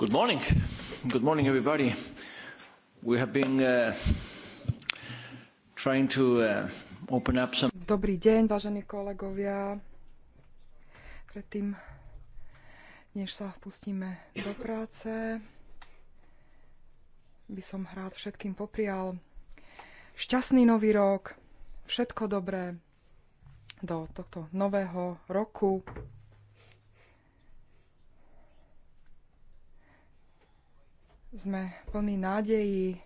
Good morning. Good morning, everybody. We have been uh, trying to uh, open up some... Dobrý deň, vážení kolegovia. Predtým, než sa pustíme do práce, by som rád všetkým poprial šťastný nový rok, všetko dobré do tohto nového roku. Sme plní nádejí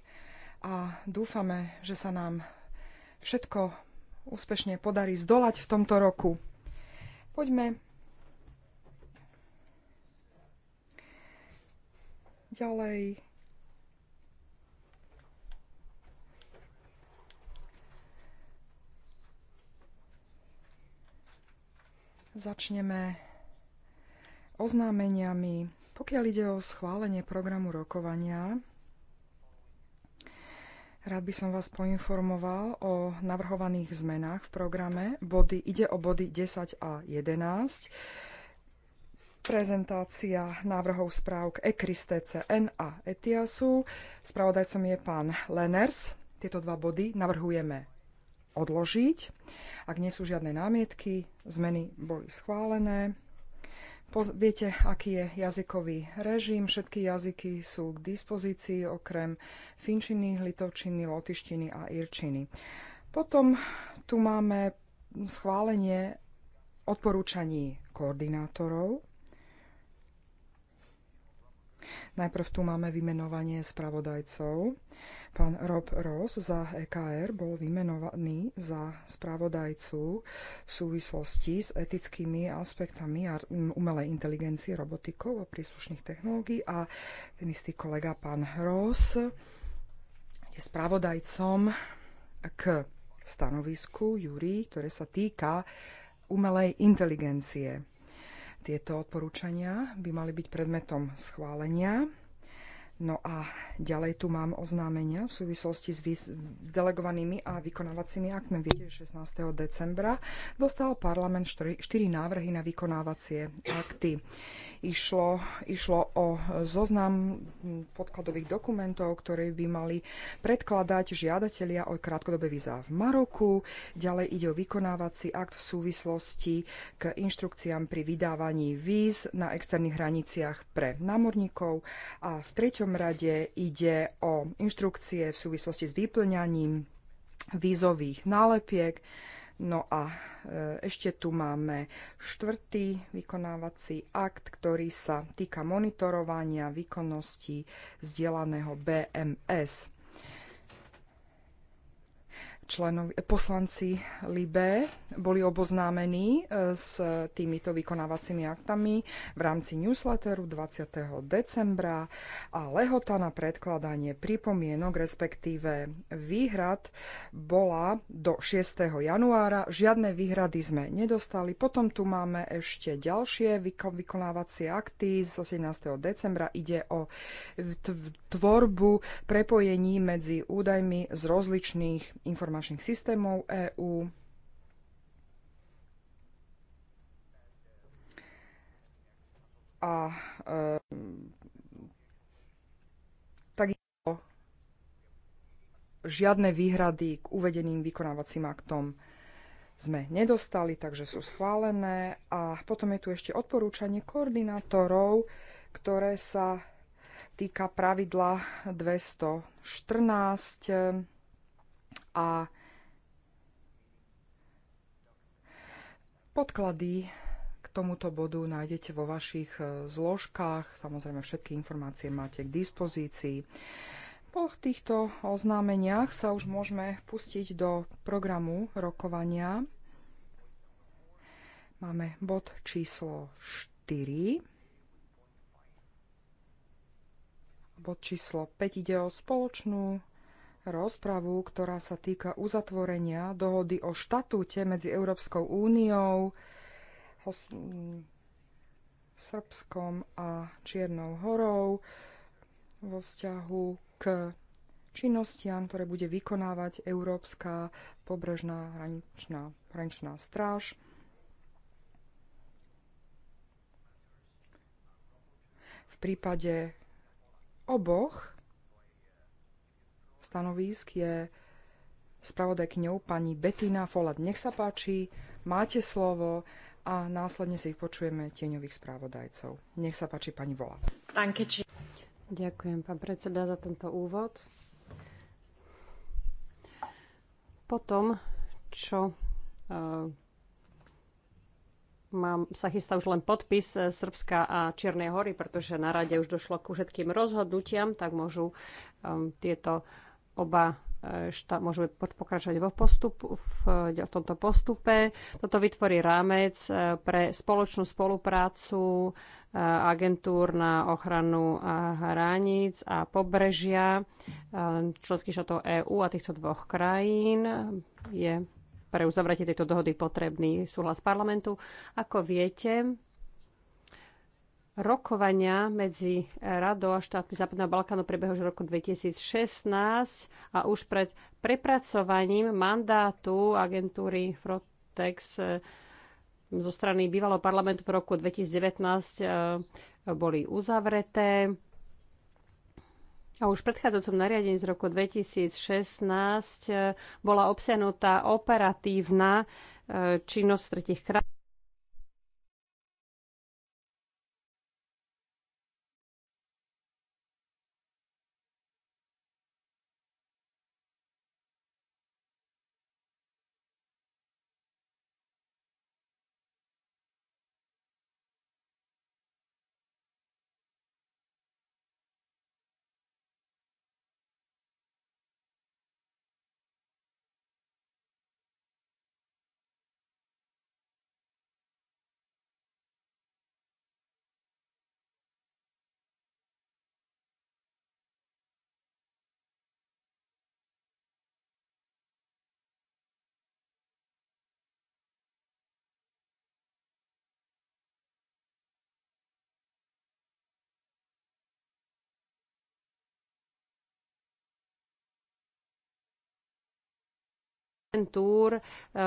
a dúfame, že sa nám všetko úspešne podarí zdolať v tomto roku. Poďme ďalej. Začneme oznámeniami pokiaľ ide o schválenie programu rokovania, rád by som vás poinformoval o navrhovaných zmenách v programe. Body, ide o body 10 a 11. Prezentácia návrhov správ k ECRIS, TCN a ETIASu. Spravodajcom je pán Leners. Tieto dva body navrhujeme odložiť. Ak nie sú žiadne námietky, zmeny boli schválené. Viete, aký je jazykový režim. Všetky jazyky sú k dispozícii okrem finčiny, litovčiny, lotištiny a irčiny. Potom tu máme schválenie odporúčaní koordinátorov Najprv tu máme vymenovanie spravodajcov. Pán Rob Ross za EKR bol vymenovaný za spravodajcu v súvislosti s etickými aspektami umelej inteligencie, robotikov a príslušných technológií a ten istý kolega pán Ross je spravodajcom k stanovisku Júri, ktoré sa týka umelej inteligencie. Tieto odporúčania by mali byť predmetom schválenia. No a ďalej tu mám oznámenia v súvislosti s, s delegovanými a vykonávacími aktmi. Viete, 16. decembra dostal parlament štyri 4 návrhy na vykonávacie akty. Išlo, išlo o zoznam podkladových dokumentov, ktoré by mali predkladať žiadatelia o krátkodobé víza v Maroku. Ďalej ide o vykonávací akt v súvislosti k inštrukciám pri vydávaní víz na externých hraniciach pre námorníkov. A v treťom prvom rade ide o inštrukcie v súvislosti s vyplňaním vízových nálepiek. No a e, ešte tu máme štvrtý vykonávací akt, ktorý sa týka monitorovania výkonnosti zdieľaného BMS členov, poslanci Libe boli oboznámení e, s týmito vykonávacími aktami v rámci newsletteru 20. decembra a lehota na predkladanie pripomienok, respektíve výhrad, bola do 6. januára. Žiadne výhrady sme nedostali. Potom tu máme ešte ďalšie vykonávacie akty z 18. decembra. Ide o tvorbu prepojení medzi údajmi z rozličných informácií informačných systémov EÚ. A e, takisto žiadne výhrady k uvedeným vykonávacím aktom sme nedostali, takže sú schválené. A potom je tu ešte odporúčanie koordinátorov, ktoré sa týka pravidla 214 a podklady k tomuto bodu nájdete vo vašich e, zložkách. Samozrejme, všetky informácie máte k dispozícii. Po týchto oznámeniach sa už môžeme pustiť do programu rokovania. Máme bod číslo 4. Bod číslo 5 ide o spoločnú rozpravu, ktorá sa týka uzatvorenia dohody o štatúte medzi Európskou úniou, Srbskom a Čiernou horou vo vzťahu k činnostiam, ktoré bude vykonávať Európska pobrežná hraničná, hraničná stráž. V prípade oboch stanovísk je spravodajkňou pani Betina Folad. Nech sa páči, máte slovo a následne si vypočujeme tieňových správodajcov. Nech sa páči pani Vola. Ďakujem, pán predseda, za tento úvod. Po tom, čo uh, mám, sa chystá už len podpis e, Srbska a Čiernej hory, pretože na rade už došlo ku všetkým rozhodnutiam, tak môžu um, tieto oba e, štát môžeme pokračovať vo postupu, v, e, v tomto postupe. Toto vytvorí rámec e, pre spoločnú spoluprácu agentúr na ochranu hraníc a pobrežia členských štátov EÚ a týchto dvoch krajín. Je pre uzavretie tejto dohody potrebný súhlas parlamentu. Ako viete, Rokovania medzi Radou a štátmi Západného Balkánu prebehli už v roku 2016 a už pred prepracovaním mandátu agentúry Frontex eh, zo strany bývalého parlamentu v roku 2019 eh, boli uzavreté. A už v predchádzajúcom nariadení z roku 2016 eh, bola obsiahnutá operatívna činnosť v tretich krajinách agentúr e,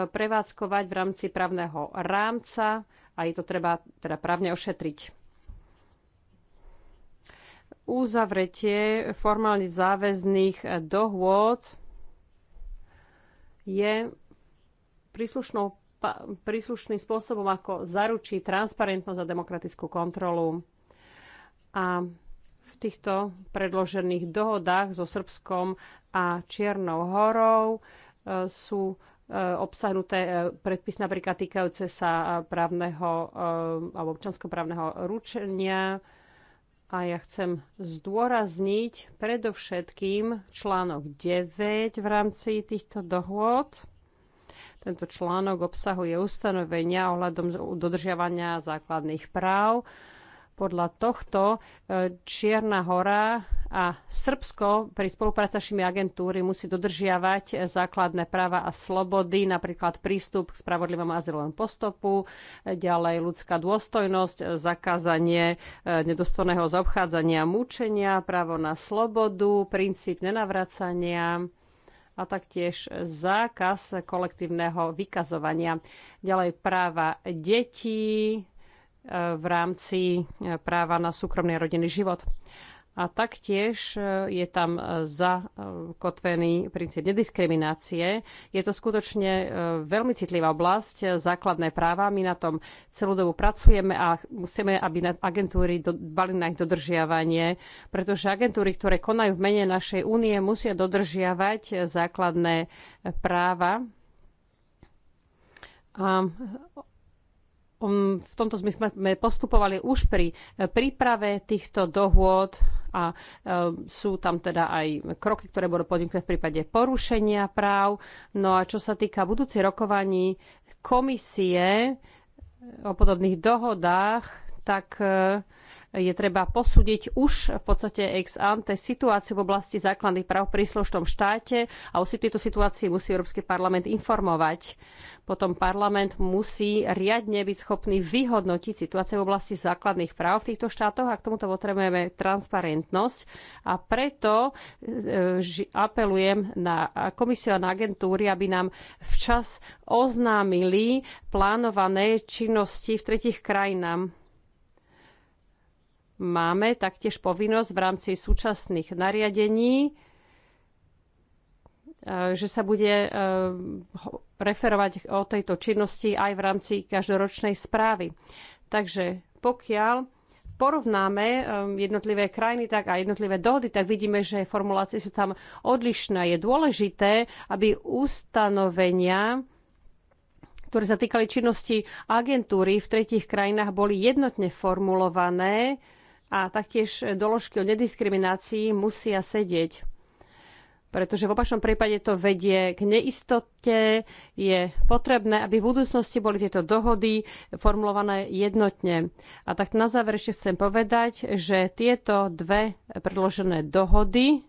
prevádzkovať v rámci právneho rámca a je to treba teda právne ošetriť. Uzavretie formálne záväzných e, dohôd je príslušnou, príslušným spôsobom, ako zaručí transparentnosť a demokratickú kontrolu. A v týchto predložených dohodách so Srbskom a Čiernou horou sú e, obsahnuté e, predpis napríklad týkajúce sa e, právneho alebo občanskoprávneho ručenia. A ja chcem zdôrazniť predovšetkým článok 9 v rámci týchto dohôd. Tento článok obsahuje ustanovenia ohľadom dodržiavania základných práv. Podľa tohto Čierna hora a Srbsko pri spolupráci agentúry musí dodržiavať základné práva a slobody, napríklad prístup k spravodlivom azylovému postupu, ďalej ľudská dôstojnosť, zakázanie e, nedostojného zaobchádzania, mučenia, právo na slobodu, princíp nenavracania a taktiež zákaz kolektívneho vykazovania. Ďalej práva detí e, v rámci e, práva na súkromný rodinný život. A taktiež e, je tam e, zakotvený princíp nediskriminácie. Je to skutočne e, veľmi citlivá oblasť, základné práva. My na tom celú dobu pracujeme a musíme, aby agentúry dbali na ich dodržiavanie, pretože agentúry, ktoré konajú v mene našej únie, musia dodržiavať základné práva. A Um, v tomto zmysle sme postupovali už pri eh, príprave týchto dohôd a eh, sú tam teda aj kroky, ktoré budú podniknuté v prípade porušenia práv. No a čo sa týka budúcich rokovaní komisie eh, o podobných dohodách, tak e, je treba posúdiť už v podstate ex ante situáciu v oblasti základných práv v príslušnom štáte a o si tejto situácii musí Európsky parlament informovať. Potom parlament musí riadne byť schopný vyhodnotiť situáciu v oblasti základných práv v týchto štátoch a k tomuto potrebujeme transparentnosť a preto e, apelujem na komisiu a na agentúry, aby nám včas oznámili plánované činnosti v tretich krajinách máme taktiež povinnosť v rámci súčasných nariadení, e, že sa bude e, referovať o tejto činnosti aj v rámci každoročnej správy. Takže pokiaľ porovnáme e, jednotlivé krajiny tak a jednotlivé dohody, tak vidíme, že formulácie sú tam odlišné. Je dôležité, aby ustanovenia ktoré sa týkali činnosti agentúry v tretich krajinách, boli jednotne formulované a taktiež doložky o nediskriminácii musia sedieť. Pretože v opačnom prípade to vedie k neistote. Je potrebné, aby v budúcnosti boli tieto dohody formulované jednotne. A tak na záver ešte chcem povedať, že tieto dve predložené dohody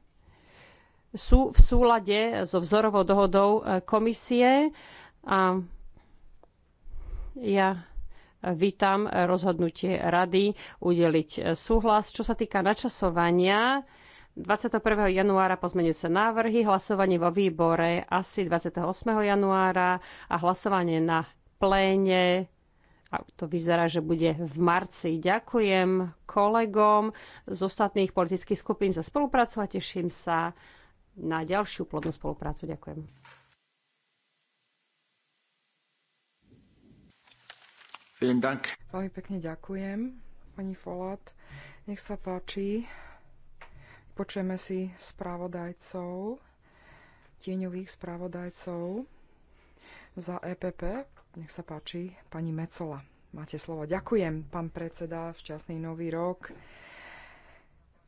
sú v súlade so vzorovou dohodou eh, komisie a ja vítam rozhodnutie rady udeliť súhlas. Čo sa týka načasovania, 21. januára pozmeňujúce návrhy, hlasovanie vo výbore asi 28. januára a hlasovanie na pléne a to vyzerá, že bude v marci. Ďakujem kolegom z ostatných politických skupín za spoluprácu a teším sa na ďalšiu plodnú spoluprácu. Ďakujem. Veľmi pekne ďakujem, pani Folat. Nech sa páči. Počujeme si správodajcov, tieňových správodajcov za EPP. Nech sa páči, pani Mecola. Máte slovo. Ďakujem, pán predseda, šťastný nový rok.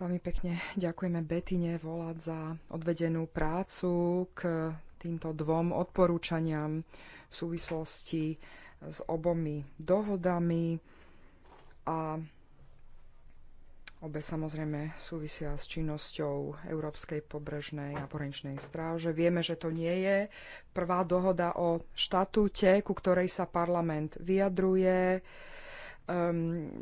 Veľmi pekne ďakujeme Betine volať za odvedenú prácu k týmto dvom odporúčaniam v súvislosti s obomi dohodami a Obe samozrejme súvisia s činnosťou Európskej pobrežnej a porenčnej stráže. Vieme, že to nie je prvá dohoda o štatúte, ku ktorej sa parlament vyjadruje. Um,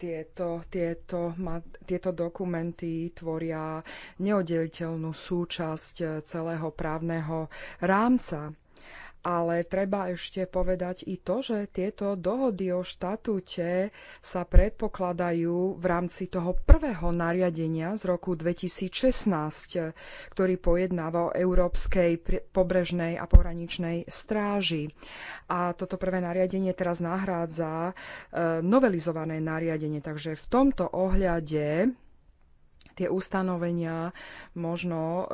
tieto, tieto, tieto dokumenty tvoria neoddeliteľnú súčasť celého právneho rámca ale treba ešte povedať i to, že tieto dohody o štatúte sa predpokladajú v rámci toho prvého nariadenia z roku 2016, ktorý pojednáva o Európskej pobrežnej a pohraničnej stráži. A toto prvé nariadenie teraz nahrádza e, novelizované nariadenie. Takže v tomto ohľade tie ustanovenia možno,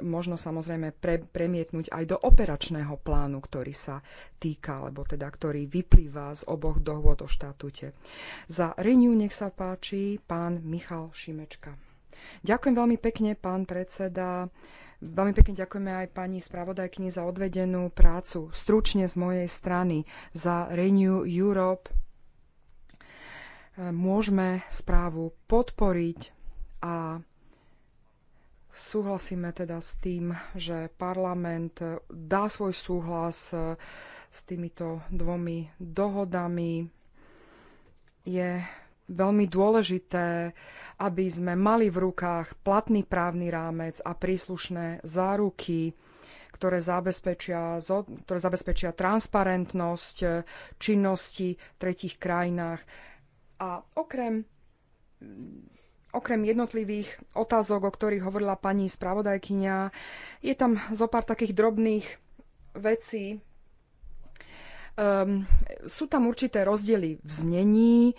možno samozrejme pre, premietnúť aj do operačného plánu, ktorý sa týka, alebo teda ktorý vyplýva z oboch dohôd o štatúte. Za Renew nech sa páči pán Michal Šimečka. Ďakujem veľmi pekne, pán predseda. Veľmi pekne ďakujeme aj pani spravodajkni za odvedenú prácu. Stručne z mojej strany za Renew Europe môžeme správu podporiť a súhlasíme teda s tým, že parlament dá svoj súhlas e, s týmito dvomi dohodami. Je veľmi dôležité, aby sme mali v rukách platný právny rámec a príslušné záruky, ktoré zabezpečia, ktoré zabezpečia transparentnosť e, činnosti v tretich krajinách. A okrem okrem jednotlivých otázok, o ktorých hovorila pani spravodajkyňa, je tam zo pár takých drobných vecí, Um, sú tam určité rozdiely v znení, e,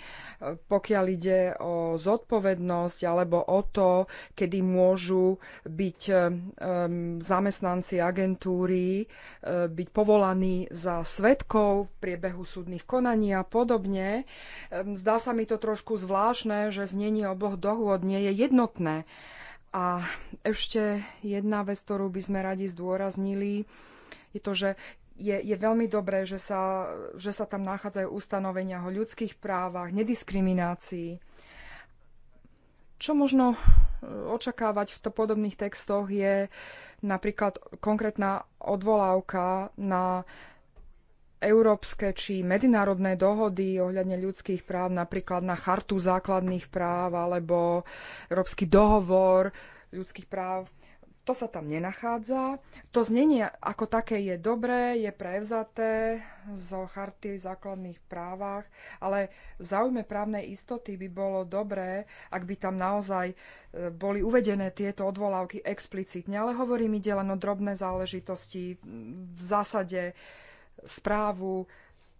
pokiaľ ide o zodpovednosť alebo o to, kedy môžu byť um, zamestnanci agentúry e, byť povolaní za svetkov v priebehu súdnych konaní a podobne. Um, zdá sa mi to trošku zvláštne, že znenie oboch dohôd nie je jednotné. A ešte jedna vec, ktorú by sme radi zdôraznili, je to, že je, je veľmi dobré, že sa, že sa tam nachádzajú ustanovenia o ľudských právach, nediskriminácii. Čo možno e, očakávať v to podobných textoch je napríklad konkrétna odvolávka na európske či medzinárodné dohody ohľadne ľudských práv, napríklad na chartu základných práv alebo Európsky dohovor ľudských práv to sa tam nenachádza. To znenie ako také je dobré, je prevzaté zo charty v základných právach, ale v záujme právnej istoty by bolo dobré, ak by tam naozaj e, boli uvedené tieto odvolávky explicitne. Ale hovorím, ide len o drobné záležitosti. V zásade správu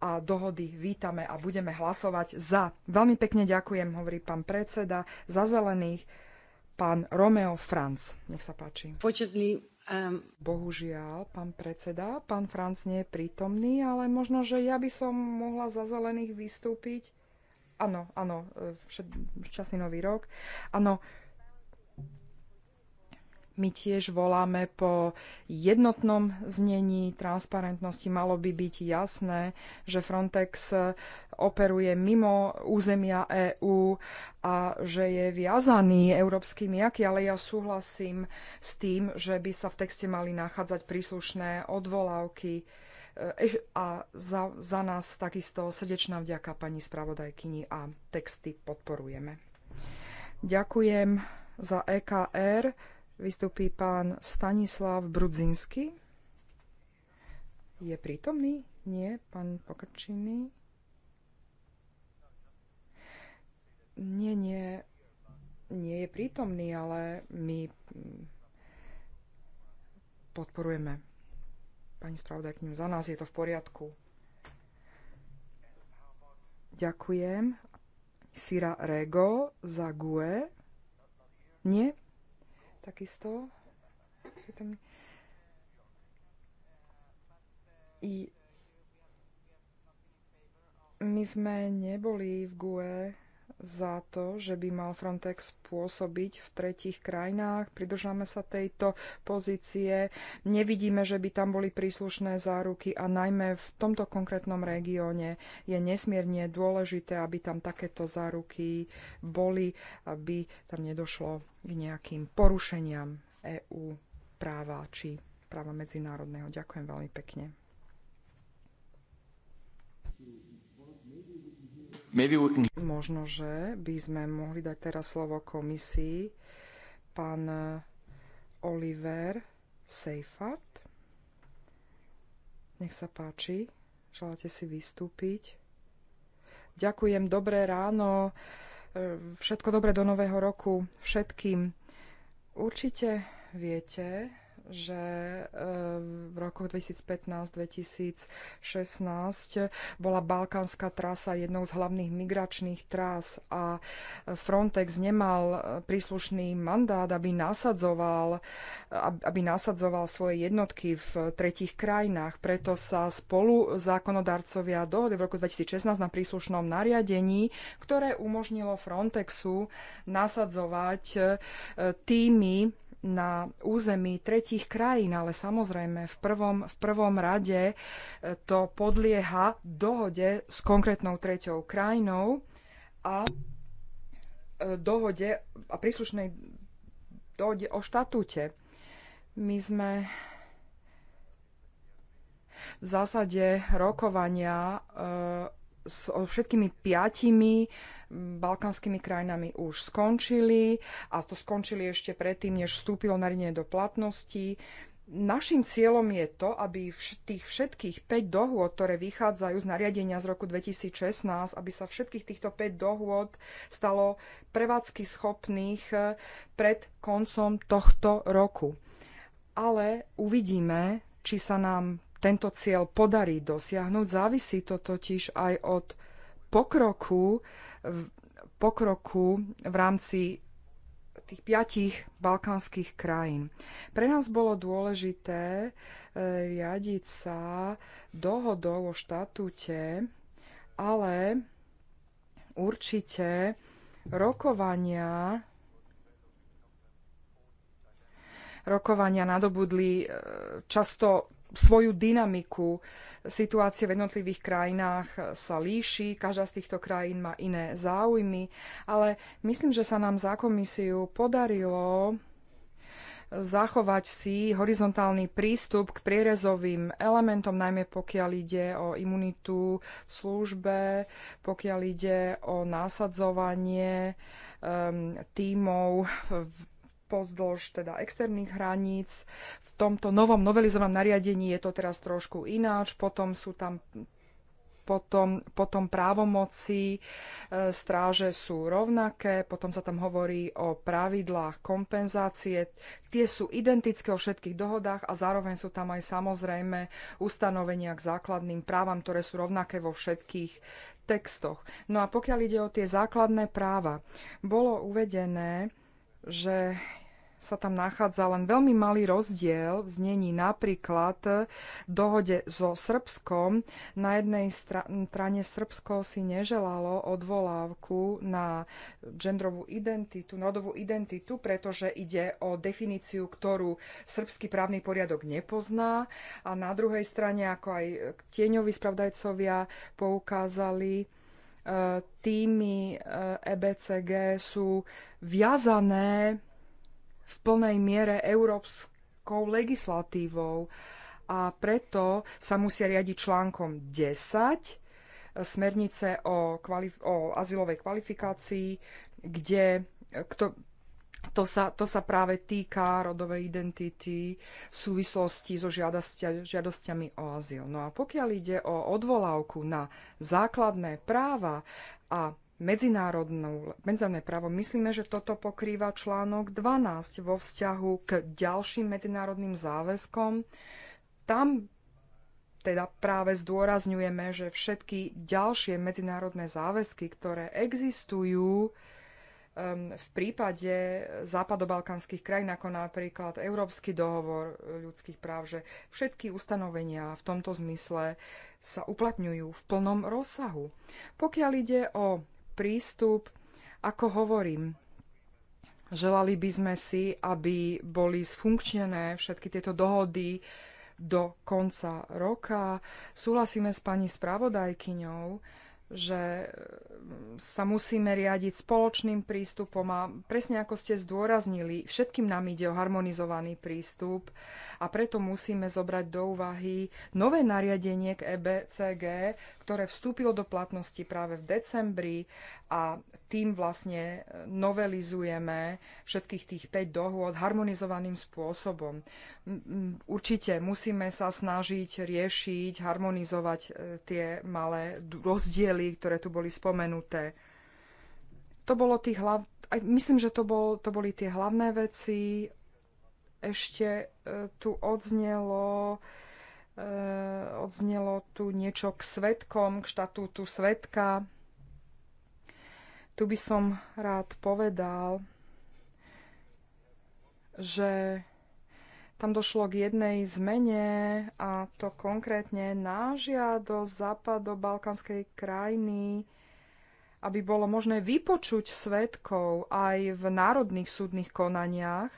a dohody vítame a budeme hlasovať za. Veľmi pekne ďakujem, hovorí pán predseda, za zelených pán Romeo Franz. Nech sa páči. Početný Um, Bohužiaľ, pán predseda, pán Franc nie je prítomný, ale možno, že ja by som mohla za zelených vystúpiť. Áno, áno, e, šťastný nový rok. Áno, my tiež voláme po jednotnom znení transparentnosti. Malo by byť jasné, že Frontex operuje mimo územia EÚ a že je viazaný európskymi aký, ale ja súhlasím s tým, že by sa v texte mali nachádzať príslušné odvolávky. E, a za, za nás takisto srdečná vďaka pani spravodajkyni a texty podporujeme. Ďakujem za EKR vystúpi pán Stanislav Brudzinsky. Je prítomný? Nie, pán Pokrčiny. Nie, nie, nie je prítomný, ale my mm, podporujeme pani spravodajkňu. Za nás je to v poriadku. Ďakujem. Sira Rego za GUE. Nie, takisto. I my sme neboli v GUE za to, že by mal Frontex pôsobiť v tretích krajinách. Pridržame sa tejto pozície. Nevidíme, že by tam boli príslušné záruky a najmä v tomto konkrétnom regióne je nesmierne dôležité, aby tam takéto záruky boli, aby tam nedošlo k nejakým porušeniam EÚ práva či práva medzinárodného. Ďakujem veľmi pekne. Možno, že by sme mohli dať teraz slovo komisii. Pán eh, Oliver Sejfat. Nech sa páči. Želáte si vystúpiť? Ďakujem, dobré ráno. Eh, všetko dobré do nového roku všetkým. Určite viete, že e, v rokoch 2015-2016 bola balkánska trasa jednou z hlavných migračných trás a Frontex nemal príslušný mandát, aby nasadzoval, aby nasadzoval svoje jednotky v tretích krajinách. Preto sa spolu zákonodarcovia dohodli v roku 2016 na príslušnom nariadení, ktoré umožnilo Frontexu nasadzovať e, týmy na území tretích krajín, ale samozrejme v prvom, v prvom rade e, to podlieha dohode s konkrétnou treťou krajinou a e, dohode a príslušnej dohode o štatúte. My sme v zásade rokovania e, s o všetkými piatimi balkánskymi krajinami už skončili a to skončili ešte predtým, než vstúpilo nariadenie do platnosti. Našim cieľom je to, aby tých všetkých 5 dohôd, ktoré vychádzajú z nariadenia z roku 2016, aby sa všetkých týchto 5 dohôd stalo prevádzky schopných eh, pred koncom tohto roku. Ale uvidíme, či sa nám tento cieľ podarí dosiahnuť. Závisí to totiž aj od pokroku, pokroku v rámci tých piatich balkánskych krajín. Pre nás bolo dôležité e, riadiť sa dohodou o štatúte, ale určite rokovania rokovania nadobudli e, často svoju dynamiku. Situácia v jednotlivých krajinách sa líši, každá z týchto krajín má iné záujmy, ale myslím, že sa nám za komisiu podarilo zachovať si horizontálny prístup k prierezovým elementom, najmä pokiaľ ide o imunitu v službe, pokiaľ ide o nasadzovanie um, tímov v pozdĺž teda externých hraníc. V tomto novom novelizovanom nariadení je to teraz trošku ináč, potom sú tam potom, potom právomoci e, stráže sú rovnaké, potom sa tam hovorí o pravidlách kompenzácie. Tie sú identické o všetkých dohodách a zároveň sú tam aj samozrejme ustanovenia k základným právam, ktoré sú rovnaké vo všetkých textoch. No a pokiaľ ide o tie základné práva, bolo uvedené, že sa tam nachádza len veľmi malý rozdiel v znení napríklad dohode so Srbskom. Na jednej strane Srbsko si neželalo odvolávku na genderovú identitu, rodovú identitu, pretože ide o definíciu, ktorú srbský právny poriadok nepozná. A na druhej strane, ako aj tieňoví spravdajcovia poukázali, e, týmy EBCG e sú viazané v plnej miere európskou legislatívou a preto sa musia riadiť článkom 10 smernice o, kvali- o azylovej kvalifikácii, kde kto, to sa, to sa práve týka rodovej identity v súvislosti so žiadostia, žiadosťami o azyl. No a pokiaľ ide o odvolávku na základné práva a medzinárodnú, medzinárodné právo. Myslíme, že toto pokrýva článok 12 vo vzťahu k ďalším medzinárodným záväzkom. Tam teda práve zdôrazňujeme, že všetky ďalšie medzinárodné záväzky, ktoré existujú um, v prípade západobalkánskych krajín, ako napríklad Európsky dohovor ľudských práv, že všetky ustanovenia v tomto zmysle sa uplatňujú v plnom rozsahu. Pokiaľ ide o prístup. Ako hovorím, želali by sme si, aby boli sfunkčnené všetky tieto dohody do konca roka. Súhlasíme s pani spravodajkyňou, že mm, sa musíme riadiť spoločným prístupom a presne ako ste zdôraznili, všetkým nám ide o harmonizovaný prístup a preto musíme zobrať do úvahy nové nariadenie k EBCG, ktoré vstúpilo do platnosti práve v decembri a tým vlastne e, novelizujeme všetkých tých 5 dohôd harmonizovaným spôsobom. Určite musíme sa snažiť riešiť, harmonizovať e, tie malé rozdiely, ktoré tu boli spomenuté. To bolo tých hlav... Myslím, že to, bol, to boli tie hlavné veci. Ešte e, tu odznelo odznelo tu niečo k svetkom, k štatútu svetka. Tu by som rád povedal, že tam došlo k jednej zmene a to konkrétne na do západo-balkanskej krajiny, aby bolo možné vypočuť svetkov aj v národných súdnych konaniach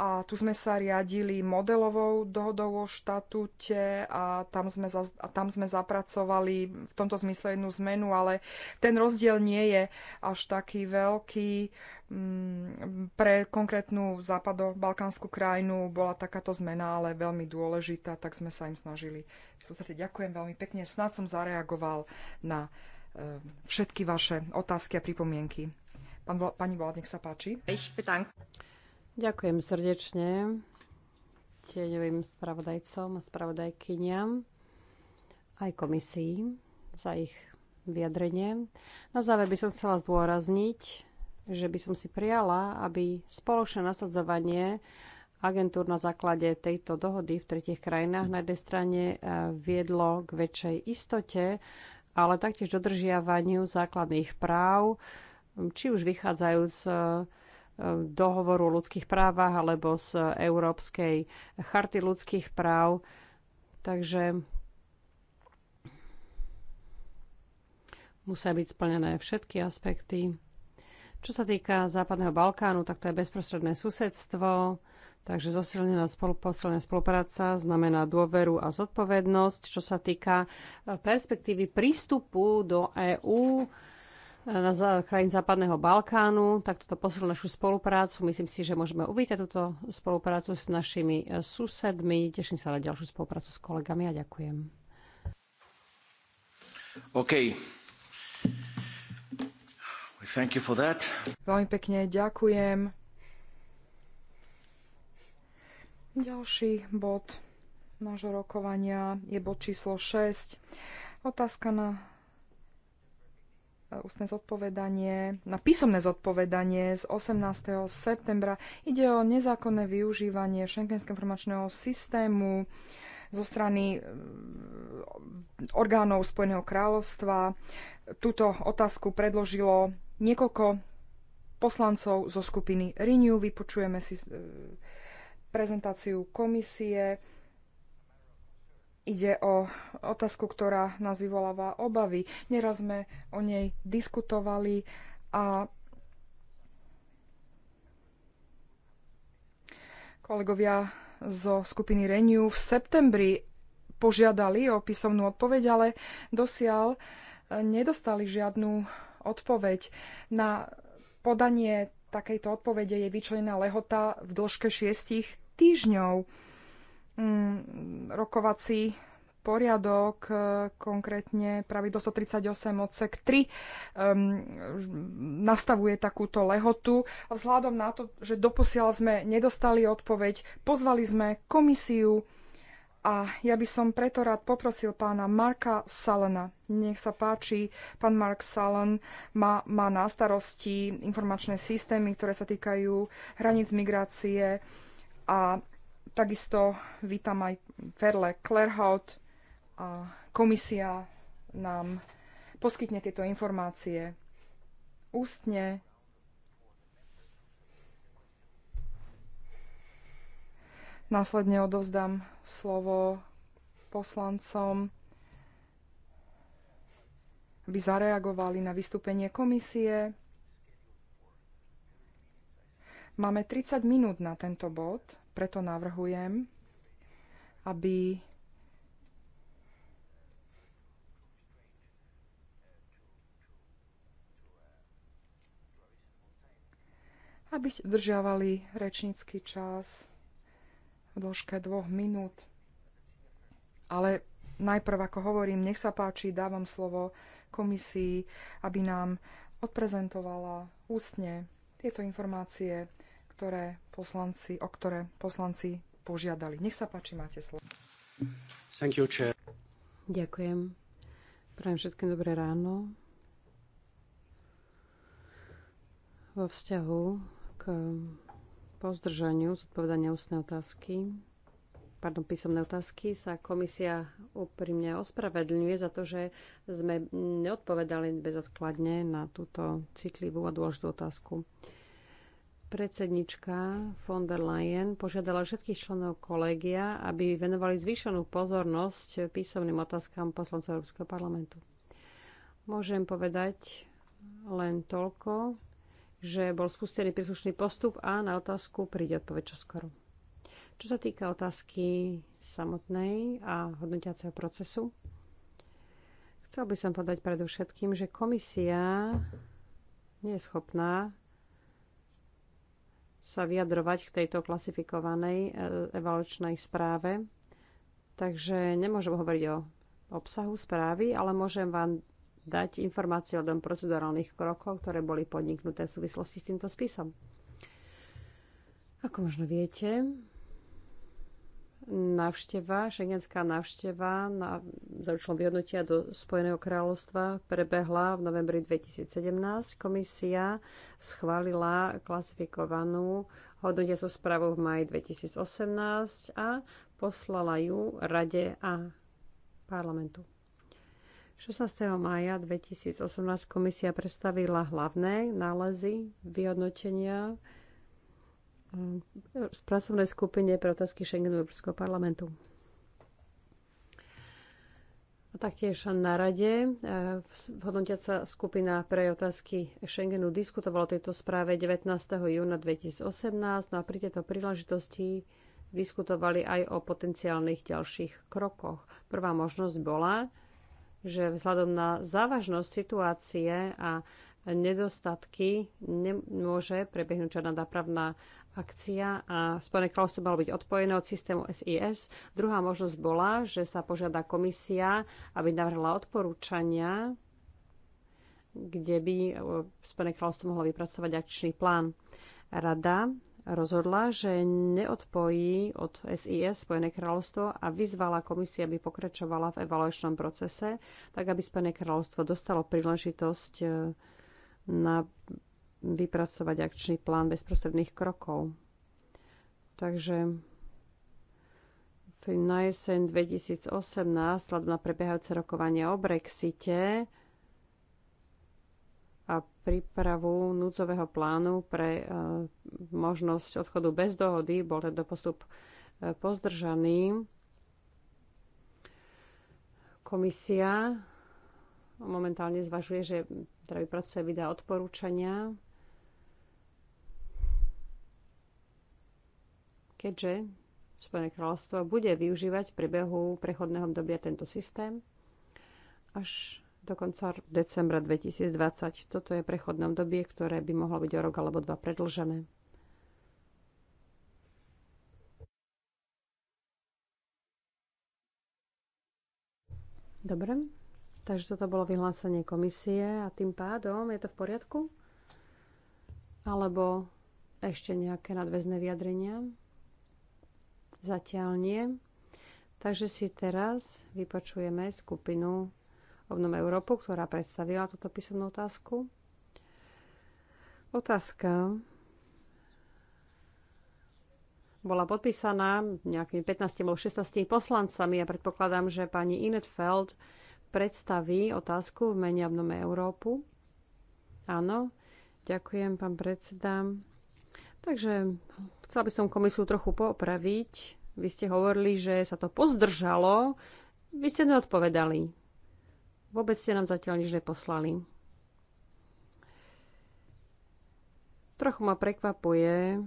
a tu sme sa riadili modelovou dohodou o štatúte a tam, sme za, a tam sme zapracovali v tomto zmysle jednu zmenu, ale ten rozdiel nie je až taký veľký. Mm, pre konkrétnu západo-balkánsku krajinu bola takáto zmena, ale veľmi dôležitá, tak sme sa im snažili. podstate ďakujem veľmi pekne, snad som zareagoval na e, všetky vaše otázky a pripomienky. Pán, pani Vládnik sa páči. Ich Ďakujem srdečne tieňovým spravodajcom a spravodajkyniam aj komisii za ich vyjadrenie. Na záver by som chcela zdôrazniť, že by som si prijala, aby spoločné nasadzovanie agentúr na základe tejto dohody v tretich krajinách na jednej strane eh, viedlo k väčšej istote, ale taktiež dodržiavaniu základných práv, hm, či už vychádzajúc z eh, dohovoru o ľudských právach alebo z Európskej charty ľudských práv. Takže musia byť splnené všetky aspekty. Čo sa týka Západného Balkánu, tak to je bezprostredné susedstvo, takže zosilnená spoluposilná spolupráca znamená dôveru a zodpovednosť. Čo sa týka eh, perspektívy prístupu do EÚ, na krajín Západného Balkánu, tak toto posililo našu spoluprácu. Myslím si, že môžeme uvítať túto spoluprácu s našimi eh, susedmi. Teším sa na ďalšiu spoluprácu s kolegami a ďakujem. OK. Thank you for that. Veľmi pekne ďakujem. Ďalší bod nášho rokovania je bod číslo 6. Otázka na ústne zodpovedanie, na písomné zodpovedanie z 18. septembra. Ide o nezákonné využívanie šengenského informačného systému zo strany eh, orgánov Spojeného kráľovstva. Túto otázku predložilo niekoľko poslancov zo skupiny Renew. Vypočujeme si eh, prezentáciu komisie ide o otázku, ktorá nás vyvoláva obavy. Neraz sme o nej diskutovali a kolegovia zo skupiny Renew v septembri požiadali o písomnú odpoveď, ale dosiaľ e, nedostali žiadnu odpoveď. Na podanie takejto odpovede je vyčlenená lehota v dĺžke šiestich týždňov Mm, rokovací poriadok, e, konkrétne pravidlo 138 odsek 3 um, nastavuje takúto lehotu. Vzhľadom na to, že doposiaľ sme nedostali odpoveď, pozvali sme komisiu a ja by som preto rád poprosil pána Marka Salena. Nech sa páči, pán Mark Salen má, má na starosti informačné systémy, ktoré sa týkajú hraníc migrácie a Takisto vítam aj Ferle Klerhout a komisia nám poskytne tieto informácie ústne. Následne odovzdám slovo poslancom, aby zareagovali na vystúpenie komisie. Máme 30 minút na tento bod preto navrhujem, aby aby ste držiavali rečnícky čas v dĺžke dvoch minút. Ale najprv, ako hovorím, nech sa páči, dávam slovo komisii, aby nám odprezentovala ústne tieto informácie ktoré poslanci, o ktoré poslanci požiadali. Nech sa páči, máte slovo. Thank you, chair. Ďakujem. Prajem všetkým dobré ráno. Vo vzťahu k pozdržaniu zodpovedania ústnej otázky pardon, písomné otázky sa komisia úprimne ospravedlňuje za to, že sme neodpovedali bezodkladne na túto citlivú a dôležitú otázku. Predsednička von der Leyen požiadala všetkých členov kolegia, aby venovali zvýšenú pozornosť písomným otázkam poslancov Európskeho parlamentu. Môžem povedať len toľko, že bol spustený príslušný postup a na otázku príde odpoveď čoskoro. Čo sa týka otázky samotnej a hodnotiaceho procesu, chcel by som povedať predovšetkým, že komisia nie je schopná sa vyjadrovať k tejto klasifikovanej e, evaluačnej správe. Takže nemôžem hovoriť o obsahu správy, ale môžem vám dať informácie o tom procedurálnych krokov, ktoré boli podniknuté v súvislosti s týmto spisom. Ako možno viete, návšteva, šengenská návšteva na, za účelom vyhodnotia do Spojeného kráľovstva prebehla v novembri 2017. Komisia schválila klasifikovanú hodnotiacu správu v maji 2018 a poslala ju Rade a parlamentu. 16. maja 2018 komisia predstavila hlavné nálezy vyhodnotenia z pracovnej skupine pre otázky Schengenu Európskeho parlamentu. A taktiež na rade e, hodnotiaca skupina pre otázky Schengenu diskutovala o tejto správe 19. júna 2018. No a pri tejto príležitosti diskutovali aj o potenciálnych ďalších krokoch. Prvá možnosť bola, že vzhľadom na závažnosť situácie a nedostatky nemôže prebehnúť žiadna nápravná akcia a Spojené kráľovstvo malo byť odpojené od systému SIS. Druhá možnosť bola, že sa požiada komisia, aby navrhla odporúčania, kde by e, Spojené kráľovstvo mohlo vypracovať akčný plán. Rada rozhodla, že neodpojí od SIS Spojené kráľovstvo a vyzvala komisiu, aby pokračovala v evaluačnom procese, tak aby Spojené kráľovstvo dostalo príležitosť e, na vypracovať akčný plán bezprostredných krokov. Takže na jeseň 2018, sledom na prebiehajúce rokovanie o Brexite a prípravu núdzového plánu pre e, možnosť odchodu bez dohody, bol tento postup e, pozdržaný. Komisia momentálne zvažuje, že teda vypracuje vydá odporúčania keďže Spojené kráľovstvo bude využívať v priebehu prechodného obdobia tento systém až do konca decembra 2020. Toto je prechodné obdobie, ktoré by mohlo byť o rok alebo dva predlžené. Dobre, takže toto bolo vyhlásenie komisie a tým pádom je to v poriadku? Alebo ešte nejaké nadväzné vyjadrenia? Zatiaľ nie. Takže si teraz vypočujeme skupinu Obnom Európu, ktorá predstavila túto písomnú otázku. Otázka bola podpísaná nejakými 15 alebo 16 poslancami a ja predpokladám, že pani Inetfeld predstaví otázku v mene Obnome Európu. Áno, ďakujem, pán predseda. Takže chcela by som komisiu trochu popraviť. Vy ste hovorili, že sa to pozdržalo. Vy ste neodpovedali. Vôbec ste nám zatiaľ nič neposlali. Trochu ma prekvapuje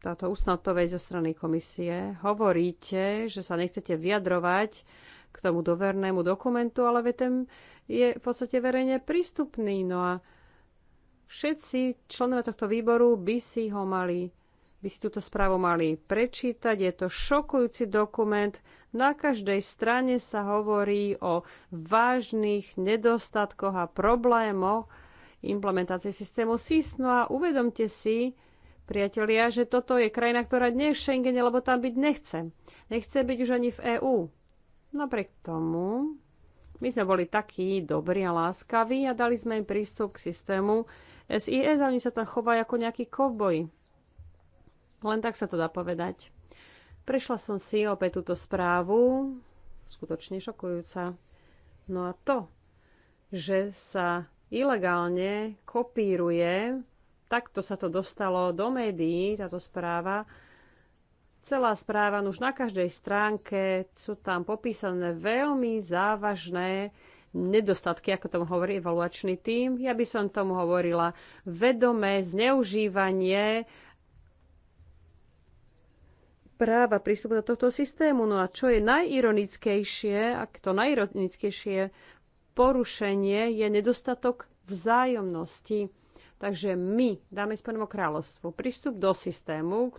táto ústna odpoveď zo strany komisie. Hovoríte, že sa nechcete vyjadrovať k tomu dovernému dokumentu, ale ten je v podstate verejne prístupný. No a Všetci členovia tohto výboru by si ho mali by si túto správu mali prečítať. Je to šokujúci dokument. Na každej strane sa hovorí o vážnych nedostatkoch a problémoch implementácie systému SIS. No a uvedomte si, priatelia, že toto je krajina, ktorá nie je v Schengene, lebo tam byť nechce. Nechce byť už ani v EÚ. Napriek tomu my sme boli takí dobrí a láskaví a dali sme im prístup k systému SIS a oni sa tam chovajú ako nejaký koboj. Len tak sa to dá povedať. Prešla som si opäť túto správu, skutočne šokujúca. No a to, že sa ilegálne kopíruje, takto sa to dostalo do médií, táto správa, celá správa, no už na každej stránke sú tam popísané veľmi závažné nedostatky, ako tomu hovorí evaluačný tím. Ja by som tomu hovorila vedomé zneužívanie práva prístupu do tohto systému. No a čo je najironickejšie, ak to najironickejšie porušenie je nedostatok vzájomnosti. Takže my dáme Spojenému kráľovstvu prístup do systému,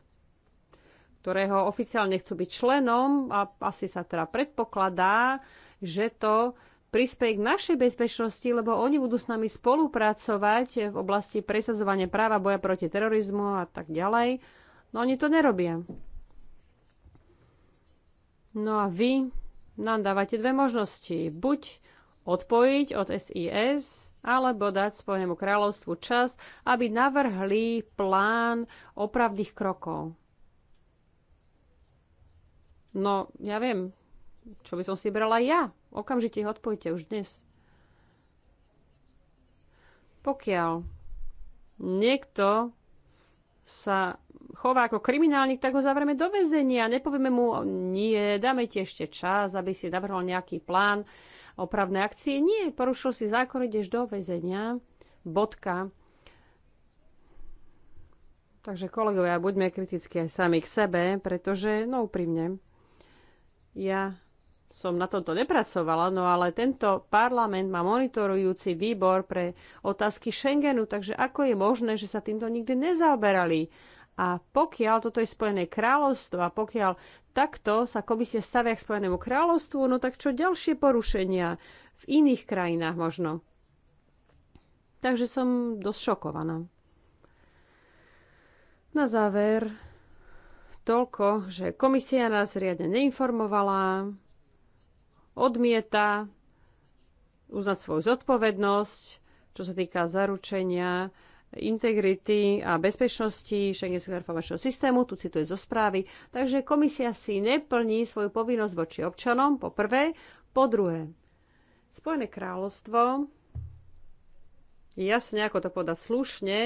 ktorého oficiálne chcú byť členom a asi sa teda predpokladá, že to prispieť k našej bezpečnosti, lebo oni budú s nami spolupracovať v oblasti presadzovania práva, boja proti terorizmu a tak ďalej. No oni to nerobia. No a vy nám dávate dve možnosti. Buď odpojiť od SIS, alebo dať Spojenému kráľovstvu čas, aby navrhli plán opravdých krokov. No, ja viem, čo by som si brala ja, Okamžite ich odpojte už dnes. Pokiaľ niekto sa chová ako kriminálnik, tak ho zavrieme do väzenia. Nepovieme mu, nie, dáme ti ešte čas, aby si navrhol nejaký plán opravné akcie. Nie, porušil si zákon, ideš do väzenia. Bodka. Takže kolegovia, buďme kritickí aj sami k sebe, pretože, no úprimne, ja som na tomto nepracovala, no ale tento parlament má monitorujúci výbor pre otázky Schengenu, takže ako je možné, že sa týmto nikdy nezaoberali? A pokiaľ toto je Spojené kráľovstvo a pokiaľ takto sa komisia stavia k Spojenému kráľovstvu, no tak čo ďalšie porušenia v iných krajinách možno? Takže som dosť šokovaná. Na záver toľko, že komisia nás riadne neinformovala, odmieta uznať svoju zodpovednosť, čo sa týka zaručenia integrity a bezpečnosti šengenského informačného systému, tu cituje zo správy. Takže komisia si neplní svoju povinnosť voči občanom, po prvé. Po druhé, Spojené kráľovstvo, jasne, ako to podať slušne,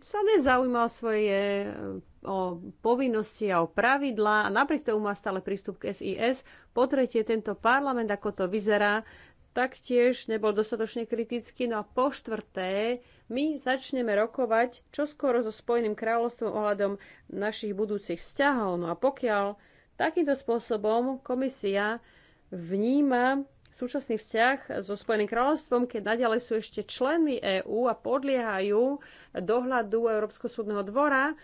sa nezaujíma o svoje e, o povinnosti a o pravidlá a napriek tomu má stále prístup k SIS. Po tretie, tento parlament, ako to vyzerá, taktiež nebol dostatočne kritický. No a po štvrté, my začneme rokovať čoskoro so Spojeným kráľovstvom ohľadom našich budúcich vzťahov. No a pokiaľ takýmto spôsobom komisia vníma súčasný vzťah so Spojeným kráľovstvom, keď naďalej sú ešte členmi EÚ a podliehajú dohľadu Európskeho súdneho dvora.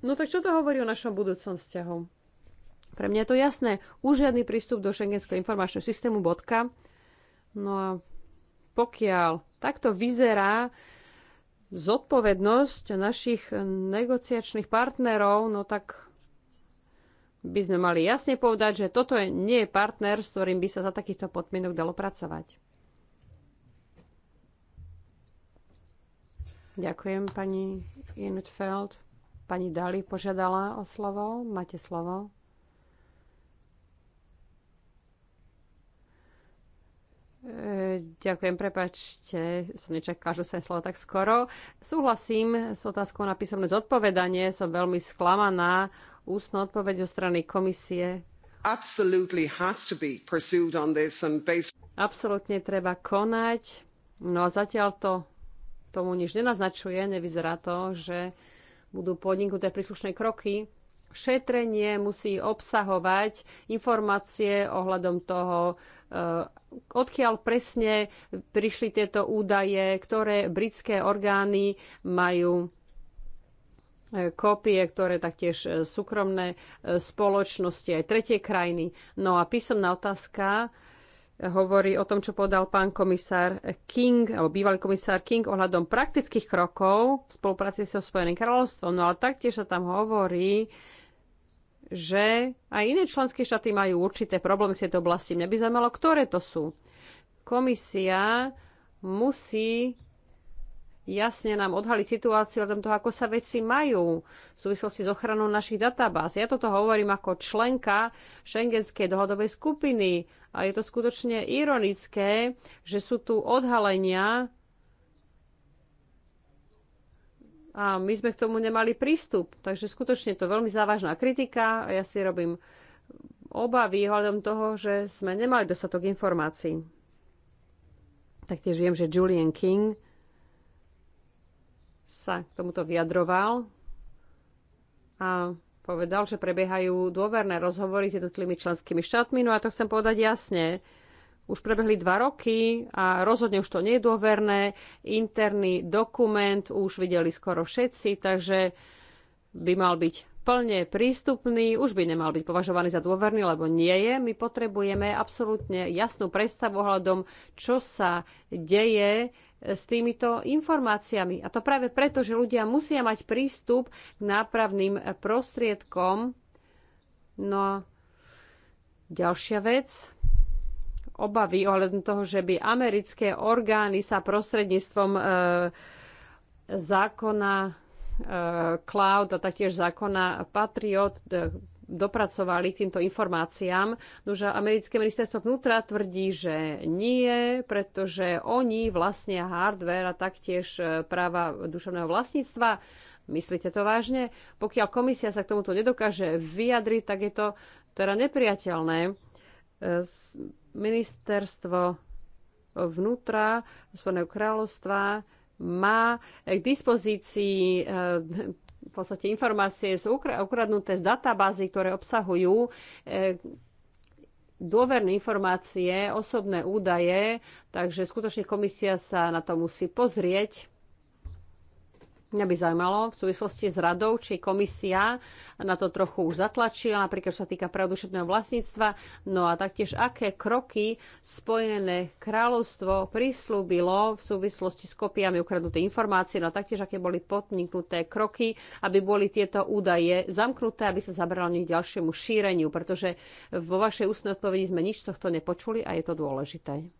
No tak čo to hovorí o našom budúcom vzťahu? Pre mňa je to jasné. Už žiadny prístup do šengenského informačného systému bodka. No a pokiaľ takto vyzerá zodpovednosť našich negociačných partnerov, no tak by sme mali jasne povedať, že toto je, nie je partner, s ktorým by sa za takýchto podmienok dalo pracovať. Ďakujem, pani Inutfeld. Pani Dali požiadala o slovo. Máte slovo. E, ďakujem, prepačte, som nečakala, že sa slovo tak skoro. Súhlasím s otázkou na písomné zodpovedanie, som veľmi sklamaná ústnu odpoveď zo strany komisie. Absolutne treba konať. No a zatiaľ to tomu nič nenaznačuje. Nevyzerá to, že budú podniknuté príslušné kroky. Šetrenie musí obsahovať informácie ohľadom toho, eh, odkiaľ presne prišli tieto údaje, ktoré britské orgány majú kópie, ktoré taktiež e, súkromné e, spoločnosti aj tretie krajiny. No a písomná otázka e, hovorí o tom, čo povedal pán komisár King, alebo bývalý komisár King ohľadom praktických krokov v spolupráci so Spojeným kráľovstvom. No ale taktiež sa tam hovorí, že aj iné členské štáty majú určité problémy v tejto oblasti. Mňa by zaujímalo, ktoré to sú. Komisia musí jasne nám odhaliť situáciu o toho, ako sa veci majú v súvislosti s ochranou našich databáz. Ja toto hovorím ako členka šengenskej dohodovej skupiny a je to skutočne ironické, že sú tu odhalenia a my sme k tomu nemali prístup. Takže skutočne to veľmi závažná kritika a ja si robím obavy ohľadom toho, že sme nemali dostatok informácií. Taktiež viem, že Julian King sa k tomuto vyjadroval a povedal, že prebiehajú dôverné rozhovory s jednotlivými členskými štátmi. No a to chcem povedať jasne. Už prebehli dva roky a rozhodne už to nie je dôverné. Interný dokument už videli skoro všetci, takže by mal byť plne prístupný, už by nemal byť považovaný za dôverný, lebo nie je. My potrebujeme absolútne jasnú predstavu ohľadom, čo sa deje s týmito informáciami. A to práve preto, že ľudia musia mať prístup k nápravným prostriedkom. No a ďalšia vec, obavy ohľadom toho, že by americké orgány sa prostredníctvom e, zákona e, Cloud a taktiež zákona Patriot e, dopracovali k týmto informáciám. Nože americké ministerstvo vnútra tvrdí, že nie, pretože oni vlastne hardware a taktiež e, práva duševného vlastníctva. Myslíte to vážne? Pokiaľ komisia sa k tomuto nedokáže vyjadriť, tak je to teda nepriateľné. E, ministerstvo vnútra Spojeného kráľovstva má k dispozícii e, v podstate informácie sú ukradnuté z databázy, ktoré obsahujú eh, dôverné informácie, osobné údaje, takže skutočne komisia sa na to musí pozrieť Mňa by zaujímalo v súvislosti s radou, či komisia na to trochu už zatlačila, napríklad čo sa týka pravdušetného vlastníctva, no a taktiež aké kroky Spojené kráľovstvo prislúbilo v súvislosti s kopiami ukradnutej informácie, no a taktiež aké boli podniknuté kroky, aby boli tieto údaje zamknuté, aby sa zabralo ďalšiemu šíreniu, pretože vo vašej ústnej odpovedi sme nič z tohto nepočuli a je to dôležité.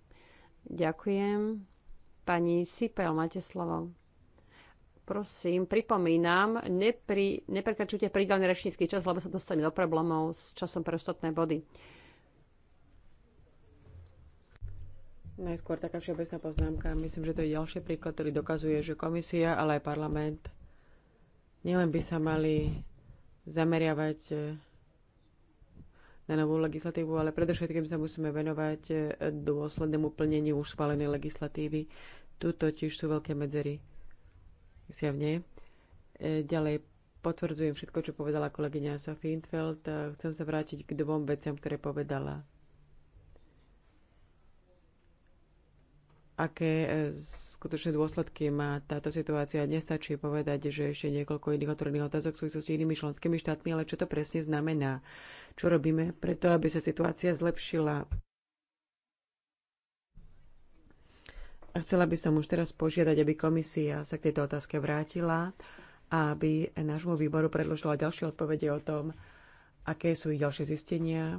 Ďakujem. Pani Sipel, máte slovo. Prosím, pripomínam, nepri, neprekračujte prídelný rečnícky čas, lebo sa dostaneme do problémov s časom pre ostatné body. Najskôr taká všeobecná poznámka. Myslím, že to je ďalší príklad, ktorý dokazuje, že komisia, ale aj parlament nielen by sa mali zameriavať eh, na novú legislatívu, ale predovšetkým sa musíme venovať eh, dôslednému plneniu už schválenej legislatívy. Tu totiž sú veľké medzery zjavne. E, ďalej potvrdzujem všetko, čo povedala kolegyňa Sophie Infeld. E, chcem sa vrátiť k dvom veciam, ktoré povedala. Aké e, skutočné dôsledky má táto situácia? Nestačí povedať, že ešte niekoľko iných otvorených otázok sú s inými členskými štátmi, ale čo to presne znamená? Čo robíme preto, aby sa situácia zlepšila? A Chcela by som už teraz požiadať, aby komisia sa k tejto otázke vrátila a aby nášmu výboru predložila ďalšie odpovede o tom, aké sú ich ďalšie zistenia,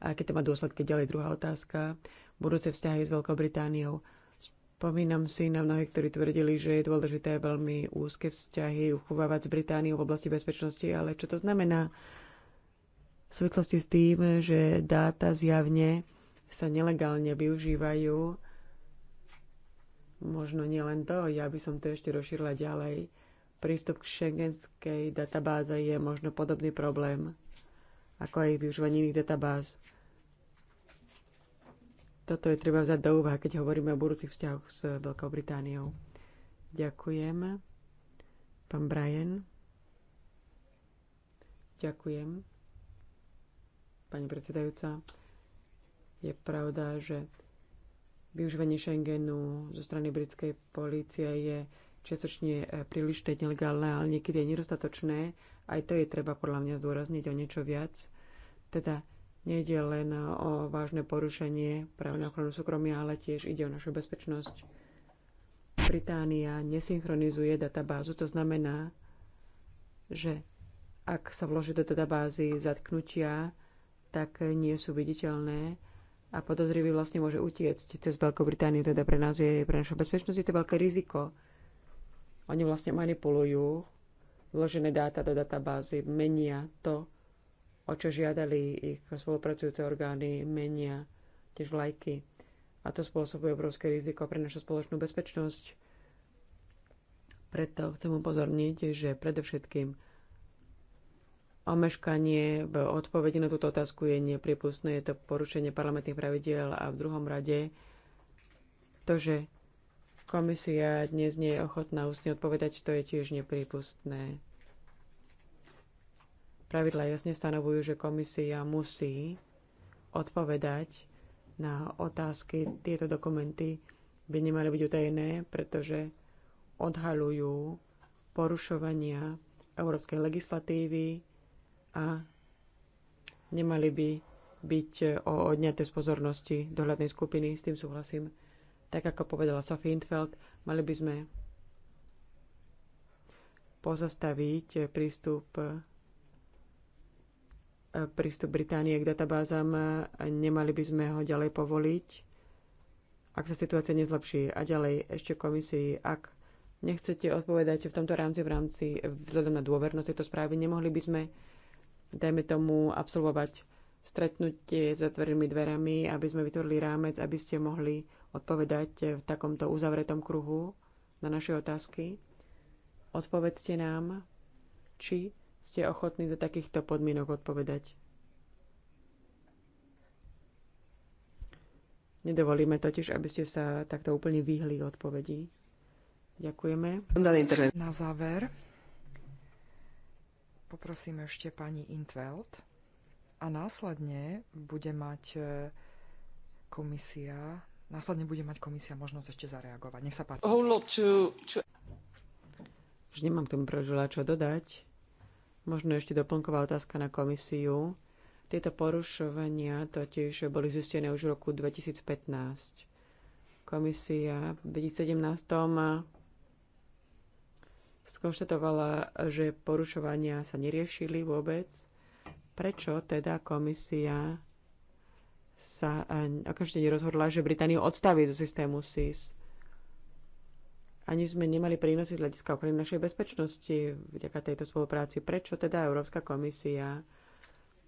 a aké to má dôsledky ďalej. Druhá otázka, budúce vzťahy s Veľkou Britániou. Spomínam si na mnohých, ktorí tvrdili, že je dôležité veľmi úzke vzťahy uchovávať s Britániou v oblasti bezpečnosti, ale čo to znamená v súvislosti s tým, že dáta zjavne sa nelegálne využívajú Možno nielen to, ja by som to ešte rozšírila ďalej. Prístup k šengenskej databáze je možno podobný problém ako aj využívanie iných databáz. Toto je treba vzáť do úvahy, keď hovoríme o budúcich vzťahoch s Veľkou Britániou. Ďakujem. Pán Brian. Ďakujem. Pani predsedajúca, je pravda, že Využívanie Schengenu zo strany britskej polície je čiastočne e, príliš nelegálne, ale niekedy je nedostatočné. Aj to je treba podľa mňa zdôrazniť o niečo viac. Teda nejde len o vážne porušenie práv na ochranu súkromia, ale tiež ide o našu bezpečnosť. Británia nesynchronizuje databázu, to znamená, že ak sa vloží do databázy zatknutia, tak nie sú viditeľné a podozrivý vlastne môže utiecť cez Veľkú Britániu, teda pre nás je, pre našu bezpečnosť je to veľké riziko. Oni vlastne manipulujú vložené dáta do databázy, menia to, o čo žiadali ich spolupracujúce orgány, menia tiež vlajky. A to spôsobuje obrovské riziko pre našu spoločnú bezpečnosť. Preto chcem upozorniť, že predovšetkým omeškanie v odpovedi na túto otázku je nepripustné. Je to porušenie parlamentných pravidiel a v druhom rade to, že komisia dnes nie je ochotná ústne odpovedať, to je tiež nepripustné. Pravidla jasne stanovujú, že komisia musí odpovedať na otázky. Tieto dokumenty by nemali byť utajené, pretože odhalujú porušovania európskej legislatívy, a nemali by byť e, odňaté z pozornosti dohľadnej skupiny, s tým súhlasím. Tak ako povedala Sophie Intfeld, mali by sme pozastaviť e, prístup e, prístup Británie k databázam, nemali by sme ho ďalej povoliť, ak sa situácia nezlepší. A ďalej ešte komisii, ak nechcete odpovedať v tomto rámci v rámci vzhľadom na dôvernosť tejto správy, nemohli by sme dajme tomu, absolvovať stretnutie s zatvorenými dverami, aby sme vytvorili rámec, aby ste mohli odpovedať v takomto uzavretom kruhu na naše otázky. Odpovedzte nám, či ste ochotní za takýchto podmienok odpovedať. Nedovolíme totiž, aby ste sa takto úplne vyhli odpovedí. Ďakujeme. Na záver poprosím ešte pani Intveld a následne bude mať e, komisia následne bude mať komisia možnosť ešte zareagovať. Nech sa páči. Už nemám k tomu prežila čo dodať. Možno ešte doplnková otázka na komisiu. Tieto porušovania totiž boli zistené už v roku 2015. Komisia v 2017 skonštatovala, že porušovania sa neriešili vôbec. Prečo teda komisia sa okamžite nerozhodla, že Britániu odstaví zo systému SIS? Ani sme nemali prínosy z hľadiska okrem našej bezpečnosti vďaka tejto spolupráci. Prečo teda Európska komisia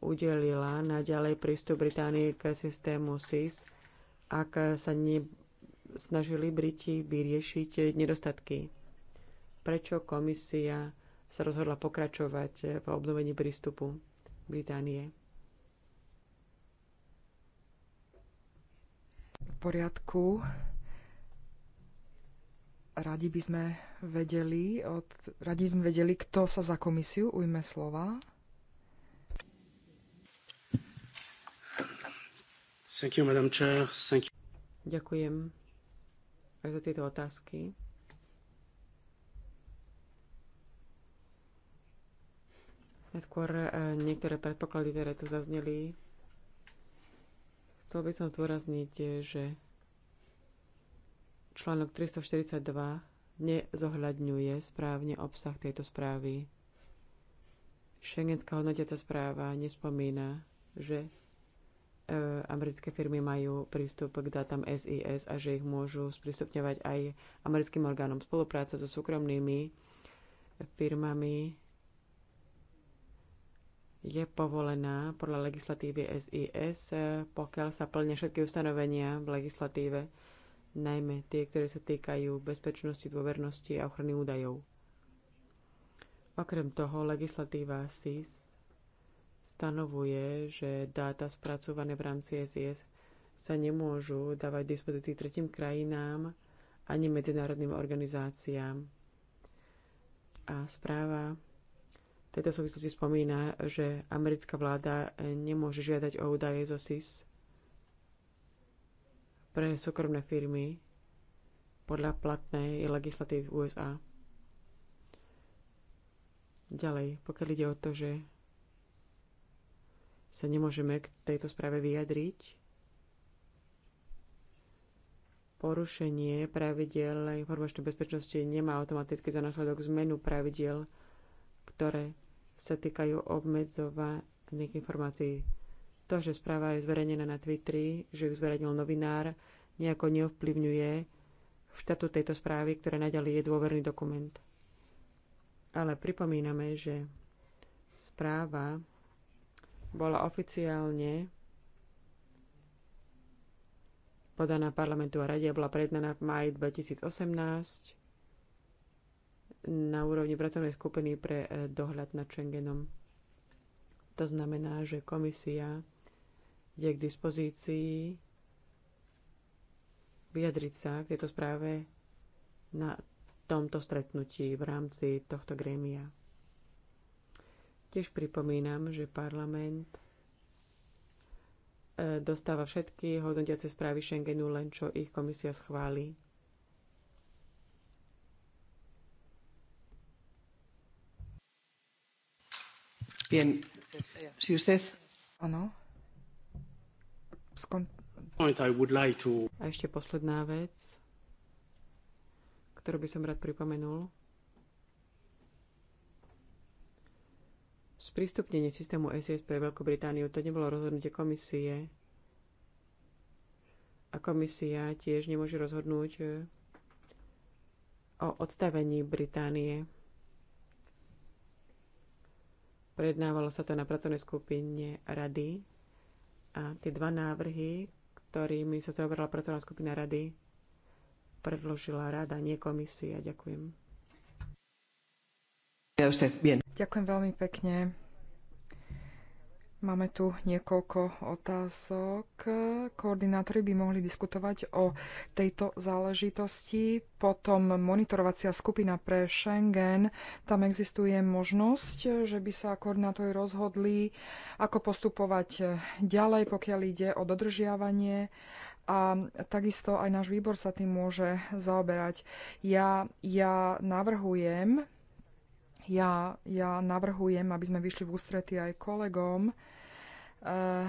udelila naďalej prístup Británie k systému SIS, ak sa ne snažili Briti vyriešiť nedostatky? prečo komisia sa rozhodla pokračovať v obnovení prístupu Británie. V poriadku. Radi by sme vedeli, od, radi by sme vedeli, kto sa za komisiu ujme slova. Thank you, Madam Chair. Thank you. Ďakujem aj za tieto otázky. Najskôr e, niektoré predpoklady, ktoré tu zazneli, chcel by som zdôrazniť, že článok 342 nezohľadňuje správne obsah tejto správy. Schengenská hodnotiaca správa nespomína, že e, americké firmy majú prístup k dátam SIS a že ich môžu sprístupňovať aj americkým orgánom. Spolupráca so súkromnými firmami je povolená podľa legislatívy SIS, pokiaľ sa plnia všetky ustanovenia v legislatíve, najmä tie, ktoré sa týkajú bezpečnosti, dôvernosti a ochrany údajov. Okrem toho, legislatíva SIS stanovuje, že dáta spracované v rámci SIS sa nemôžu dávať dispozícii tretím krajinám ani medzinárodným organizáciám. A správa tejto súvislosti spomína, že americká vláda nemôže žiadať o údaje zo SIS pre súkromné firmy podľa platnej legislatívy USA. Ďalej, pokiaľ ide o to, že sa nemôžeme k tejto správe vyjadriť, porušenie pravidel informačnej bezpečnosti nemá automaticky za následok zmenu pravidel, ktoré sa týkajú obmedzovaných informácií. To, že správa je zverejnená na Twitteri, že ju zverejnil novinár, nejako neovplyvňuje štatu tejto správy, ktorá naďalej je dôverný dokument. Ale pripomíname, že správa bola oficiálne podaná parlamentu a rade a bola prednaná v maji 2018 na úrovni pracovnej skupiny pre e, dohľad nad Schengenom. To znamená, že komisia je k dispozícii vyjadriť sa k tejto správe na tomto stretnutí v rámci tohto grémia. Tiež pripomínam, že parlament e, dostáva všetky hodnotiace správy Schengenu len čo ich komisia schváli Bien, si usted... Skon... A ešte posledná vec, ktorú by som rád pripomenul. Sprístupnenie systému SIS pre Veľkú Britániu to nebolo rozhodnutie komisie. A komisia tiež nemôže rozhodnúť eh, o odstavení Británie. Prednávalo sa to na pracovnej skupine rady a tie dva návrhy, ktorými sa zaoberala pracovná skupina rady, predložila rada, nie komisia. Ďakujem. Ďakujem veľmi pekne. Máme tu niekoľko otázok. Koordinátori by mohli diskutovať o tejto záležitosti. Potom monitorovacia skupina pre Schengen. Tam existuje možnosť, že by sa koordinátori rozhodli, ako postupovať ďalej, pokiaľ ide o dodržiavanie a takisto aj náš výbor sa tým môže zaoberať. Ja, ja navrhujem, ja, ja navrhujem, aby sme vyšli v ústrety aj kolegom, Eh,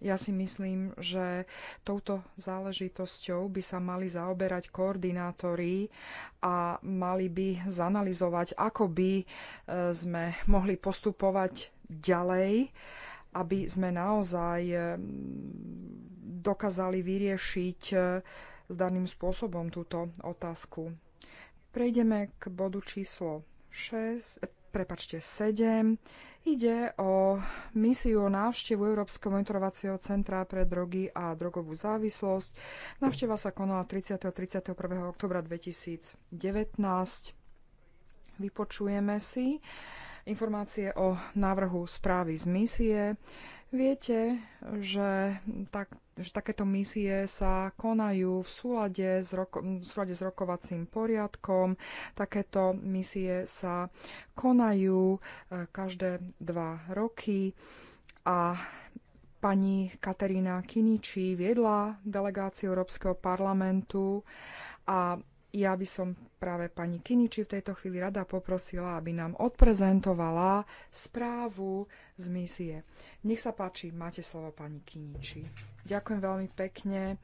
ja si myslím, že touto záležitosťou by sa mali zaoberať koordinátori a mali by zanalizovať, ako by eh, sme mohli postupovať ďalej, aby sme naozaj eh, dokázali vyriešiť zdaným spôsobom túto otázku. Prejdeme k bodu číslo 6, prepačte, 7. Ide o misiu návštevu Európskeho monitorovacieho centra pre drogy a drogovú závislosť. Návšteva sa konala 30. a 31. oktobra 2019. Vypočujeme si informácie o návrhu správy z misie. Viete, že, tak, že takéto misie sa konajú v súlade, s roko, v súlade s rokovacím poriadkom. Takéto misie sa konajú e, každé dva roky a pani Katarína Kiniči viedla delegáciu Európskeho parlamentu a ja by som práve pani Kiniči v tejto chvíli rada poprosila, aby nám odprezentovala správu z misie. Nech sa páči, máte slovo pani Kiniči. Ďakujem veľmi pekne.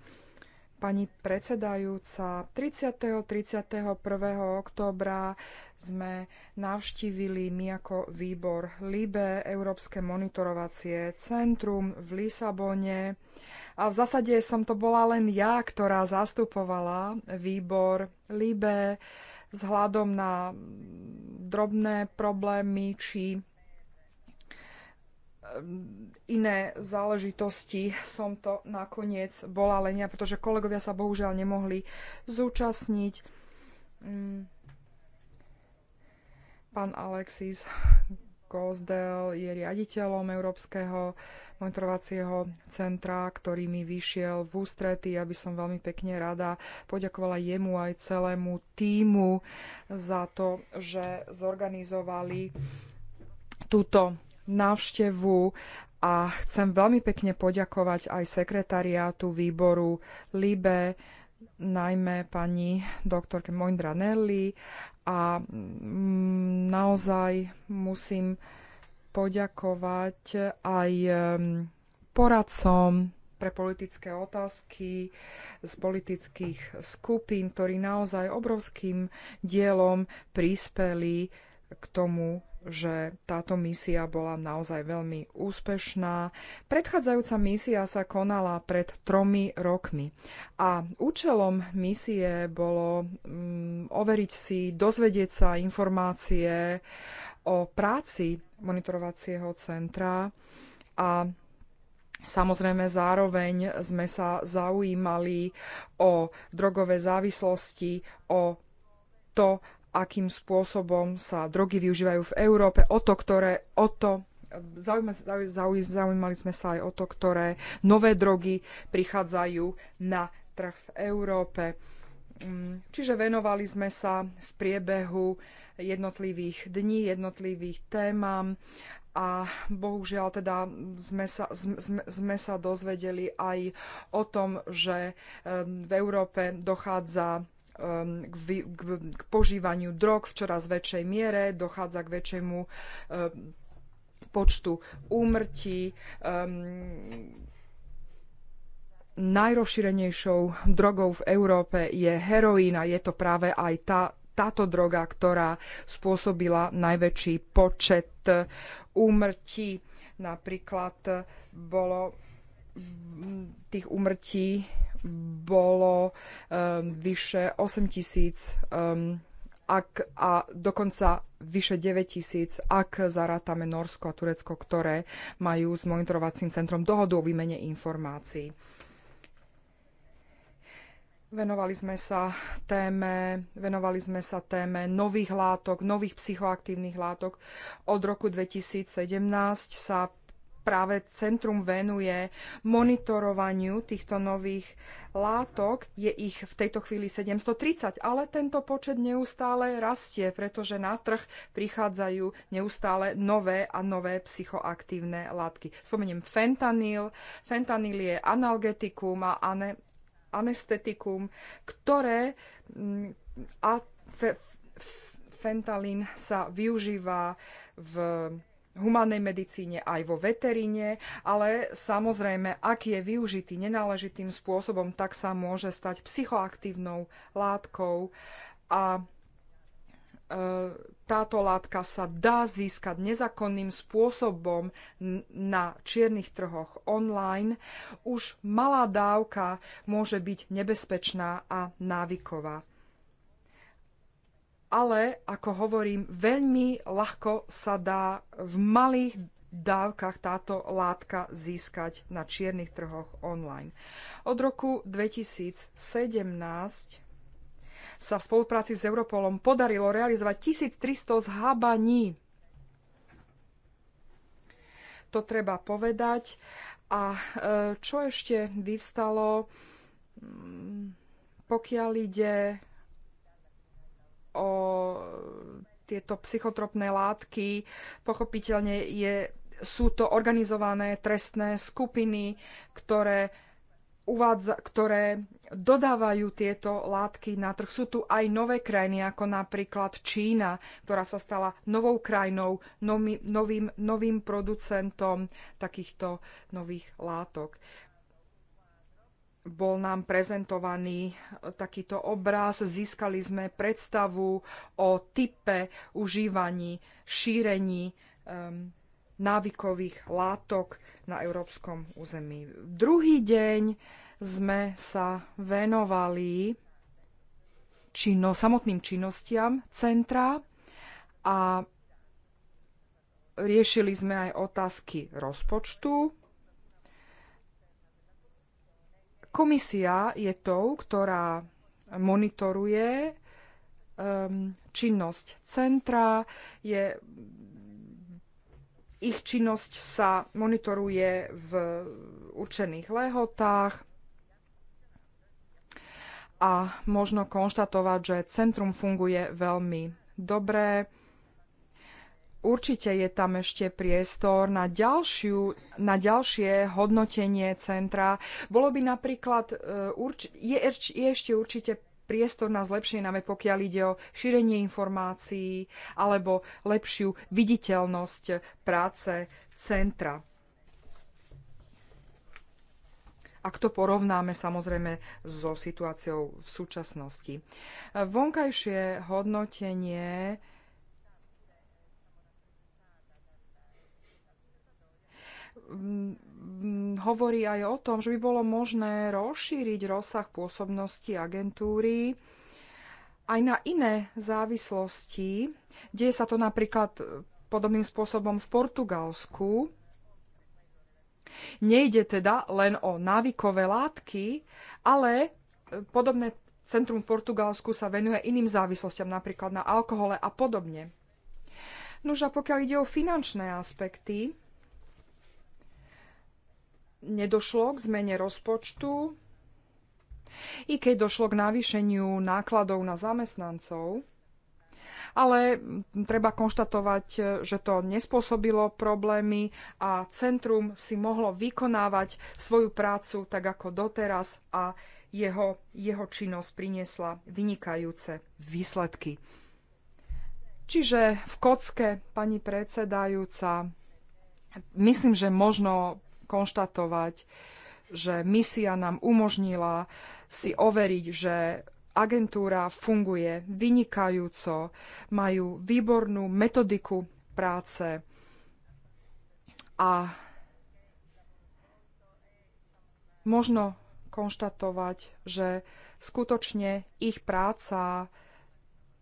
Pani predsedajúca, 30. 31. októbra sme navštívili my ako výbor LIBE, Európske monitorovacie centrum v Lisabone a v zásade som to bola len ja, ktorá zastupovala výbor Libe vzhľadom na drobné problémy či ehm, iné záležitosti som to nakoniec bola len ja, pretože kolegovia sa bohužiaľ nemohli zúčastniť. Mm. Pán Alexis Kozdel je riaditeľom Európskeho monitorovacieho centra, ktorý mi vyšiel v ústrety. Ja by som veľmi pekne rada poďakovala jemu aj celému týmu za to, že zorganizovali túto návštevu a chcem veľmi pekne poďakovať aj sekretariátu výboru LIBE, najmä pani doktorke Moindra Nelly a mm, naozaj musím poďakovať aj mm, poradcom pre politické otázky z politických skupín, ktorí naozaj obrovským dielom prispeli k tomu že táto misia bola naozaj veľmi úspešná. Predchádzajúca misia sa konala pred tromi rokmi a účelom misie bolo mm, overiť si, dozvedieť sa informácie o práci monitorovacieho centra a Samozrejme, zároveň sme sa zaujímali o drogové závislosti, o to, akým spôsobom sa drogy využívajú v Európe, o to, ktoré, o to, zaujímali sme sa aj o to, ktoré nové drogy prichádzajú na trh v Európe. Mm, čiže venovali sme sa v priebehu jednotlivých dní, jednotlivých témam a bohužiaľ teda sme sa, sme, sme sa dozvedeli aj o tom, že ehm, v Európe dochádza Um, k, k, k požívaniu drog v čoraz väčšej miere, dochádza k väčšiemu um, počtu úmrtí. Um, najrozšírenejšou drogou v Európe je heroína. Je to práve aj tá, táto droga, ktorá spôsobila najväčší počet uh, úmrtí. Napríklad uh, bolo tých úmrtí bolo um, vyše 8 tisíc um, ak, a dokonca vyše 9 tisíc, ak zarátame Norsko a Turecko, ktoré majú s monitorovacím centrom dohodu o výmene informácií. Venovali sme sa téme, venovali sme sa téme nových látok, nových psychoaktívnych látok. Od roku 2017 sa práve centrum venuje monitorovaniu týchto nových látok. Je ich v tejto chvíli 730, ale tento počet neustále rastie, pretože na trh prichádzajú neustále nové a nové psychoaktívne látky. Spomeniem fentanyl. Fentanyl je analgetikum a ane- anestetikum, ktoré mm, a fe- fentalín sa využíva v humánnej medicíne, aj vo veteríne, ale samozrejme, ak je využitý nenáležitým spôsobom, tak sa môže stať psychoaktívnou látkou a e, táto látka sa dá získať nezákonným spôsobom na čiernych trhoch online, už malá dávka môže byť nebezpečná a návyková ale ako hovorím, veľmi ľahko sa dá v malých dávkach táto látka získať na čiernych trhoch online. Od roku 2017 sa v spolupráci s Europolom podarilo realizovať 1300 zhábaní. To treba povedať. A e, čo ešte vyvstalo, mm, pokiaľ ide o tieto psychotropné látky. Pochopiteľne je, sú to organizované trestné skupiny, ktoré, uvádza, ktoré dodávajú tieto látky na trh. Sú tu aj nové krajiny, ako napríklad Čína, ktorá sa stala novou krajinou, novým, novým producentom takýchto nových látok bol nám prezentovaný e, takýto obraz, získali sme predstavu o type užívaní, šírení um, návykových látok na európskom území. druhý deň sme sa venovali činno, samotným činnostiam centra a riešili sme aj otázky rozpočtu Komisia je tou, ktorá monitoruje um, činnosť centra, je, ich činnosť sa monitoruje v určených lehotách a možno konštatovať, že centrum funguje veľmi dobre Určite je tam ešte priestor na, ďalšiu, na ďalšie hodnotenie centra. Bolo by napríklad, e, urč, je, je ešte určite priestor na zlepšenie, najmä pokiaľ ide o šírenie informácií alebo lepšiu viditeľnosť práce centra. ak to porovnáme samozrejme so situáciou v súčasnosti. E, vonkajšie hodnotenie hovorí aj o tom, že by bolo možné rozšíriť rozsah pôsobnosti agentúry aj na iné závislosti. Deje sa to napríklad e, podobným spôsobom v Portugalsku. Nejde teda len o návykové látky, ale e, podobné centrum v Portugalsku sa venuje iným závislostiam, napríklad na alkohole a podobne. Nož a pokiaľ ide o finančné aspekty, nedošlo k zmene rozpočtu, i keď došlo k navýšeniu nákladov na zamestnancov, ale treba konštatovať, že to nespôsobilo problémy a centrum si mohlo vykonávať svoju prácu tak ako doteraz a jeho, jeho činnosť priniesla vynikajúce výsledky. Čiže v kocke, pani predsedajúca, myslím, že možno konštatovať, že misia nám umožnila si overiť, že agentúra funguje vynikajúco, majú výbornú metodiku práce a možno konštatovať, že skutočne ich práca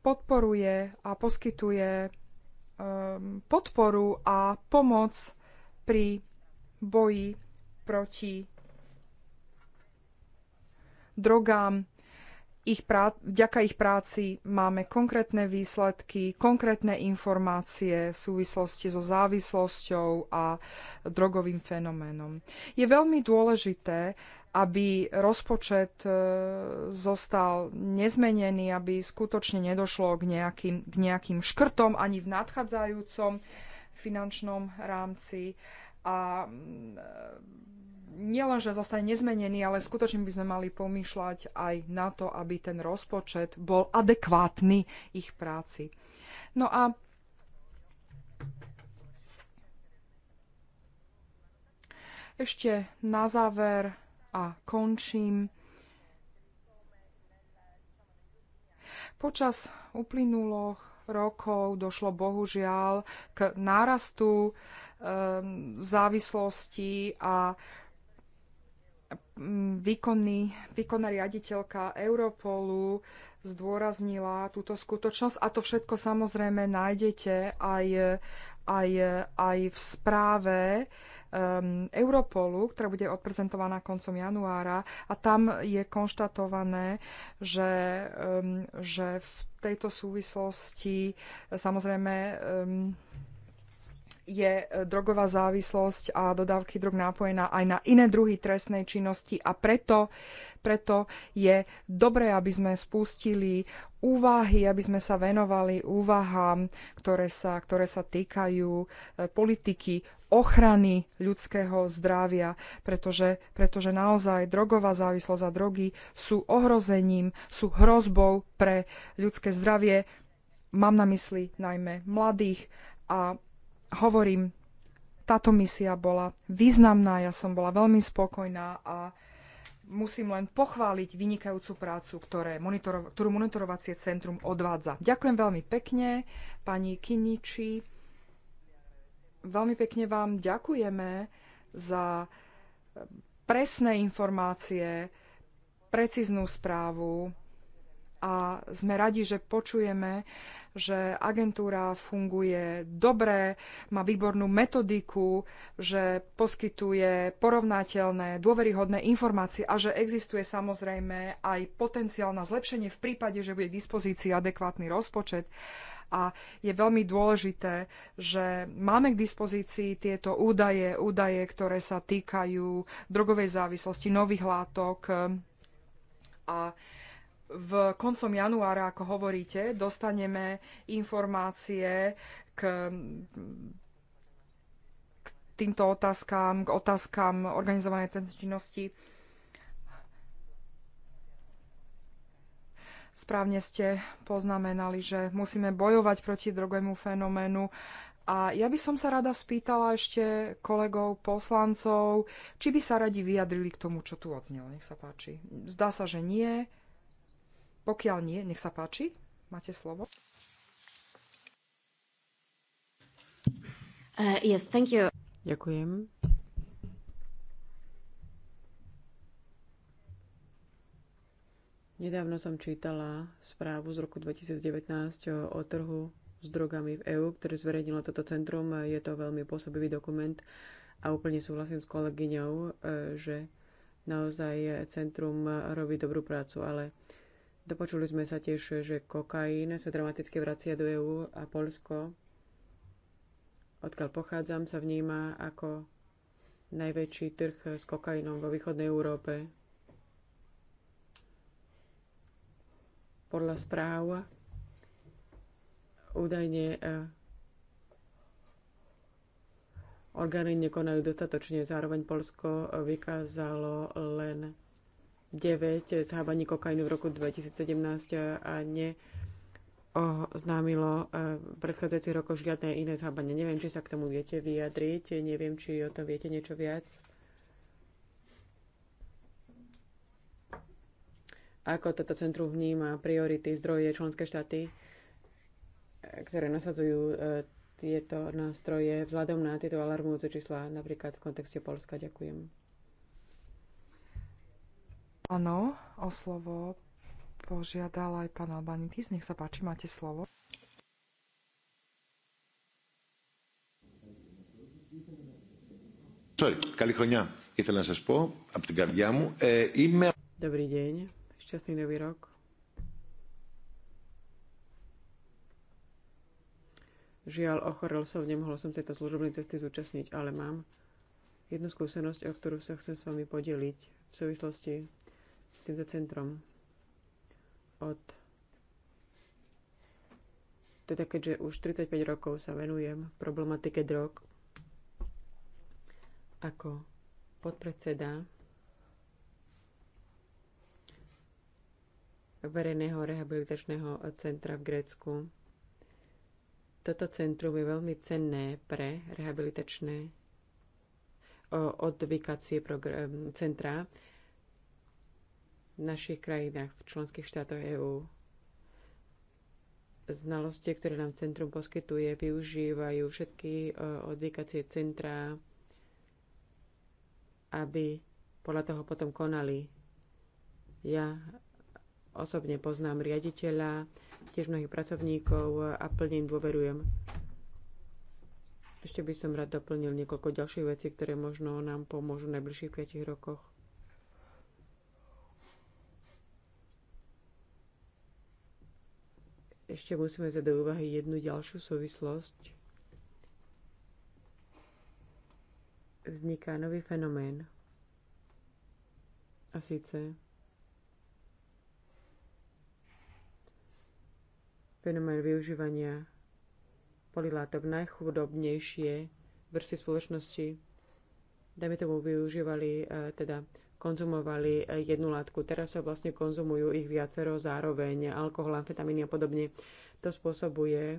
podporuje a poskytuje ehm, podporu a pomoc pri boji proti drogám. Ich prá- vďaka ich práci máme konkrétne výsledky, konkrétne informácie v súvislosti so závislosťou a drogovým fenoménom. Je veľmi dôležité, aby rozpočet e, zostal nezmenený, aby skutočne nedošlo k nejakým, k nejakým škrtom ani v nadchádzajúcom finančnom rámci a mm, e, nielen, že zostane nezmenený, ale skutočne by sme mali pomýšľať aj na to, aby ten rozpočet bol adekvátny ich práci. No a ešte na záver a končím. Počas uplynulých rokov došlo bohužiaľ k nárastu Um, závislosti a mm, výkonný, výkonná riaditeľka Europolu zdôraznila túto skutočnosť a to všetko samozrejme nájdete aj, aj, aj v správe um, Europolu, ktorá bude odprezentovaná koncom januára a tam je konštatované, že, um, že v tejto súvislosti samozrejme um, je e, drogová závislosť a dodávky drog nápojená aj na iné druhy trestnej činnosti a preto, preto je dobré, aby sme spustili úvahy, aby sme sa venovali úvahám, ktoré sa, ktoré sa týkajú e, politiky ochrany ľudského zdravia, pretože, pretože naozaj drogová závislosť a drogy sú ohrozením, sú hrozbou pre ľudské zdravie. Mám na mysli najmä mladých a hovorím, táto misia bola významná, ja som bola veľmi spokojná a musím len pochváliť vynikajúcu prácu, ktoré monitorov, ktorú monitorovacie centrum odvádza. Ďakujem veľmi pekne, pani Kiniči. Veľmi pekne vám ďakujeme za eh, presné informácie, preciznú správu a sme radi, že počujeme, že agentúra funguje dobre, má výbornú metodiku, že poskytuje porovnateľné, dôveryhodné informácie a že existuje samozrejme aj potenciál na zlepšenie v prípade, že bude k dispozícii adekvátny rozpočet a je veľmi dôležité, že máme k dispozícii tieto údaje, údaje, ktoré sa týkajú drogovej závislosti, nových látok a v koncom januára, ako hovoríte, dostaneme informácie k, k týmto otázkam, k otázkam organizovanej trestnej činnosti. Správne ste poznamenali, že musíme bojovať proti drogovému fenoménu. A ja by som sa rada spýtala ešte kolegov, poslancov, či by sa radi vyjadrili k tomu, čo tu odznelo. Nech sa páči. Zdá sa, že nie. Pokiaľ nie, nech sa páči, máte slovo. Uh, yes, thank you. Ďakujem. Nedávno som čítala správu z roku 2019 o trhu s drogami v EÚ, ktoré zverejnilo toto centrum. Je to veľmi pôsobivý dokument a úplne súhlasím s kolegyňou, eh, že naozaj eh, centrum robí dobrú prácu, ale Dopočuli sme sa tiež, že kokain sa dramaticky vracia do EÚ a Polsko, odkiaľ pochádzam, sa vníma ako najväčší trh s kokainom vo východnej Európe. Podľa správ údajne e, orgány nekonajú dostatočne. Zároveň Polsko vykázalo len 9 zhábaní kokainu v roku 2017 a ne oznámilo eh, v predchádzajúcich rokoch žiadne iné zhábanie. Neviem, či sa k tomu viete vyjadriť, neviem, či o tom viete niečo viac. Ako toto centrum vníma priority, zdroje, členské štáty, eh, ktoré nasadzujú eh, tieto nástroje vzhľadom na tieto alarmujúce čísla, napríklad v kontexte Polska. Ďakujem. Áno, o slovo požiadal aj pán Albanitis. Nech sa páči, máte slovo. Eh, Dobrý deň, šťastný nový rok. Žiaľ, ochorel som, nemohol som tejto služobnej cesty zúčastniť, ale mám jednu skúsenosť, o ktorú sa chcem s vami podeliť v súvislosti s týmto centrom. Od teda keďže už 35 rokov sa venujem problematike drog ako podpredseda verejného rehabilitačného centra v Grécku. Toto centrum je veľmi cenné pre rehabilitačné odvykacie centra v našich krajinách, v členských štátoch EÚ. Znalosti, ktoré nám centrum poskytuje, využívajú všetky e, odvykacie centra, aby podľa toho potom konali. Ja osobne poznám riaditeľa, tiež mnohých pracovníkov a plne im dôverujem. Ešte by som rád doplnil niekoľko ďalších vecí, ktoré možno nám pomôžu v najbližších 5 rokoch. Ešte musíme zať do úvahy jednu ďalšiu súvislosť. Vzniká nový fenomén. A síce fenomén využívania polilátok najchudobnejšie vrsty spoločnosti, dajme tomu využívali eh, teda konzumovali eh, jednu látku. Teraz sa vlastne konzumujú ich viacero zároveň, alkohol, amfetamíny a podobne. To spôsobuje,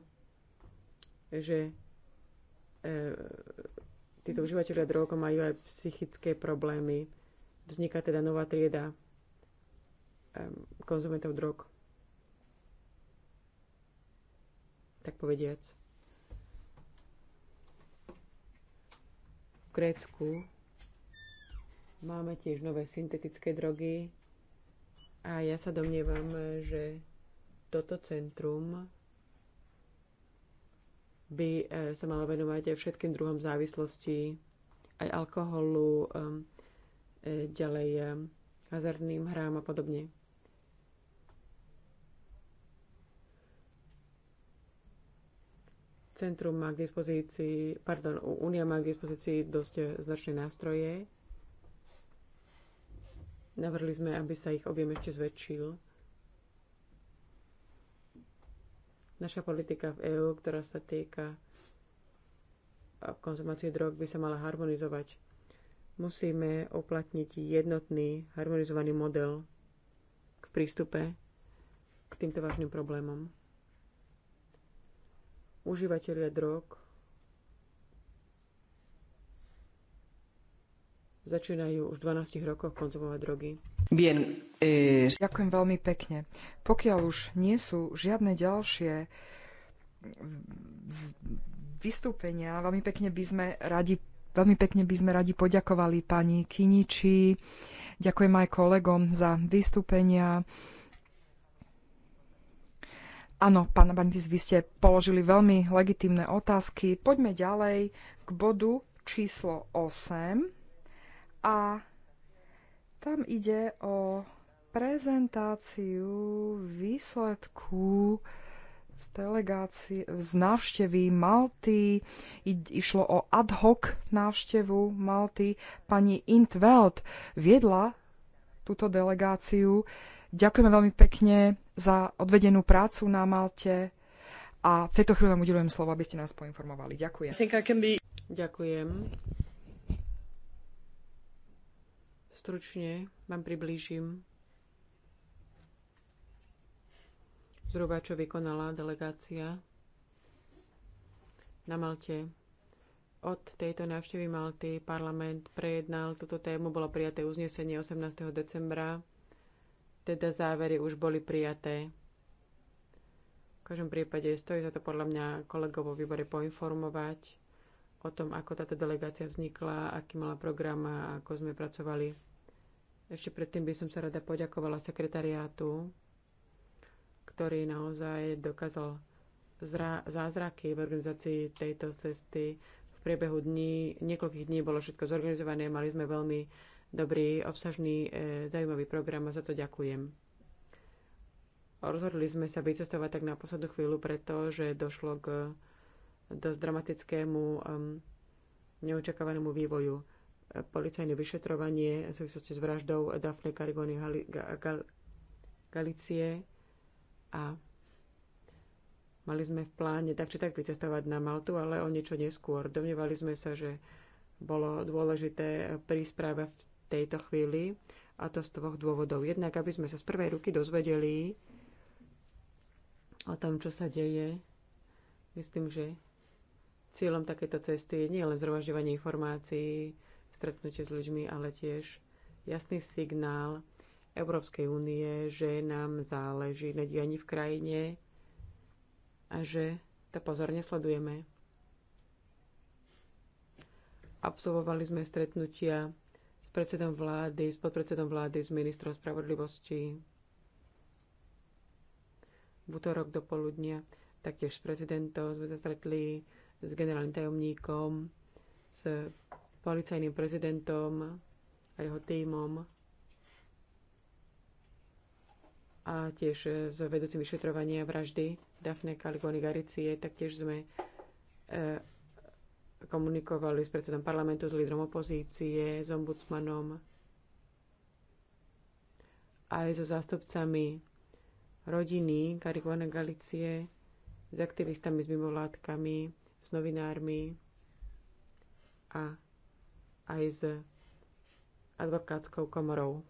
že eh, títo užívateľia drog majú aj psychické problémy. Vzniká teda nová trieda eh, konzumentov drog. Tak povediac. V Grécku Máme tiež nové syntetické drogy a ja sa domnievam, že toto centrum by e, sa malo venovať aj všetkým druhom závislostí, aj alkoholu, e, e, ďalej hazardným hrám a podobne. Centrum má k dispozícii, pardon, Únia má k dispozícii dosť značné nástroje Navrli sme, aby sa ich objem ešte zväčšil. Naša politika v EÚ, ktorá sa týka konzumácie drog, by sa mala harmonizovať. Musíme uplatniť jednotný, harmonizovaný model k prístupe k týmto vážnym problémom. Užívateľia drog začínajú už v 12 rokoch konzumovať drogy. Bien. eh... Ďakujem veľmi pekne. Pokiaľ už nie sú žiadne ďalšie vystúpenia, veľmi pekne by sme radi Veľmi pekne by sme radi poďakovali pani Kiniči. Ďakujem aj kolegom za vystúpenia. Áno, pán Bandis, vy ste položili veľmi legitimné otázky. Poďme ďalej k bodu číslo 8. A tam ide o prezentáciu výsledku z delegácie, z návštevy Malty. I, išlo o ad hoc návštevu Malty. Pani Intveld viedla túto delegáciu. Ďakujeme veľmi pekne za odvedenú prácu na Malte. A v tejto chvíli vám udelujem slovo, aby ste nás poinformovali. Ďakujem. Ďakujem. Stručne vám priblížim zhruba, čo vykonala delegácia na Malte. Od tejto návštevy Malty parlament prejednal túto tému, bolo prijaté uznesenie 18. decembra, teda závery už boli prijaté. V každom prípade stojí za to podľa mňa kolegov vo výbore poinformovať o tom, ako táto delegácia vznikla, aký mala program a ako sme pracovali. Ešte predtým by som sa rada poďakovala sekretariátu, ktorý naozaj dokázal zázraky v organizácii tejto cesty. V priebehu dní, niekoľkých dní bolo všetko zorganizované, mali sme veľmi dobrý, obsažný, e, zaujímavý program a za to ďakujem. Rozhodli sme sa vycestovať tak na poslednú chvíľu, pretože došlo k dosť dramatickému um, neočakávanému vývoju. Policajné vyšetrovanie v súvislosti s vraždou Daphne Gal- Gal- Galicie a mali sme v pláne tak či tak vycestovať na Maltu, ale o niečo neskôr. Domnievali sme sa, že bolo dôležité prísť práve v tejto chvíli a to z dvoch dôvodov. Jednak, aby sme sa z prvej ruky dozvedeli o tom, čo sa deje. Myslím, že Cieľom takéto cesty je nielen zhromažďovanie informácií, stretnutie s ľuďmi, ale tiež jasný signál Európskej únie, že nám záleží na dianí v krajine a že to pozorne sledujeme. Absolvovali sme stretnutia s predsedom vlády, s podpredsedom vlády, s ministrom spravodlivosti v útorok do poludnia. Taktiež s prezidentom sme sa stretli s generálnym tajomníkom, s policajným prezidentom a jeho týmom a tiež s vedúcim vyšetrovania vraždy Dafne Caligoni Garicie. Taktiež sme e, komunikovali s predsedom parlamentu, s lídrom opozície, s ombudsmanom, aj so zástupcami rodiny Karikvana Galicie, s aktivistami, s mimovládkami, s novinármi a aj s advokátskou komorou.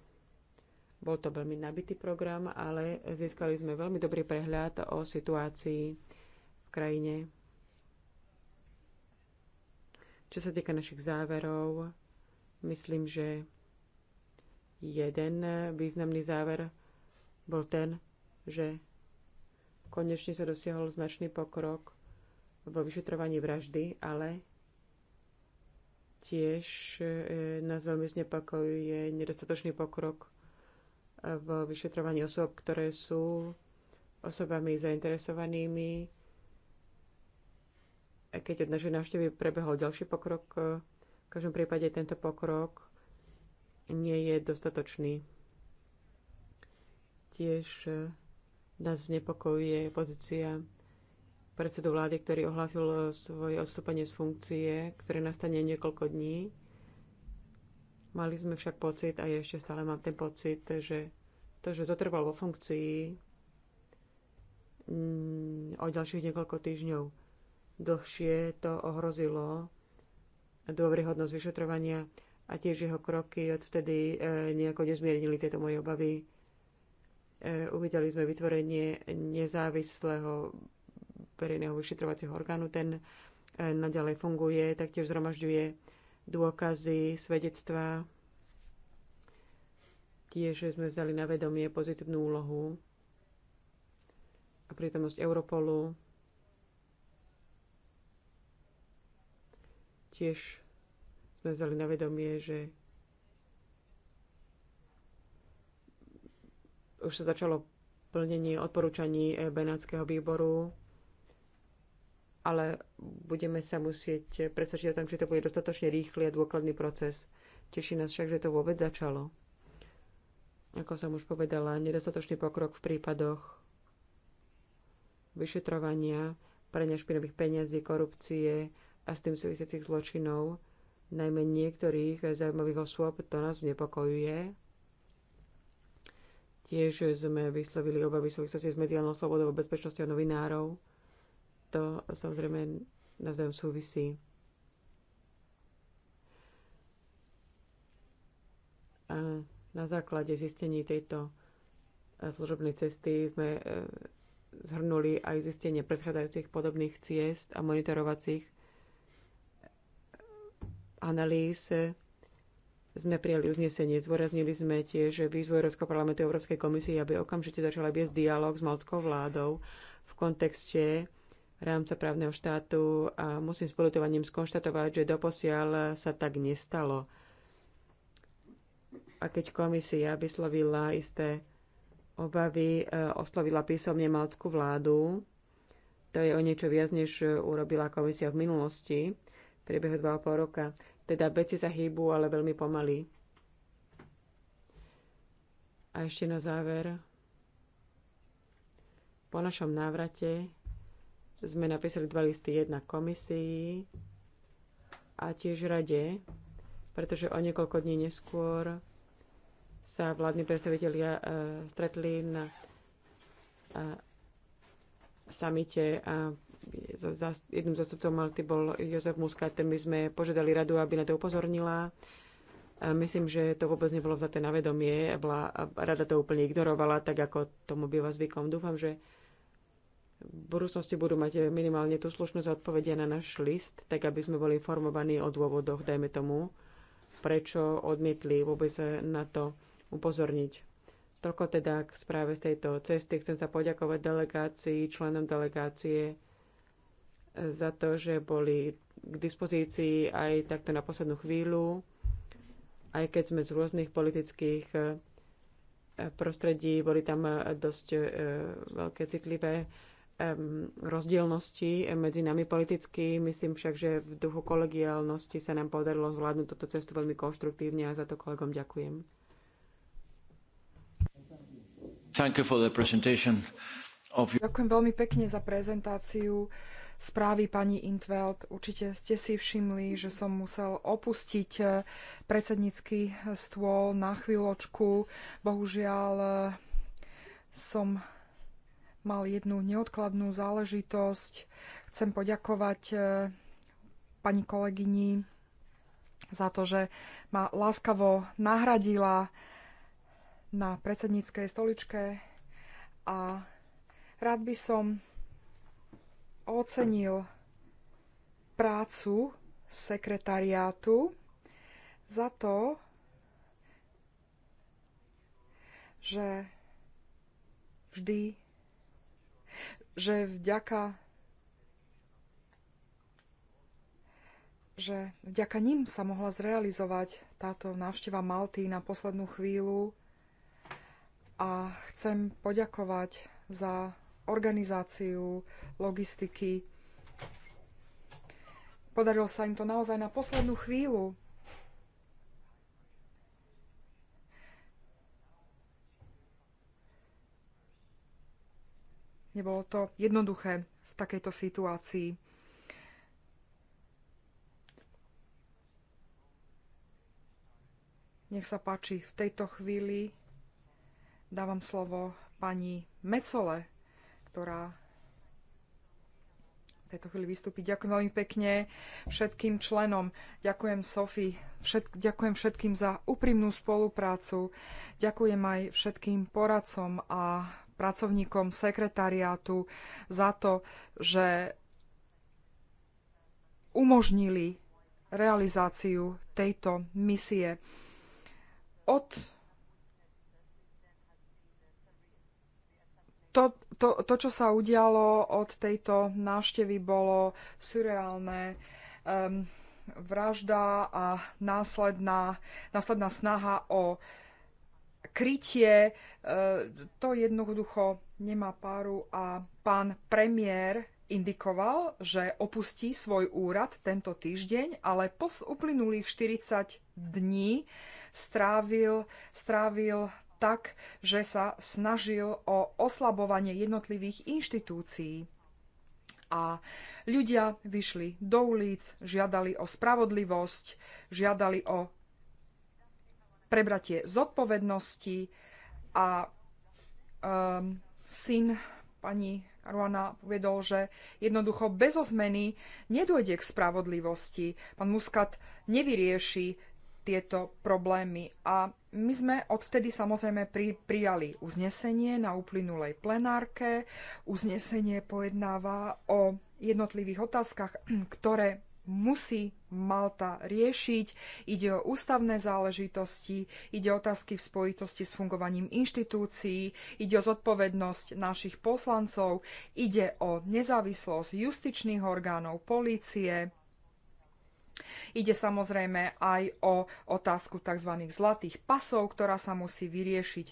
Bol to veľmi nabitý program, ale získali sme veľmi dobrý prehľad o situácii v krajine. Čo sa týka našich záverov, myslím, že jeden významný záver bol ten, že konečne sa dosiahol značný pokrok vo vyšetrovaní vraždy, ale tiež e, nás veľmi znepokojuje nedostatočný pokrok e, vo vyšetrovaní osôb, ktoré sú osobami zainteresovanými. E, keď od našej návštevy prebehol ďalší pokrok, v každom prípade tento pokrok nie je dostatočný. Tiež nás znepokojuje pozícia predsedu vlády, ktorý ohlásil eh, svoje odstúpenie z funkcie, ktoré nastane niekoľko dní. Mali sme však pocit, a ešte stále mám ten pocit, že to, že zotrval vo funkcii mm, o ďalších niekoľko týždňov dlhšie, to ohrozilo dôveryhodnosť vyšetrovania a tiež jeho kroky odvtedy eh, nejako nezmiernili tieto moje obavy. Eh, uvideli sme vytvorenie nezávislého verejného vyšetrovacieho orgánu. Ten e, naďalej funguje, taktiež zhromažďuje dôkazy, svedectvá. Tiež sme vzali na vedomie pozitívnu úlohu a prítomnosť Europolu. Tiež sme vzali na vedomie, že už sa začalo plnenie odporúčaní Benátskeho výboru ale budeme sa musieť presvedčiť o tom, či to bude dostatočne rýchly a dôkladný proces. Teší nás však, že to vôbec začalo. Ako som už povedala, nedostatočný pokrok v prípadoch vyšetrovania, prania špinových peniazí, korupcie a s tým súvisiacich zločinov, najmä niektorých zaujímavých osôb, to nás nepokojuje. Tiež sme vyslovili obavy súvislosti s mediálnou slobodou a bezpečnosťou novinárov to samozrejme navzájom súvisí. A na základe zistení tejto služobnej cesty sme e, zhrnuli aj zistenie predchádzajúcich podobných ciest a monitorovacích analýz sme prijali uznesenie. Zdôraznili sme tiež výzvu Európskeho parlamentu a Európskej komisie, aby okamžite začala viesť dialog s maltskou vládou v kontexte rámca právneho štátu a musím s polutovaním skonštatovať, že doposiaľ sa tak nestalo. A keď komisia vyslovila isté obavy, e, oslovila písomne malckú vládu, to je o niečo viac, než urobila komisia v minulosti, v priebehu 2,5 roka. Teda veci sa hýbu, ale veľmi pomaly. A ešte na záver. Po našom návrate sme napísali dva listy, jedna komisii a tiež rade, pretože o niekoľko dní neskôr sa vládni predstavitelia uh, stretli na uh, samite a za, za, jedným zastupcom Malty bol Jozef Muskat. My sme požiadali radu, aby na to upozornila. A myslím, že to vôbec nebolo vzaté na vedomie. Bola, rada to úplne ignorovala, tak ako tomu býva zvykom. Dúfam, že v budúcnosti budú mať minimálne tú slušnosť odpovedia na náš list, tak aby sme boli informovaní o dôvodoch, dajme tomu, prečo odmietli vôbec na to upozorniť. Toľko teda k správe z tejto cesty. Chcem sa poďakovať delegácii, členom delegácie za to, že boli k dispozícii aj takto na poslednú chvíľu, aj keď sme z rôznych politických eh, prostredí, boli tam eh, dosť eh, veľké citlivé rozdielnosti medzi nami politicky. Myslím však, že v duchu kolegiálnosti sa nám podarilo zvládnuť túto cestu veľmi konštruktívne a za to kolegom ďakujem. Thank you for the presentation of... Ďakujem veľmi pekne za prezentáciu správy pani Intveld. Určite ste si všimli, že som musel opustiť eh, predsednícky stôl na chvíľočku. Bohužiaľ eh, som mal jednu neodkladnú záležitosť. Chcem poďakovať e, pani kolegyni za to, že ma láskavo nahradila na predsedníckej stoličke a rád by som ocenil prácu sekretariátu za to, že vždy že vďaka že vďaka ním sa mohla zrealizovať táto návšteva Malty na poslednú chvíľu a chcem poďakovať za organizáciu, logistiky. Podarilo sa im to naozaj na poslednú chvíľu. nebolo to jednoduché v takejto situácii. Nech sa páči, v tejto chvíli dávam slovo pani Mecole, ktorá v tejto chvíli vystúpiť. Ďakujem veľmi pekne všetkým členom. Ďakujem Sofi, všet, ďakujem všetkým za úprimnú spoluprácu. Ďakujem aj všetkým poradcom a pracovníkom sekretariátu za to, že umožnili realizáciu tejto misie. Od to, to, to, čo sa udialo od tejto návštevy, bolo surreálne. Um, vražda a následná, následná snaha o krytie, eh, to jednoducho nemá páru a pán premiér indikoval, že opustí svoj úrad tento týždeň, ale po uplynulých 40 dní strávil, strávil tak, že sa snažil o oslabovanie jednotlivých inštitúcií. A ľudia vyšli do ulic, žiadali o spravodlivosť, žiadali o prebratie zodpovednosti a um, syn pani Ruana povedol, že jednoducho bez zmeny nedôjde k spravodlivosti. Pán Muscat nevyrieši tieto problémy. A my sme odvtedy samozrejme pri, prijali uznesenie na uplynulej plenárke. Uznesenie pojednáva o jednotlivých otázkach, ktoré musí Malta riešiť. Ide o ústavné záležitosti, ide o otázky v spojitosti s fungovaním inštitúcií, ide o zodpovednosť našich poslancov, ide o nezávislosť justičných orgánov, polície. Ide samozrejme aj o otázku tzv. zlatých pasov, ktorá sa musí vyriešiť.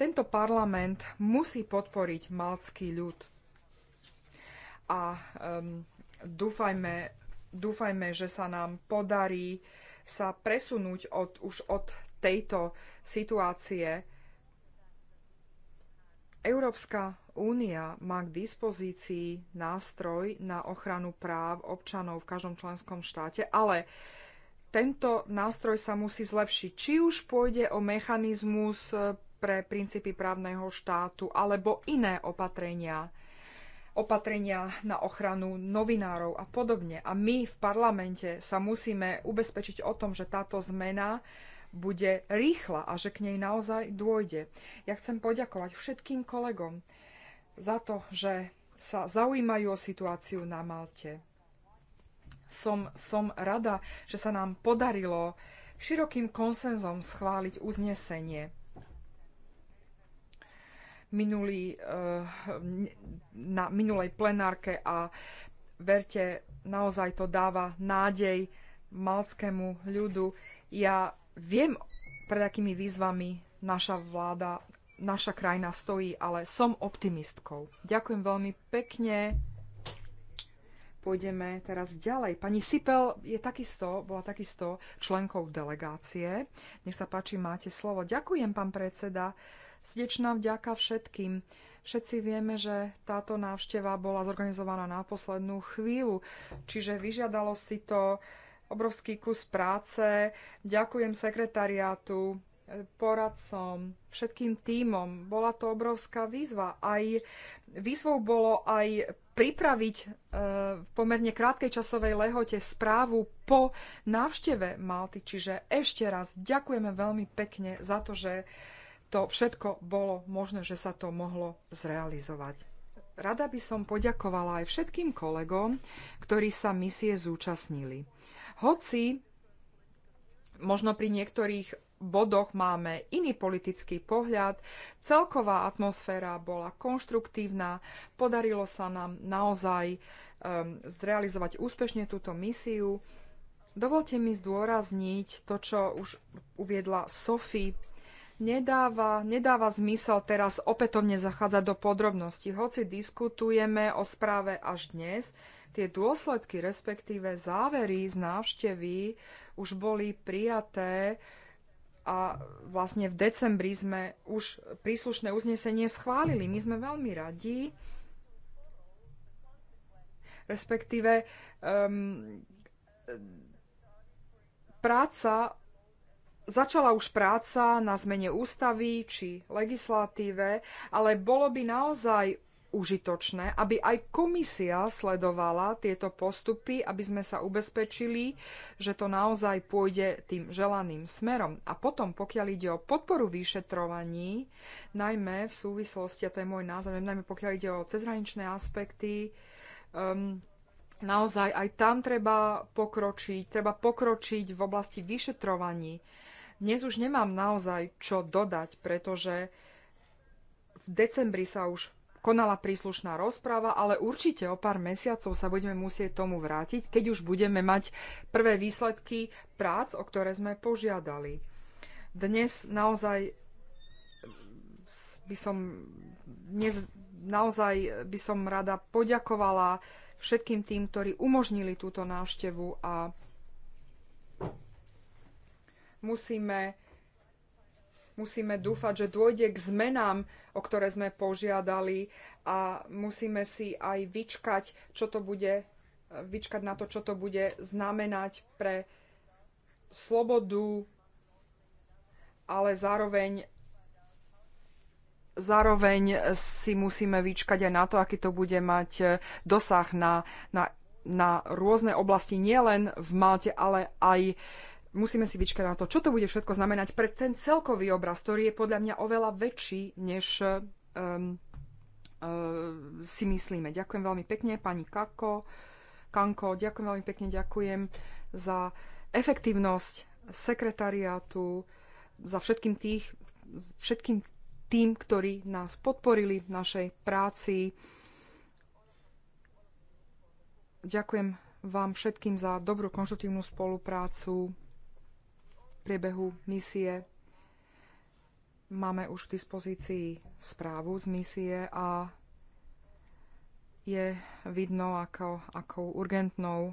Tento parlament musí podporiť malcký ľud. A um, dúfajme, dúfajme, že sa nám podarí sa presunúť od, už od tejto situácie. Európska únia má k dispozícii nástroj na ochranu práv občanov v každom členskom štáte, ale tento nástroj sa musí zlepšiť. Či už pôjde o mechanizmus eh, pre princípy právneho štátu alebo iné opatrenia opatrenia na ochranu novinárov a podobne. A my v parlamente sa musíme ubezpečiť o tom, že táto zmena bude rýchla a že k nej naozaj dôjde. Ja chcem poďakovať všetkým kolegom za to, že sa zaujímajú o situáciu na Malte. Som, som rada, že sa nám podarilo širokým konsenzom schváliť uznesenie minulý, eh, na minulej plenárke a verte, naozaj to dáva nádej malckému ľudu. Ja viem, pred akými výzvami naša vláda, naša krajina stojí, ale som optimistkou. Ďakujem veľmi pekne. Pôjdeme teraz ďalej. Pani Sipel je takisto, bola takisto členkou delegácie. Nech sa páči, máte slovo. Ďakujem, pán predseda. Uh, Srdečná vďaka všetkým. Všetci vieme, že táto návšteva bola zorganizovaná na poslednú chvíľu, čiže vyžiadalo si to obrovský kus práce. Ďakujem sekretariátu, poradcom, všetkým tímom. Bola to obrovská výzva. Aj výzvou bolo aj pripraviť e, pomerne krátkej časovej lehote správu po návšteve Malty. Čiže ešte raz ďakujeme veľmi pekne za to, že to všetko bolo možné, že sa to mohlo zrealizovať. Rada by som poďakovala aj všetkým kolegom, ktorí sa misie zúčastnili. Hoci možno pri niektorých bodoch máme iný politický pohľad, celková atmosféra bola konštruktívna, podarilo sa nám naozaj um, zrealizovať úspešne túto misiu. Dovolte mi zdôrazniť to, čo už uviedla Sophie nedáva, nedáva zmysel teraz opätovne zachádzať do podrobností. Hoci diskutujeme o správe až dnes, tie dôsledky, respektíve závery z návštevy už boli prijaté a vlastne v decembri sme už príslušné uznesenie schválili. My sme veľmi radi, respektíve um, práca Začala už práca na zmene ústavy či legislatíve, ale bolo by naozaj užitočné, aby aj komisia sledovala tieto postupy, aby sme sa ubezpečili, že to naozaj pôjde tým želaným smerom. A potom, pokiaľ ide o podporu vyšetrovaní, najmä v súvislosti, a to je môj názor, najmä pokiaľ ide o cezhraničné aspekty, um, naozaj aj tam treba pokročiť, treba pokročiť v oblasti vyšetrovaní dnes už nemám naozaj čo dodať, pretože v decembri sa už konala príslušná rozpráva, ale určite o pár mesiacov sa budeme musieť tomu vrátiť, keď už budeme mať prvé výsledky prác, o ktoré sme požiadali. Dnes naozaj by som, dnes naozaj by som rada poďakovala všetkým tým, ktorí umožnili túto návštevu a Musíme, musíme dúfať, že dôjde k zmenám, o ktoré sme požiadali a musíme si aj vyčkať, čo to bude, vyčkať na to, čo to bude znamenať pre slobodu, ale zároveň zároveň si musíme vyčkať aj na to, aký to bude mať eh, dosah na, na, na rôzne oblasti, nielen v Malte, ale aj musíme si vyčkať na to, čo to bude všetko znamenať pre ten celkový obraz, ktorý je podľa mňa oveľa väčší, než um, uh, si myslíme. Ďakujem veľmi pekne, pani Kako, Kanko, ďakujem veľmi pekne, ďakujem za efektívnosť sekretariátu, za všetkým, tých, všetkým tým, ktorí nás podporili v našej práci. Ďakujem vám všetkým za dobrú konštruktívnu spoluprácu priebehu misie. Máme už k dispozícii správu z misie a je vidno, ako, akou urgentnou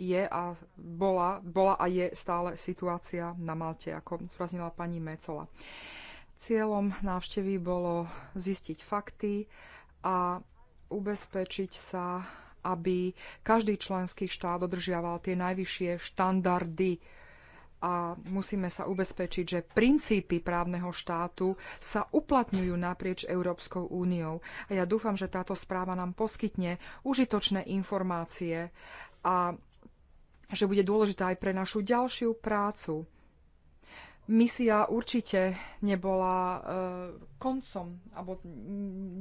je a bola, bola a je stále situácia na Malte, ako zvraznila pani Mecola. Cieľom návštevy bolo zistiť fakty a ubezpečiť sa, aby každý členský štát dodržiaval tie najvyššie štandardy a musíme sa ubezpečiť, že princípy právneho štátu sa uplatňujú naprieč Európskou úniou. A ja dúfam, že táto správa nám poskytne užitočné informácie a že bude dôležitá aj pre našu ďalšiu prácu. Misia určite nebola e, koncom alebo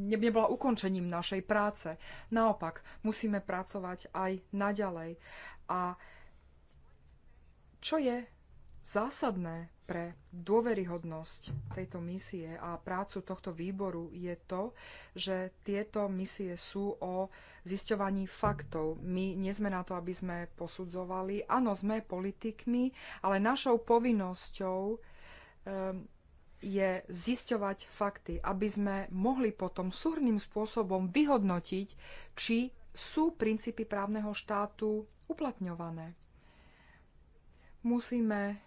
nebola ukončením našej práce. Naopak, musíme pracovať aj naďalej. A čo je Zásadné pre dôveryhodnosť tejto misie a prácu tohto výboru je to, že tieto misie sú o zisťovaní faktov. My nie sme na to, aby sme posudzovali. Áno, sme politikmi, ale našou povinnosťou um, je zisťovať fakty, aby sme mohli potom súhrným spôsobom vyhodnotiť, či sú princípy právneho štátu uplatňované. Musíme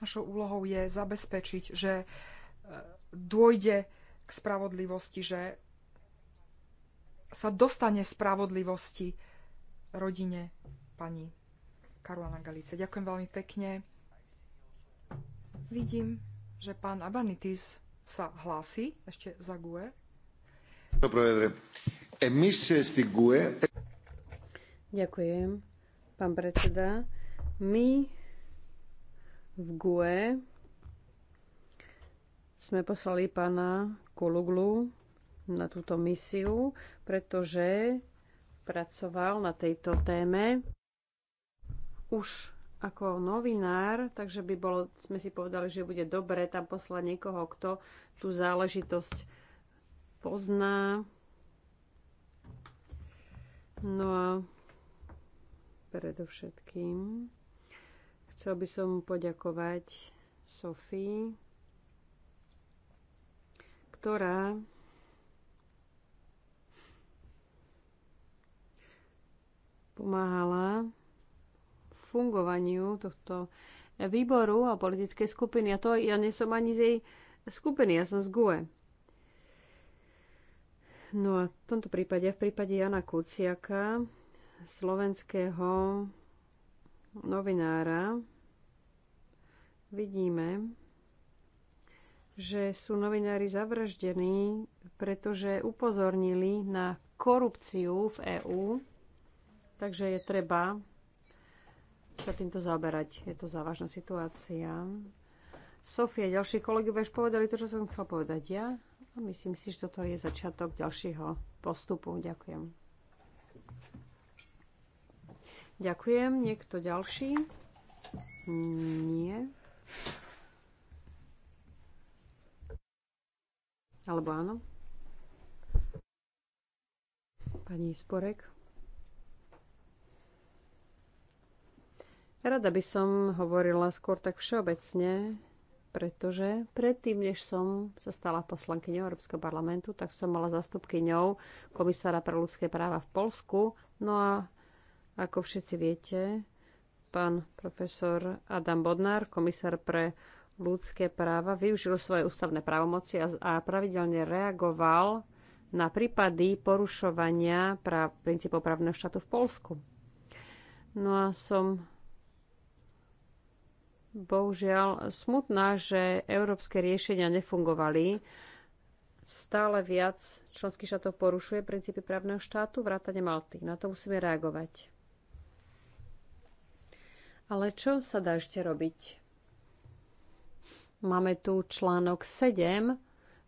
Našou úlohou je zabezpečiť, že e, dôjde k spravodlivosti, že sa dostane spravodlivosti rodine pani Karuana Galice. Ďakujem veľmi pekne. Vidím, že pán Abanitis sa hlási ešte za GUE. No, Ďakujem, pán predseda. My v GUE sme poslali pána Kuluglu na túto misiu, pretože pracoval na tejto téme už ako novinár, takže by bolo, sme si povedali, že bude dobre tam poslať niekoho, kto tú záležitosť pozná. No a predovšetkým Chcel by som poďakovať Sofii, ktorá pomáhala fungovaniu tohto výboru a politickej skupiny. A to ja nie som ani z jej skupiny, ja som z GUE. No a v tomto prípade, v prípade Jana Kuciaka, slovenského novinára vidíme, že sú novinári zavraždení, pretože upozornili na korupciu v EÚ, takže je treba sa týmto zaberať. Je to závažná situácia. Sofia, ďalší kolegovia už povedali to, čo som chcela povedať ja a myslím si, že toto je začiatok ďalšieho postupu. Ďakujem. Ďakujem. Niekto ďalší? Nie. Alebo áno? Pani Sporek. Rada by som hovorila skôr tak všeobecne, pretože predtým, než som sa stala poslankyňou Európskeho parlamentu, tak som mala zastupkyňou komisára pre ľudské práva v Polsku. No a ako všetci viete, pán profesor Adam Bodnár, komisár pre ľudské práva, využil svoje ústavné právomoci a, pravidelne reagoval na prípady porušovania práv, princípov právneho štátu v Polsku. No a som bohužiaľ smutná, že európske riešenia nefungovali. Stále viac členských štátov porušuje princípy právneho štátu, vrátane Malty. Na to musíme reagovať. Ale čo sa dá ešte robiť? Máme tu článok 7,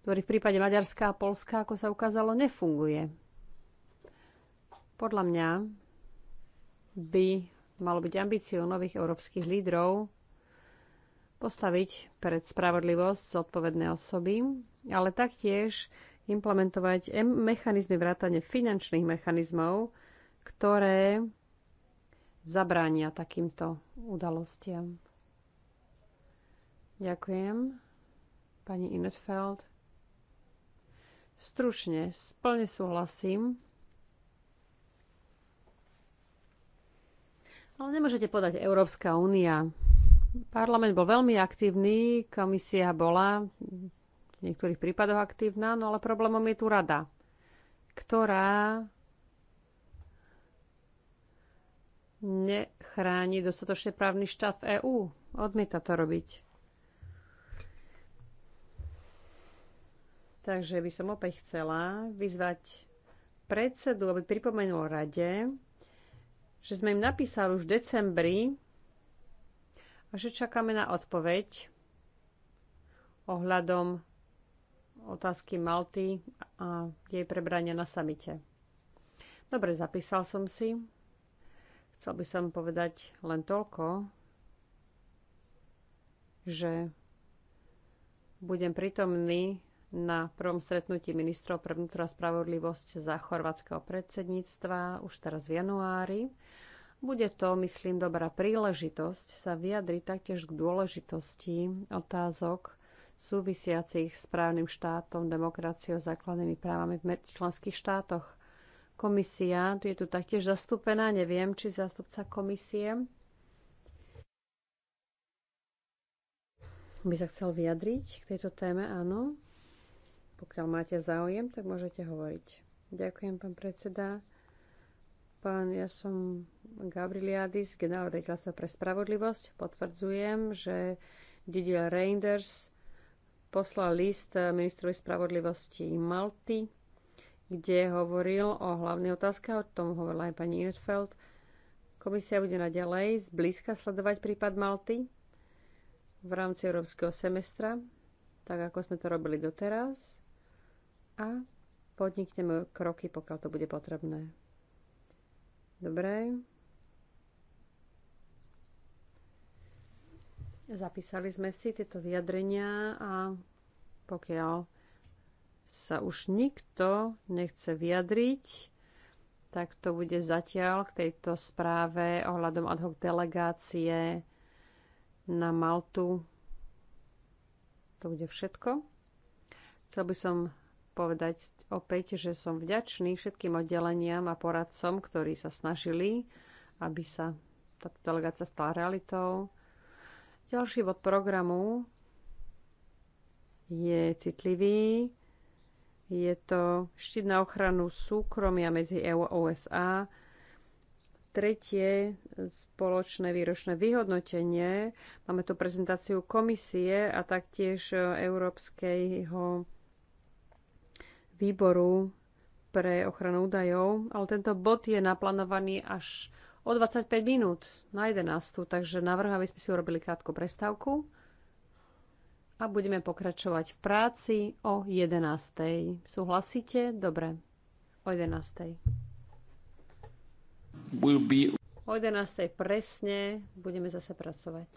ktorý v prípade Maďarska a Polska, ako sa ukázalo, nefunguje. Podľa mňa by malo byť ambíciou nových európskych lídrov postaviť pred spravodlivosť zodpovedné osoby, ale taktiež implementovať mechanizmy vrátane finančných mechanizmov, ktoré zabránia takýmto udalostiam. Ďakujem. Pani Inetfeld. Stručne, plne súhlasím. Ale nemôžete podať Európska únia. Parlament bol veľmi aktívny, komisia bola v niektorých prípadoch aktívna, no ale problémom je tu rada, ktorá nechráni dostatočne právny štát v EÚ. Odmieta to robiť. Takže by som opäť chcela vyzvať predsedu, aby pripomenul rade, že sme im napísali už v decembri a že čakáme na odpoveď ohľadom otázky Malty a jej prebrania na samite. Dobre, zapísal som si. Chcel by som povedať len toľko, že budem prítomný na prvom stretnutí ministrov pre vnútro a spravodlivosť za chorvátskeho predsedníctva už teraz v januári. Bude to, myslím, dobrá príležitosť sa vyjadriť taktiež k dôležitosti otázok súvisiacich s právnym štátom, demokraciou, základnými právami v členských štátoch. Komisia tu je tu taktiež zastúpená, neviem, či zástupca komisie by sa chcel vyjadriť k tejto téme, áno. Pokiaľ máte záujem, tak môžete hovoriť. Ďakujem, pán predseda. Pán, ja som Gabriliadis, generál sa pre spravodlivosť. Potvrdzujem, že Didier Reinders poslal list ministrovi spravodlivosti Malty kde hovoril o hlavnej otázke, o tom hovorila aj pani Inetfeld. Komisia bude naďalej zblízka sledovať prípad Malty v rámci európskeho semestra, tak ako sme to robili doteraz a podnikneme kroky, pokiaľ to bude potrebné. Dobre. Zapísali sme si tieto vyjadrenia a pokiaľ sa už nikto nechce vyjadriť, tak to bude zatiaľ k tejto správe ohľadom ad hoc delegácie na Maltu. To bude všetko. Chcel by som povedať opäť, že som vďačný všetkým oddeleniam a poradcom, ktorí sa snažili, aby sa táto delegácia stala realitou. Ďalší bod programu je citlivý. Je to štít na ochranu súkromia medzi EU a USA. Tretie spoločné výročné vyhodnotenie. Máme tu prezentáciu komisie a taktiež Európskeho výboru pre ochranu údajov, ale tento bod je naplánovaný až o 25 minút na 11, takže navrhujem, aby sme si urobili krátku prestávku a budeme pokračovať v práci o 11. Súhlasíte? Dobre. O 11. We'll be... O 11. presne budeme zase pracovať.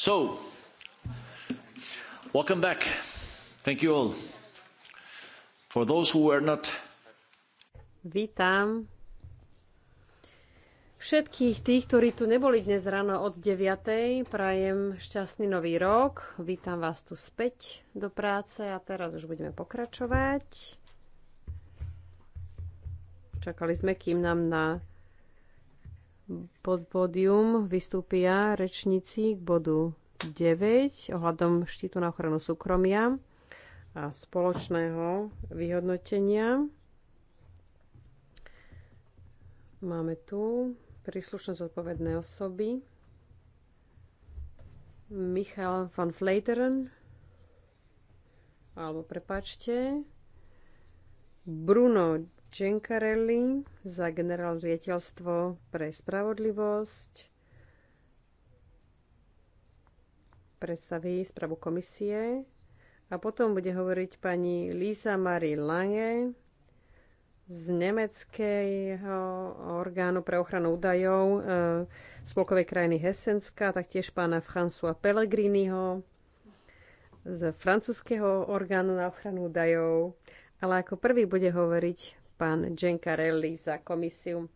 So, welcome back. Thank you all. For those who were not... Vítam všetkých tých, ktorí tu neboli dnes ráno od 9. Prajem šťastný nový rok. Vítam vás tu späť do práce a teraz už budeme pokračovať. Čakali sme, kým nám na pod pódium vystúpia rečníci k bodu 9 ohľadom štítu na ochranu súkromia a spoločného vyhodnotenia. Máme tu príslušné zodpovedné osoby. Michal van Vleteren, alebo prepačte, Bruno Čenkarelli za generálne riaditeľstvo pre spravodlivosť predstaví správu komisie a potom bude hovoriť pani Lisa Marie Lange z nemeckého orgánu pre ochranu údajov e, spolkovej krajiny Hesenska, taktiež pána François Pellegriniho z francúzského orgánu na ochranu údajov. Ale ako prvý bude hovoriť pán Gencarelli za komisiu.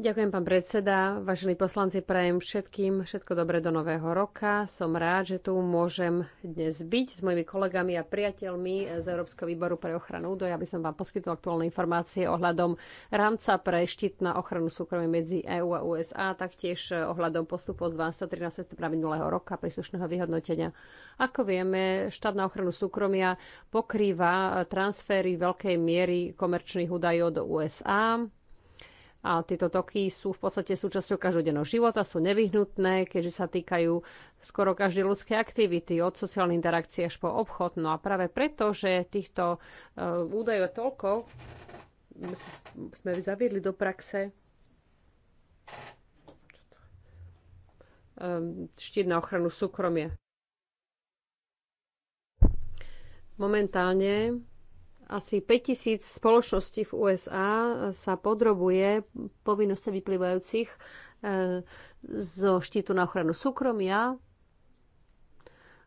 Ďakujem, pán predseda. Vážení poslanci, prajem všetkým všetko dobré do nového roka. Som rád, že tu môžem dnes byť s mojimi kolegami a priateľmi z Európskeho výboru pre ochranu údoj, aby som vám poskytol aktuálne informácie ohľadom rámca pre štít na ochranu súkromia medzi EÚ a USA, taktiež ohľadom postupov z 2013. práve minulého roka príslušného vyhodnotenia. Ako vieme, štát na ochranu súkromia pokrýva transfery veľkej miery komerčných údajov do USA, a tieto toky sú v podstate súčasťou každodenného života, sú nevyhnutné, keďže sa týkajú skoro každej ľudskej aktivity, od sociálnej interakcie až po obchod. No a práve preto, že týchto eh, údajov toľko sme zaviedli do praxe, eh, štít na ochranu súkromie. Momentálne asi 5000 spoločností v USA sa podrobuje povinnosti vyplývajúcich e, zo štítu na ochranu súkromia.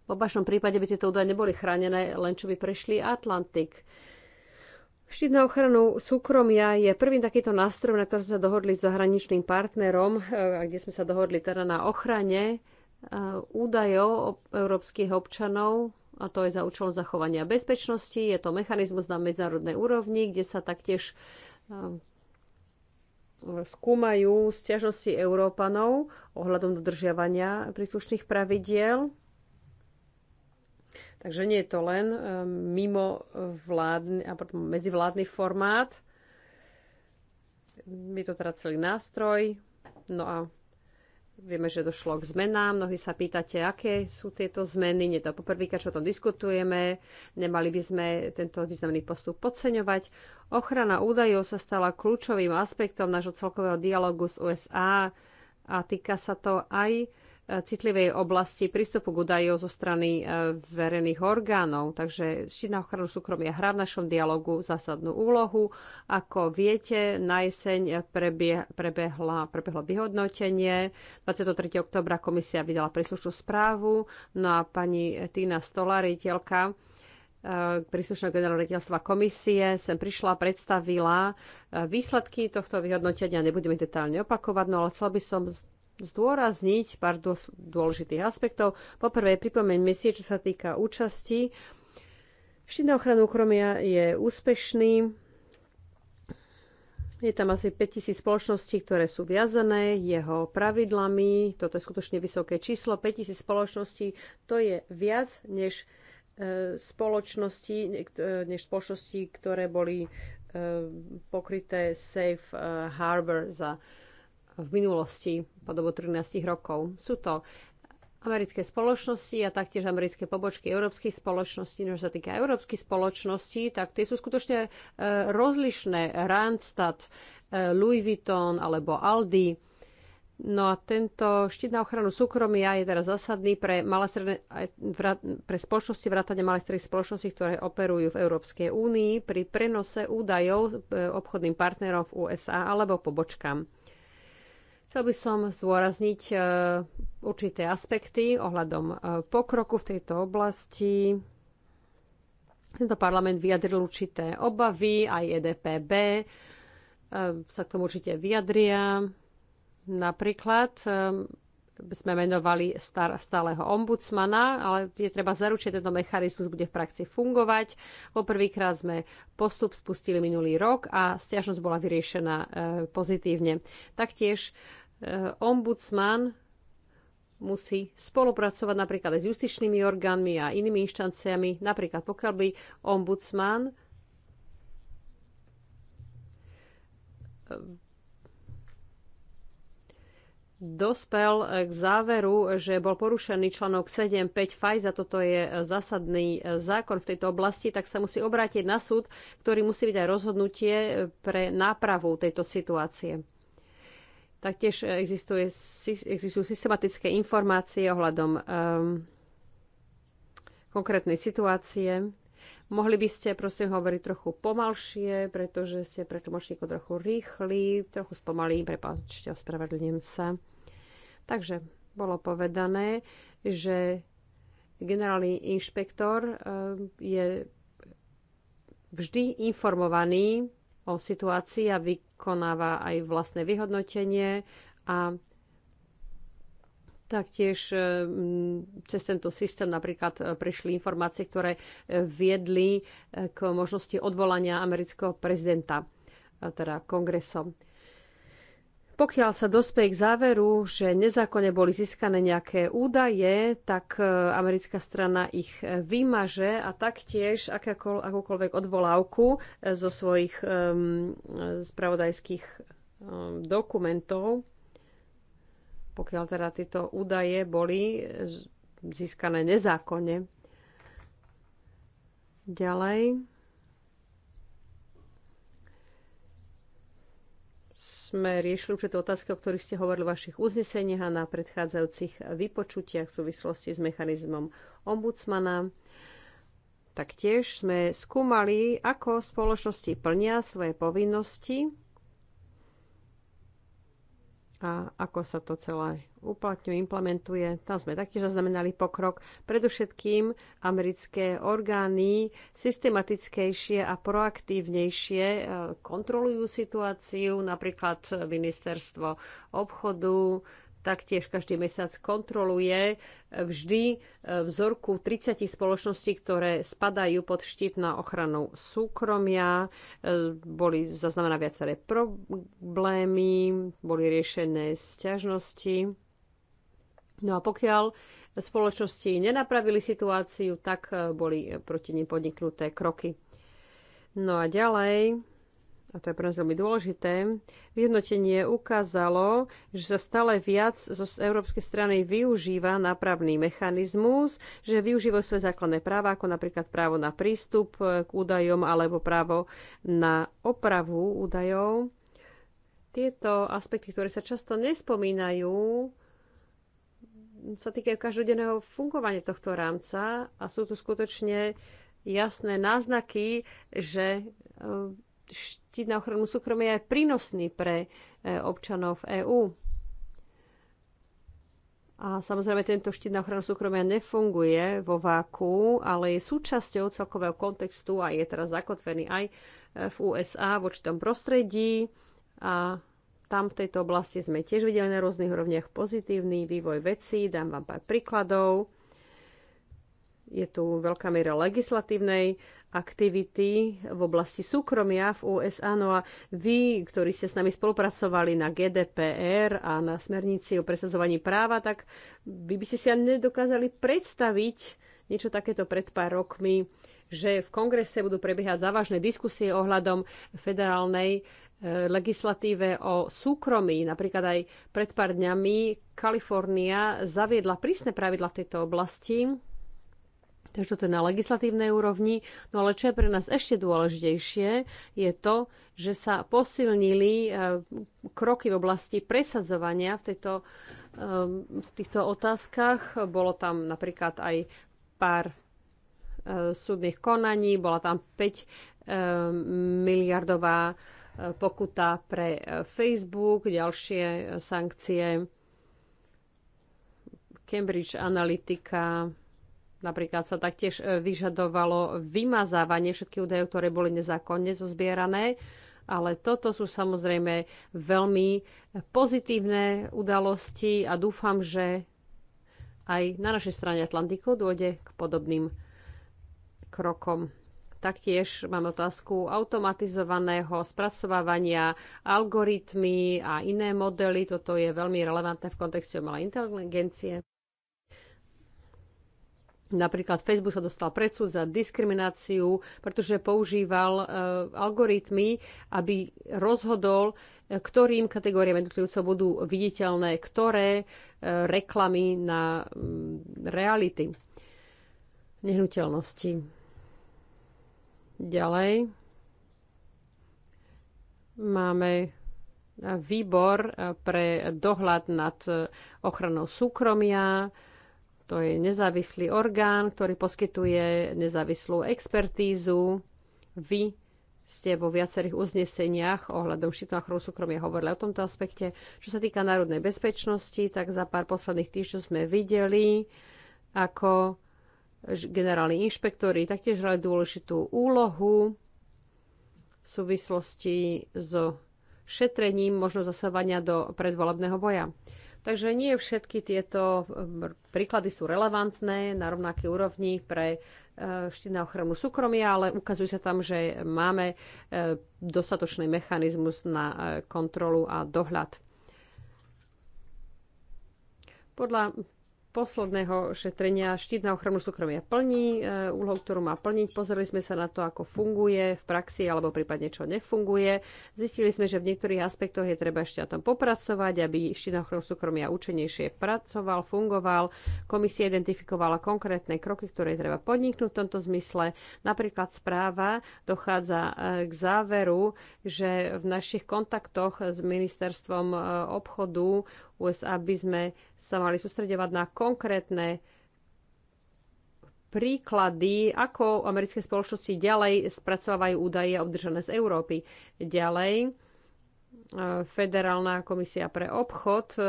V obačnom prípade by tieto údaje neboli chránené, len čo by prešli Atlantik. Štít na ochranu súkromia je prvým takýto nástrojom, na ktorom sme dohodli s zahraničným partnerom, e, kde sme sa dohodli teda na ochrane e, údajov európskych občanov a to je za účelom zachovania bezpečnosti. Je to mechanizmus na medzinárodnej úrovni, kde sa taktiež eh, skúmajú stiažnosti Európanov ohľadom dodržiavania príslušných pravidiel. Takže nie je to len eh, mimo vládny, medzivládny formát. Je to teda celý nástroj. No a Vieme, že došlo k zmenám. Mnohí sa pýtate, aké sú tieto zmeny. Nie to poprvýkrát, čo o tom diskutujeme. Nemali by sme tento významný postup podceňovať. Ochrana údajov sa stala kľúčovým aspektom nášho celkového dialogu s USA a týka sa to aj citlivej oblasti prístupu k údajov zo strany e, verejných orgánov. Takže štítna na ochranu súkromia hrá v našom dialogu zásadnú úlohu. Ako viete, na jeseň prebehla, prebehlo vyhodnotenie. 23. oktobra komisia vydala príslušnú správu. No a pani Tina Stola, riteľka e, príslušného generálneho komisie sem prišla, predstavila e, výsledky tohto vyhodnotenia. Nebudeme detálne opakovať, no ale chcel by som zdôrazniť pár dôležitých aspektov. Poprvé, pripomeňme si, čo sa týka účasti. Štít na ochranu okromia je úspešný. Je tam asi 5000 spoločností, ktoré sú viazané jeho pravidlami. Toto je skutočne vysoké číslo. 5000 spoločností to je viac než e, spoločnosti, e, než spoločnosti, ktoré boli e, pokryté Safe Harbor za v minulosti po dobu 13 rokov. Sú to americké spoločnosti a taktiež americké pobočky európskych spoločností. No, čo sa týka európskych spoločností, tak tie sú skutočne e, rozlišné. Randstad, e, Louis Vuitton alebo Aldi. No a tento štít na ochranu súkromia je teraz zásadný pre, malé pre spoločnosti vrátane malých stredných spoločností, ktoré operujú v Európskej únii pri prenose údajov e, obchodným partnerom v USA alebo pobočkám. Chcel by som zdôrazniť e, určité aspekty ohľadom e, pokroku v tejto oblasti. Tento parlament vyjadril určité obavy, aj EDPB e, sa k tomu určite vyjadria. Napríklad sme menovali star, stáleho ombudsmana, ale je treba zaručiť, že tento mechanizmus bude v praxi fungovať. Poprvýkrát sme postup spustili minulý rok a stiažnosť bola vyriešená pozitívne. Taktiež Eh, ombudsman musí spolupracovať napríklad aj s justičnými orgánmi a inými inštanciami. Napríklad pokiaľ by ombudsman eh, dospel k záveru, že bol porušený článok 7.5 FAJZA, toto je eh, zásadný zákon v tejto oblasti, tak sa musí obrátiť na súd, ktorý musí byť aj rozhodnutie pre nápravu tejto situácie. Taktiež existuje, existujú systematické informácie ohľadom um, konkrétnej situácie. Mohli by ste prosím hovoriť trochu pomalšie, pretože ste pre tlmočníko trochu rýchli, trochu spomalí, prepáčte, ospravedlňujem sa. Takže bolo povedané, že generálny inšpektor ehm, je vždy informovaný o situácii a vykonáva aj vlastné vyhodnotenie a Taktiež e, cez tento systém napríklad e, prišli informácie, ktoré e, viedli k možnosti odvolania amerického prezidenta, teda kongresom. Pokiaľ sa dospeje k záveru, že nezákonne boli získané nejaké údaje, tak e, americká strana ich e, vymaže a taktiež akúkoľvek odvolávku e, zo svojich um, spravodajských um, dokumentov, pokiaľ teda tieto údaje boli získané nezákonne. Ďalej. sme riešili určité otázky, o ktorých ste hovorili v vašich uzneseniach a na predchádzajúcich vypočutiach v súvislosti s mechanizmom ombudsmana. Taktiež sme skúmali, ako spoločnosti plnia svoje povinnosti a ako sa to celé uplatňuje, implementuje. Tam sme taktiež zaznamenali pokrok. Predovšetkým americké orgány systematickejšie a proaktívnejšie e, kontrolujú situáciu, napríklad ministerstvo obchodu, taktiež každý mesiac kontroluje vždy e, vzorku 30 spoločností, ktoré spadajú pod štít na ochranu súkromia. E, boli zaznamená viaceré problémy, boli riešené sťažnosti. No a pokiaľ spoločnosti nenapravili situáciu, tak e, boli proti nim podniknuté kroky. No a ďalej a to je pre nás veľmi dôležité, vyhodnotenie ukázalo, že sa stále viac zo európskej strany využíva nápravný mechanizmus, že využívajú svoje základné práva, ako napríklad právo na prístup eh, k údajom alebo právo na opravu údajov. Tieto aspekty, ktoré sa často nespomínajú, sa týkajú každodenného fungovania tohto rámca a sú tu skutočne jasné náznaky, že eh, štít na ochranu súkromia je prínosný pre e, občanov EÚ. A samozrejme, tento štít na ochranu súkromia nefunguje vo váku, ale je súčasťou celkového kontextu a je teraz zakotvený aj e, v USA v určitom prostredí. A tam v tejto oblasti sme tiež videli na rôznych rovniach pozitívny vývoj vecí. Dám vám pár príkladov. Je tu veľká miera legislatívnej aktivity v oblasti súkromia v USA. No a vy, ktorí ste s nami spolupracovali na GDPR a na smernici o presadzovaní práva, tak vy by ste si ani nedokázali predstaviť niečo takéto pred pár rokmi, že v kongrese budú prebiehať závažné diskusie ohľadom federálnej e, legislatíve o súkromí. Napríklad aj pred pár dňami Kalifornia zaviedla prísne pravidla v tejto oblasti Takže toto je na legislatívnej úrovni. No ale čo je pre nás ešte dôležitejšie, je to, že sa posilnili eh, kroky v oblasti presadzovania v, tejto, eh, v týchto otázkach. Bolo tam napríklad aj pár eh, súdnych konaní, bola tam 5 miliardová pokuta pre Facebook, ďalšie sankcie Cambridge Analytica, Napríklad sa taktiež e, vyžadovalo vymazávanie všetkých údajov, ktoré boli nezákonne zozbierané. Ale toto sú samozrejme veľmi e, pozitívne udalosti a dúfam, že aj na našej strane Atlantiku dôjde k podobným krokom. Taktiež mám otázku automatizovaného spracovávania algoritmy a iné modely. Toto je veľmi relevantné v kontexte umelej inteligencie. Napríklad Facebook sa dostal pred súd za diskrimináciu, pretože používal e, algoritmy, aby rozhodol, e, ktorým kategóriám jednotlivcov budú viditeľné ktoré e, reklamy na mm, reality nehnuteľnosti. Ďalej máme výbor pre dohľad nad ochranou súkromia, to je nezávislý orgán, ktorý poskytuje nezávislú expertízu. Vy ste vo viacerých uzneseniach ohľadom štítu a súkromie hovorili o tomto aspekte. Čo sa týka národnej bezpečnosti, tak za pár posledných týždňov sme videli, ako generálni inšpektori taktiež hrali dôležitú úlohu v súvislosti so šetrením možno zasávania do predvolebného boja. Takže nie všetky tieto príklady sú relevantné na rovnaké úrovni pre e, štít na ochranu súkromia, ale ukazuje sa tam, že máme e, dostatočný mechanizmus na e, kontrolu a dohľad. Podľa posledného šetrenia štít na ochranu súkromia plní e, úlohu, ktorú má plniť. Pozreli sme sa na to, ako funguje v praxi alebo prípadne čo nefunguje. Zistili sme, že v niektorých aspektoch je treba ešte na tom popracovať, aby štít na ochranu súkromia účinnejšie pracoval, fungoval. Komisia identifikovala konkrétne kroky, ktoré treba podniknúť v tomto zmysle. Napríklad správa dochádza e, k záveru, že v našich kontaktoch s ministerstvom e, obchodu USA by sme sa mali sústredovať na konkrétne príklady, ako americké spoločnosti ďalej spracovávajú údaje obdržané z Európy. Ďalej, e, Federálna komisia pre obchod e,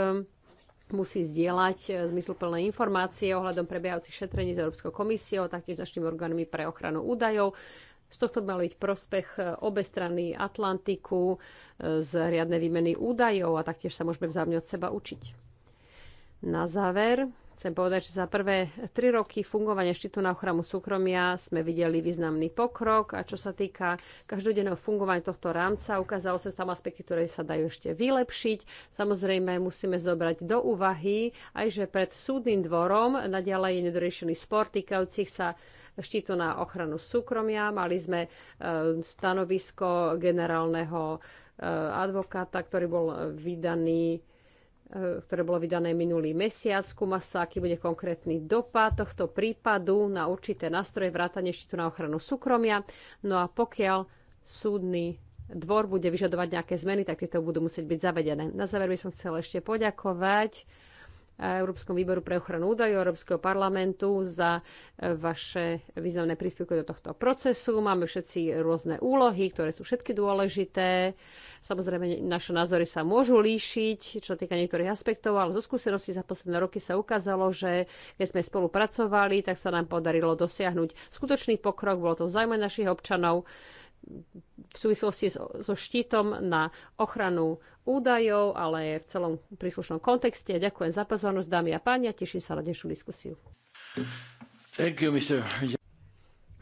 musí zdieľať e, zmysluplné informácie ohľadom prebiehajúcich šetrení s Európskou komisiou, taktiež našimi orgánmi pre ochranu údajov. Z tohto by mal byť prospech eh, obe strany Atlantiku eh, z riadnej výmeny údajov a taktiež sa môžeme vzájomne od seba učiť. Na záver chcem povedať, že za prvé tri roky fungovania štítu na ochranu súkromia sme videli významný pokrok a čo sa týka každodenného fungovania tohto rámca, ukázalo sa tam aspekty, ktoré sa dajú ešte vylepšiť. Samozrejme musíme zobrať do úvahy aj, že pred súdnym dvorom naďalej je nedoriešený spor týkajúcich sa štítu na ochranu súkromia, mali sme e, stanovisko generálneho e, advokáta, ktorý bol vydaný e, ktoré bolo vydané minulý mesiac. Skúma sa, aký bude konkrétny dopad tohto prípadu na určité nástroje vrátane štítu na ochranu súkromia. No a pokiaľ súdny dvor bude vyžadovať nejaké zmeny, tak tieto budú musieť byť zavedené. Na záver by som chcela ešte poďakovať Európskom výboru pre ochranu údajov Európskeho parlamentu za e, vaše významné príspevky do tohto procesu. Máme všetci rôzne úlohy, ktoré sú všetky dôležité. Samozrejme, naše názory sa môžu líšiť, čo týka niektorých aspektov, ale zo skúseností za posledné roky sa ukázalo, že keď sme spolupracovali, tak sa nám podarilo dosiahnuť skutočný pokrok. Bolo to v našich občanov v súvislosti so štítom na ochranu údajov, ale v celom príslušnom kontexte. Ďakujem za pozornosť, dámy a páni, a teším sa na dnešnú diskusiu. Thank you, Mr.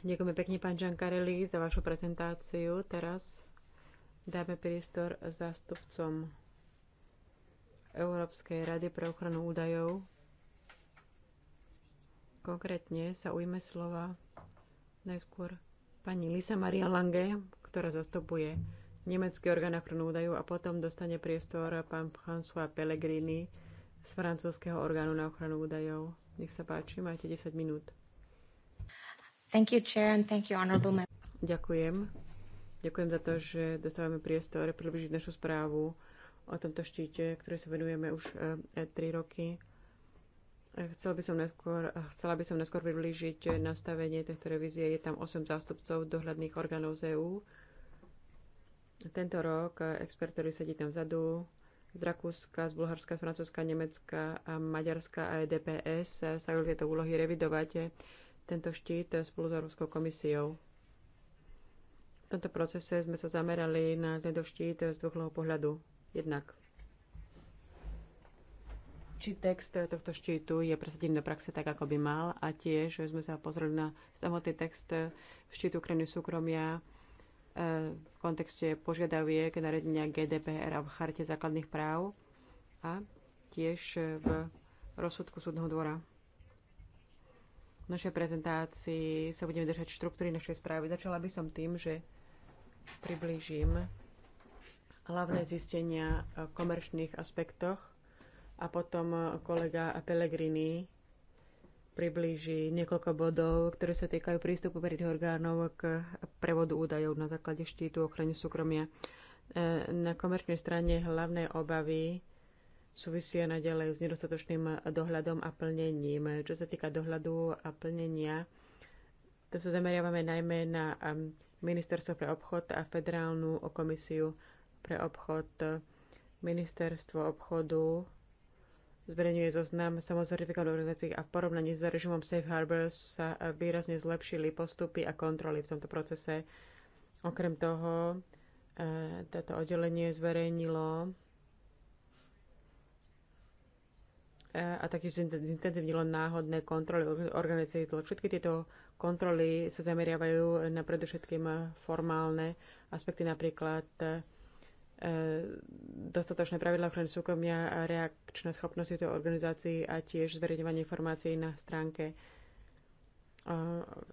Ďakujeme pekne, pán Giancarelli, za vašu prezentáciu. Teraz dáme priestor zástupcom Európskej rady pre ochranu údajov. Konkrétne sa ujme slova najskôr Pani Lisa Maria Lange, ktorá zastupuje nemecký orgán ochranu údajov a potom dostane priestor pán François Pellegrini z francúzského orgánu na ochranu údajov. Nech sa páči, máte 10 minút. Thank you, Chair, and thank you, honorable member. Ďakujem. Ďakujem za to, že dostávame priestor približiť našu správu o tomto štíte, ktoré sa venujeme už 3 e, roky. Chcela by som neskôr, chcela by som neskôr priblížiť nastavenie tejto revízie. Je tam 8 zástupcov dohľadných orgánov z EU. Tento rok expert, ktorý sedí tam vzadu, z Rakúska, z Bulharska, z Francúzska, Nemecka a Maďarska a EDPS sa ju tieto úlohy revidovať tento štít spolu s Európskou komisiou. V tomto procese sme sa zamerali na tento štít z dvoch pohľadu. Jednak či text tohto štítu je presadený do praxe tak, ako by mal a tiež sme sa pozreli na samotný text štítu krajiny súkromia e, v kontexte požiadaviek naredenia GDPR a v charte základných práv a tiež v rozsudku súdneho dvora. V našej prezentácii sa budeme držať štruktúry našej správy. Začala by som tým, že priblížim hlavné zistenia o komerčných aspektoch a potom eh, kolega Pellegrini priblíži niekoľko bodov, ktoré sa týkajú prístupu verejných orgánov k prevodu údajov na základe štítu ochrany súkromia. Eh, na komerčnej strane hlavné obavy súvisia naďalej s nedostatočným dohľadom a plnením. Čo sa týka dohľadu a plnenia, to sa zameriavame najmä na Ministerstvo pre obchod a Federálnu komisiu pre obchod. Ministerstvo obchodu zverejňuje zoznam samozrejme organizácií a v porovnaní s režimom Safe Harbor sa výrazne zlepšili postupy a kontroly v tomto procese. Okrem toho, e, toto oddelenie zverejnilo e, a taktiež zintenzívnilo náhodné kontroly organizácií. Všetky tieto kontroly sa zameriavajú na predovšetkým formálne aspekty, napríklad E, dostatočné pravidla ochrany súkromia a reakčné schopnosti tej organizácií a tiež zverejňovanie informácií na stránke. E,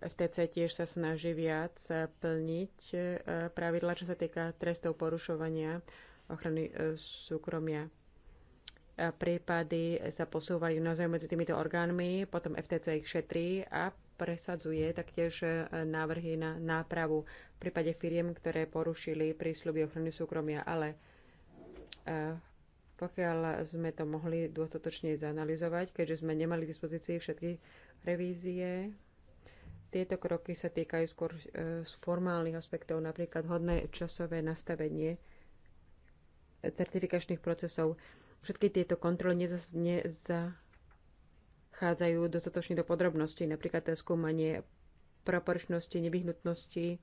FTC tiež sa snaží viac plniť e, pravidla, čo sa týka trestov porušovania ochrany súkromia. Prípady sa posúvajú naozaj medzi týmito orgánmi, potom FTC ich šetrí a presadzuje taktiež e, návrhy na nápravu v prípade firiem, ktoré porušili prísľuby ochrany súkromia, ale e, pokiaľ sme to mohli dôstatočne zanalizovať, keďže sme nemali k dispozícii všetky revízie, tieto kroky sa týkajú skôr e, z formálnych aspektov, napríklad hodné časové nastavenie certifikačných procesov. Všetky tieto kontroly nezas, neza, nevchádzajú dostatočne do podrobností, napríklad to skúmanie proporčnosti, nevyhnutnosti,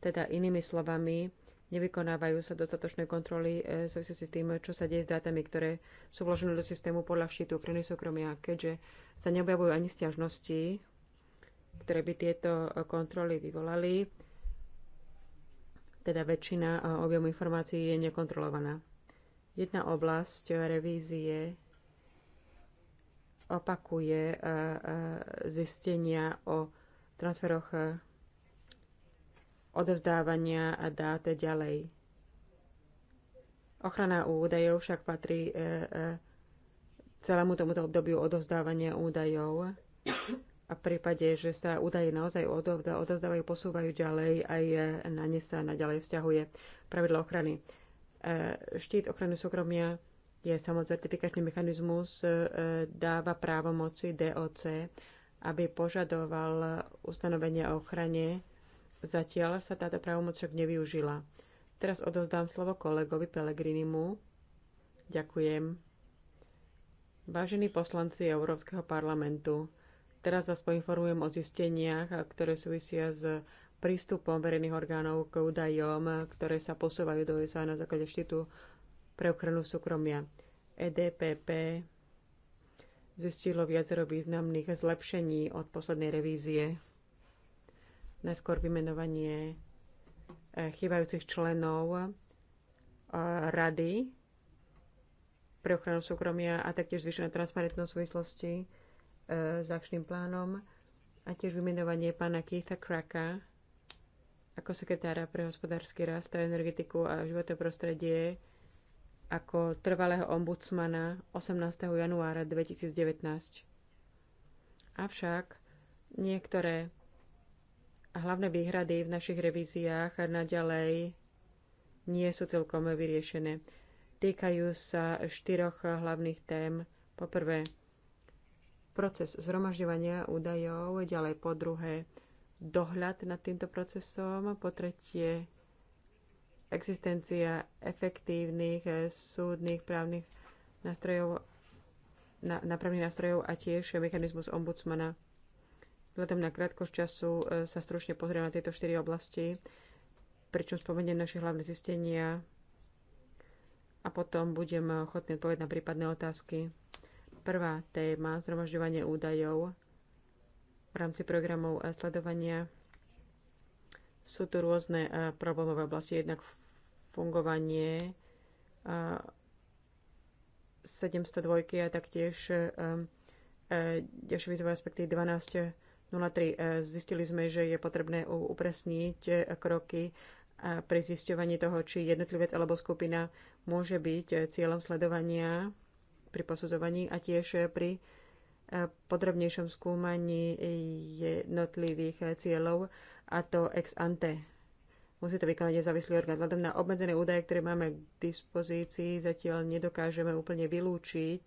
teda inými slovami, nevykonávajú sa dostatočné kontroly e, súvisiaci s tým, čo sa deje s dátami, ktoré sú vložené do systému podľa štítu ochrany súkromia, keďže sa neobjavujú ani stiažnosti, ktoré by tieto e, kontroly vyvolali. Teda väčšina e, objemu informácií je nekontrolovaná. Jedna oblasť e, revízie opakuje e, e, zistenia o transferoch e, odovzdávania a dáte ďalej. Ochrana údajov však patrí celému tomuto obdobiu odovzdávania údajov a v prípade, že sa údaje naozaj odovzdávajú, posúvajú ďalej, aj na ne sa naďalej vzťahuje pravidlo ochrany. Štít ochrany súkromia je samozertifikačný mechanizmus, e, e, dáva právomoci DOC, aby požadoval ustanovenie o ochrane. Zatiaľ sa táto právomoc však nevyužila. Teraz odozdám slovo kolegovi Pelegrinimu. Ďakujem. Vážení poslanci Európskeho parlamentu, teraz vás poinformujem o zisteniach, ktoré súvisia s prístupom verejných orgánov k údajom, ktoré sa posúvajú do USA na základe štítu pre ochranu súkromia. EDPP zistilo viacero významných zlepšení od poslednej revízie. Najskôr vymenovanie eh, chýbajúcich členov eh, rady pre ochranu súkromia a taktiež zvýšená transparentnosť v súvislosti eh, s akčným plánom a tiež vymenovanie pána Keitha Kraka ako sekretára pre hospodársky rast a energetiku a životné prostredie ako trvalého ombudsmana 18. januára 2019. Avšak niektoré hlavné výhrady v našich revíziách naďalej nie sú celkom vyriešené. Týkajú sa štyroch hlavných tém. Po prvé, proces zhromažďovania údajov, ďalej po druhé, dohľad nad týmto procesom, po tretie, existencia efektívnych eh, súdnych právnych nástrojov, na, nápravných nástrojov a tiež mechanizmus ombudsmana. Vzhľadom na krátkosť času eh, sa stručne pozrieme na tieto štyri oblasti, pričom spomeniem naše hlavné zistenia a potom budem ochotný odpovedať na prípadné otázky. Prvá téma, zhromažďovanie údajov v rámci programov sledovania. Sú tu rôzne eh, problémové oblasti, jednak fungovanie 702 a taktiež um, e, ďalšie výzvové aspekty 12.03. E, zistili sme, že je potrebné upresniť e, kroky pri zisťovaní toho, či jednotlivec alebo skupina môže byť cieľom sledovania pri posudzovaní a tiež pri podrobnejšom skúmaní jednotlivých cieľov, a to ex ante. Musí to vykonať nezávislý orgán. Vzhľadom na obmedzené údaje, ktoré máme k dispozícii, zatiaľ nedokážeme úplne vylúčiť,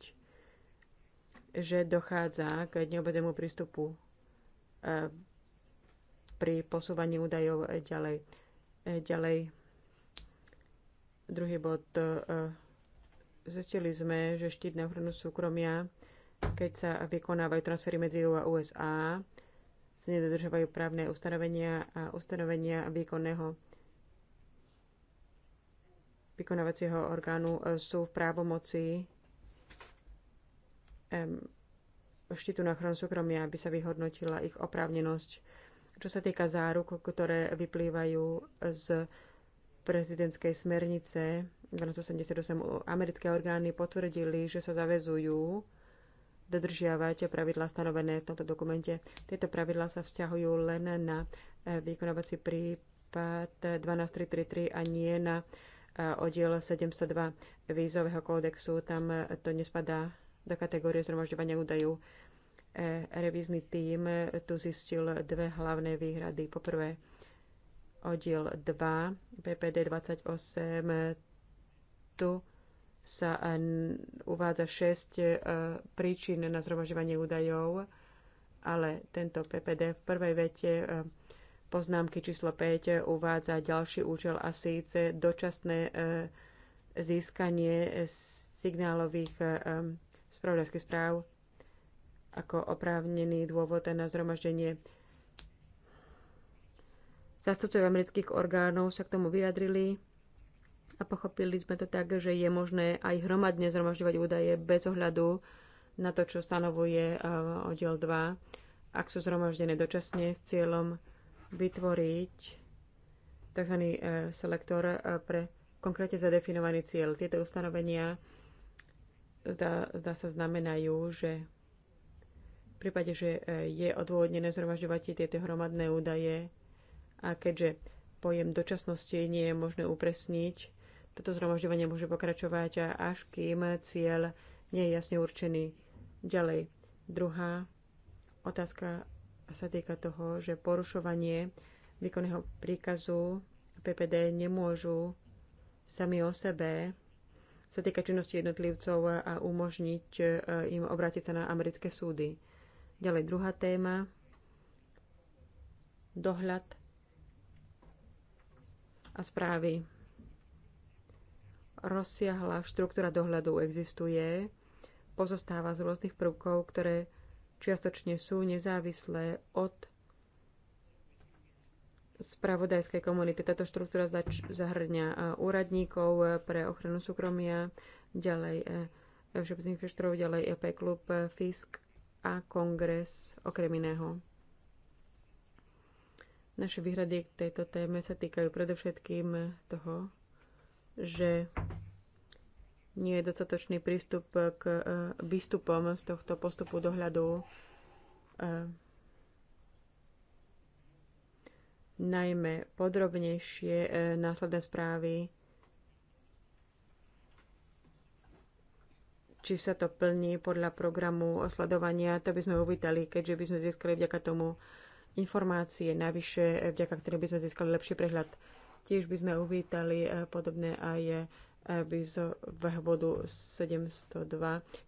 že dochádza k neobmedzenému prístupu e, pri posúvaní údajov e, ďalej. E, ďalej. Druhý bod. Zistili sme, že štít na ochranu súkromia, keď sa vykonávajú transfery medzi EU a USA, nedodržovajú právne ustanovenia a ustanovenia výkonného vykonávacieho orgánu e, sú v právomoci štítu na ochranu súkromia, aby sa vyhodnotila ich oprávnenosť. Čo sa týka záruk, ktoré vyplývajú z prezidentskej smernice 1288, americké orgány potvrdili, že sa zavezujú dodržiavať pravidlá stanovené v tomto dokumente. Tieto pravidlá sa vzťahujú len na e, vykonávací prípad 12333 a nie na e, oddiel 702 vízového kódexu. Tam e, to nespadá do kategórie zhromažďovania údajov. Revízny tím tu zistil dve hlavné výhrady. Poprvé, oddiel 2 PPD 28 tu sa uvádza 6 e, príčin na zhromažďovanie údajov, ale tento PPD v prvej vete e, poznámky číslo 5 e, uvádza ďalší účel a síce dočasné získanie signálových spravodajských správ ako oprávnený dôvod na zhromaždenie. Zastupcovia amerických orgánov sa k tomu vyjadrili a pochopili sme to tak, že je možné aj hromadne zhromažďovať údaje bez ohľadu na to, čo stanovuje e, oddiel 2, ak sú zhromaždené dočasne s cieľom vytvoriť tzv. E, selektor e, pre konkrétne zadefinovaný cieľ. Tieto ustanovenia zdá, zdá sa znamenajú, že v prípade, že je odôvodnené zhromažďovať tieto hromadné údaje a keďže pojem dočasnosti nie je možné upresniť, toto zhromažďovanie môže pokračovať až kým cieľ nie je jasne určený. Ďalej, druhá otázka sa týka toho, že porušovanie výkonného príkazu PPD nemôžu sami o sebe sa týka činnosti jednotlivcov a umožniť e, im obrátiť sa na americké súdy. Ďalej druhá téma, dohľad a správy. Rozsiahla štruktúra dohľadu existuje, pozostáva z rôznych prvkov, ktoré čiastočne sú nezávislé od spravodajskej komunity. Táto štruktúra zač- zahrňa e, úradníkov e, pre ochranu súkromia, ďalej e, všeobecných feštrov, ďalej EP klub, FISK a kongres okrem iného. Naše výhrady k tejto téme sa týkajú predovšetkým toho, že nie je dostatočný prístup k e, výstupom z tohto postupu dohľadu, e, najmä podrobnejšie e, následné správy, či sa to plní podľa programu osledovania, to by sme uvítali, keďže by sme získali vďaka tomu informácie navyše, vďaka ktorým by sme získali lepší prehľad Tiež by sme uvítali e, podobné aj e, z bodu 702,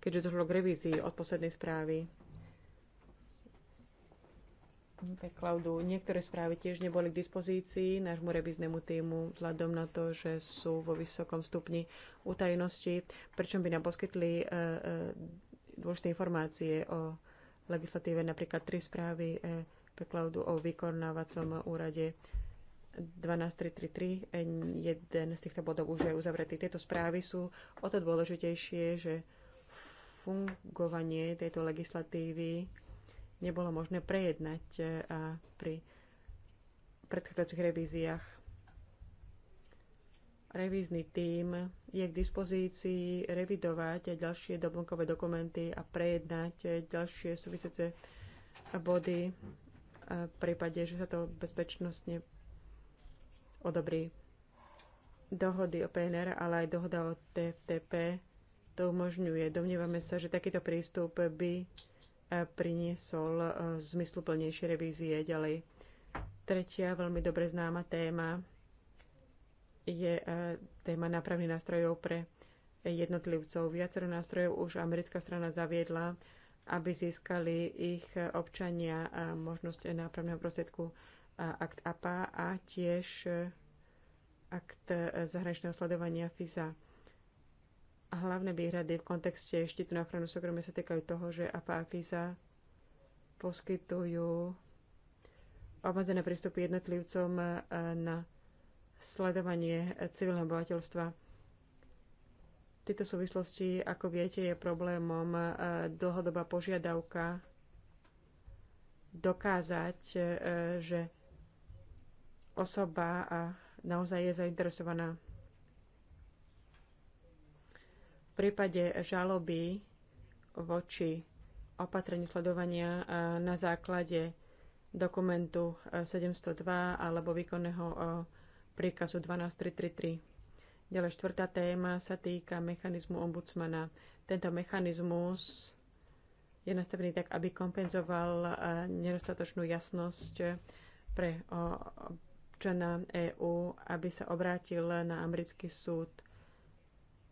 keďže došlo k revízii od poslednej správy. Klaudu, niektoré správy tiež neboli k dispozícii nášmu reviznému týmu vzhľadom na to, že sú vo vysokom stupni utajnosti, pričom by nám poskytli e, dôležité informácie o legislatíve, napríklad tri správy e, Klaudu o vykonávacom úrade 12333, jeden z týchto bodov už je uzavretý. Tieto správy sú o to dôležitejšie, že fungovanie tejto legislatívy nebolo možné prejednať e, a pri predchádzajúcich revíziách. Revízny tím je k dispozícii revidovať ďalšie doplnkové dokumenty a prejednať ďalšie súvisiace body v prípade, že sa to bezpečnostne odobrí. Dohody o PNR, ale aj dohoda o TTP to umožňuje. Domnievame sa, že takýto prístup by eh, priniesol eh, zmysluplnejšie revízie ďalej. Tretia veľmi dobre známa téma je eh, téma nápravných nástrojov pre jednotlivcov. Viacero nástrojov už americká strana zaviedla, aby získali ich občania možnosť nápravného prostriedku akt APA a tiež e, akt e, zahraničného sledovania FISA. A hlavné výhrady v kontexte štítu na ochranu súkromia sa týkajú toho, že APA a FISA poskytujú obmedzené prístupy jednotlivcom e, na sledovanie civilného obyvateľstva. V tejto súvislosti, ako viete, je problémom dlhodobá požiadavka dokázať, že osoba a naozaj je zainteresovaná. V prípade žaloby voči opatreniu sledovania e, na základe dokumentu 702 e, alebo výkonného e, príkazu 12333. Ďalej štvrtá téma sa týka mechanizmu ombudsmana. Tento mechanizmus je nastavený tak, aby kompenzoval nedostatočnú jasnosť pre občana EÚ, aby sa obrátil na americký súd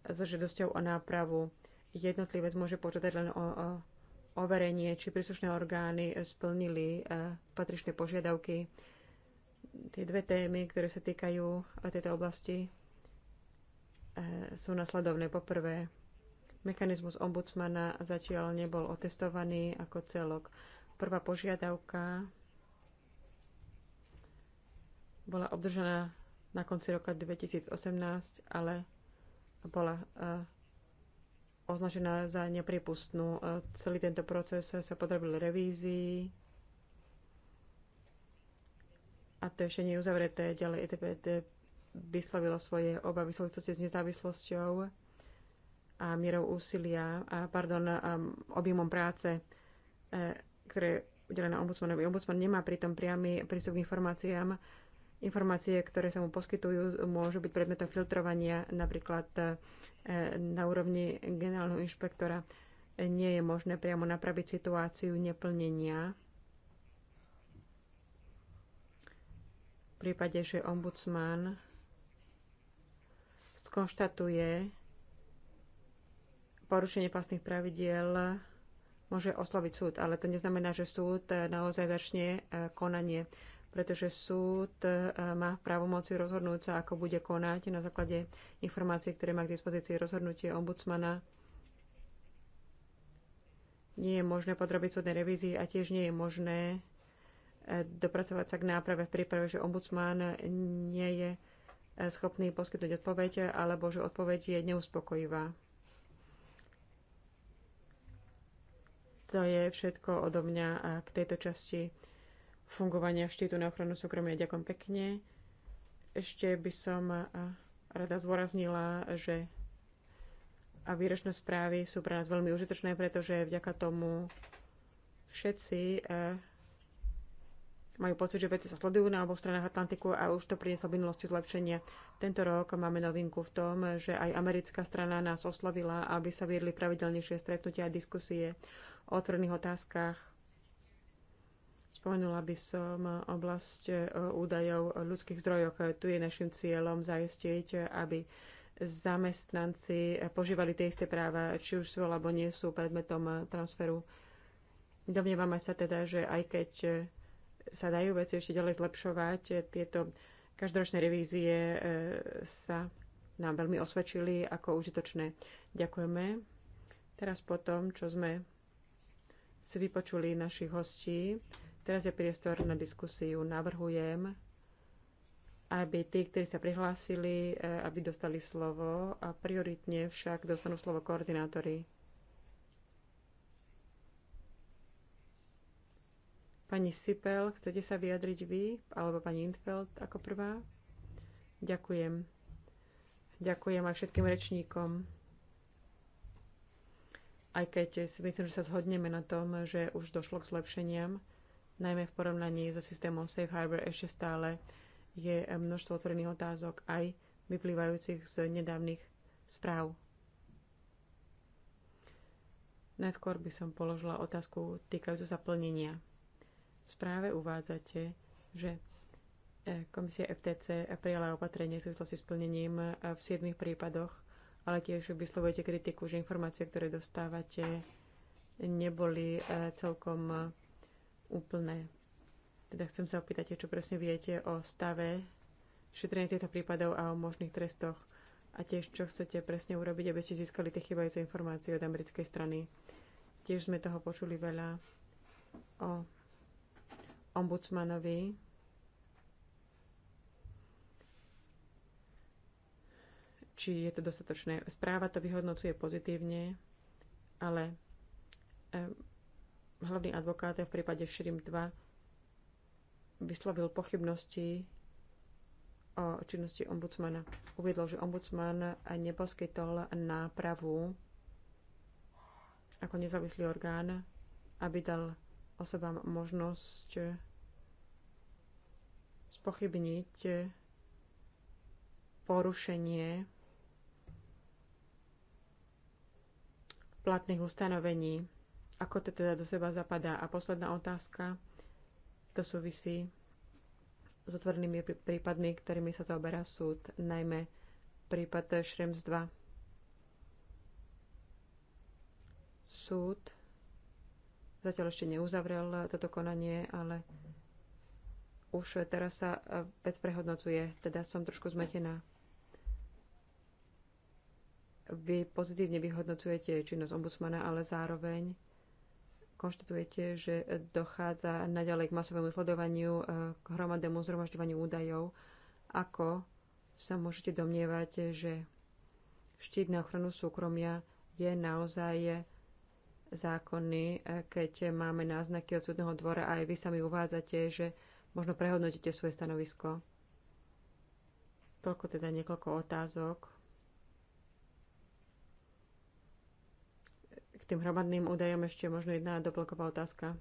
so žiadosťou o nápravu. Jednotlivec môže požiadať len o, o overenie, či príslušné orgány splnili e, patričné požiadavky. Tie dve témy, ktoré sa týkajú e, tejto oblasti, e, sú nasledovné. Poprvé, mechanizmus ombudsmana zatiaľ nebol otestovaný ako celok. Prvá požiadavka bola obdržaná na konci roka 2018, ale bola e, označená za nepripustnú. E, celý tento proces sa podrobil revízii a to ešte nie je uzavreté. Ďalej ETPT vyslovilo svoje obavy v súvislosti s nezávislosťou a mierou úsilia, a, pardon, a objemom práce, e, ktoré udelené ombudsmanovi. Ombudsman nemá pritom priamy prístup k informáciám, Informácie, ktoré sa mu poskytujú, môžu byť predmetom filtrovania napríklad e, na úrovni generálneho inšpektora. Nie je možné priamo napraviť situáciu neplnenia V prípade, že ombudsman skonštatuje porušenie vlastných pravidiel, môže osloviť súd, ale to neznamená, že súd naozaj začne e, konanie pretože súd e, má právomoci rozhodnúť sa, ako bude konať na základe informácií, ktoré má k dispozícii rozhodnutie ombudsmana. Nie je možné podrobiť súdnej revízii a tiež nie je možné e, dopracovať sa k náprave v príprave, že ombudsman nie je e, schopný poskytnúť odpoveď alebo že odpoveď je neuspokojivá. To je všetko odo mňa k tejto časti fungovania štítu na ochranu súkromia. Ďakujem pekne. Ešte by som rada zvoraznila, že a výročné správy sú pre nás veľmi užitočné, pretože vďaka tomu všetci e, majú pocit, že veci sa sledujú na oboch stranách Atlantiku a už to prinieslo v minulosti zlepšenia. Tento rok máme novinku v tom, že aj americká strana nás oslovila, aby sa viedli pravidelnejšie stretnutia a diskusie o otvorených otázkach Spomenula by som oblasť e, údajov o ľudských zdrojoch. E, tu je našim cieľom zajistiť, e, aby zamestnanci požívali tie isté práva, či už sú alebo nie sú predmetom transferu. Domnievame sa teda, že aj keď sa dajú veci ešte ďalej zlepšovať, tieto každoročné revízie sa nám veľmi osvedčili ako užitočné. Ďakujeme. Teraz po tom, čo sme si vypočuli našich hostí, Teraz je priestor na diskusiu. Navrhujem, aby tí, ktorí sa prihlásili, e, aby dostali slovo a prioritne však dostanú slovo koordinátori. Pani Sipel, chcete sa vyjadriť vy? Alebo pani Intfeld, ako prvá? Ďakujem. Ďakujem aj všetkým rečníkom. Aj keď si myslím, že sa zhodneme na tom, že už došlo k zlepšeniam, najmä v porovnaní so systémom Safe Harbor ešte stále je množstvo otvorených otázok aj vyplývajúcich z nedávnych správ. Najskôr by som položila otázku týkajúcu sa plnenia. V správe uvádzate, že eh, komisia FTC prijala opatrenie v súvislosti s plnením eh, v 7 prípadoch, ale tiež vyslovujete kritiku, že informácie, ktoré dostávate, neboli eh, celkom úplné. Teda chcem sa opýtať, čo presne viete o stave šetrenia týchto prípadov a o možných trestoch a tiež čo chcete presne urobiť, aby ste získali tie chybajúce informácie od americkej strany. Tiež sme toho počuli veľa o ombudsmanovi. Či je to dostatočné. Správa to vyhodnocuje pozitívne, ale hlavný advokát v prípade Šrim 2 vyslovil pochybnosti o činnosti ombudsmana. Uviedol, že ombudsman neposkytol nápravu ako nezávislý orgán, aby dal osobám možnosť spochybniť porušenie platných ustanovení. Ako to teda do seba zapadá? A posledná otázka, to súvisí s otvorenými prípadmi, ktorými sa zaoberá súd, najmä prípad Šrems 2. Súd zatiaľ ešte neuzavrel toto konanie, ale už teraz sa vec prehodnocuje, teda som trošku zmetená. Vy pozitívne vyhodnocujete činnosť ombudsmana, ale zároveň konštatujete, že dochádza naďalej k masovému sledovaniu, eh, k hromadnému zhromažďovaniu údajov. Ako sa môžete domnievať, že štít na ochranu súkromia je naozaj zákonný, eh, keď máme náznaky od súdneho dvora a aj vy sami uvádzate, že možno prehodnotíte svoje stanovisko. Toľko teda niekoľko otázok K tým hromadným údajom ešte možno jedna doplnková otázka.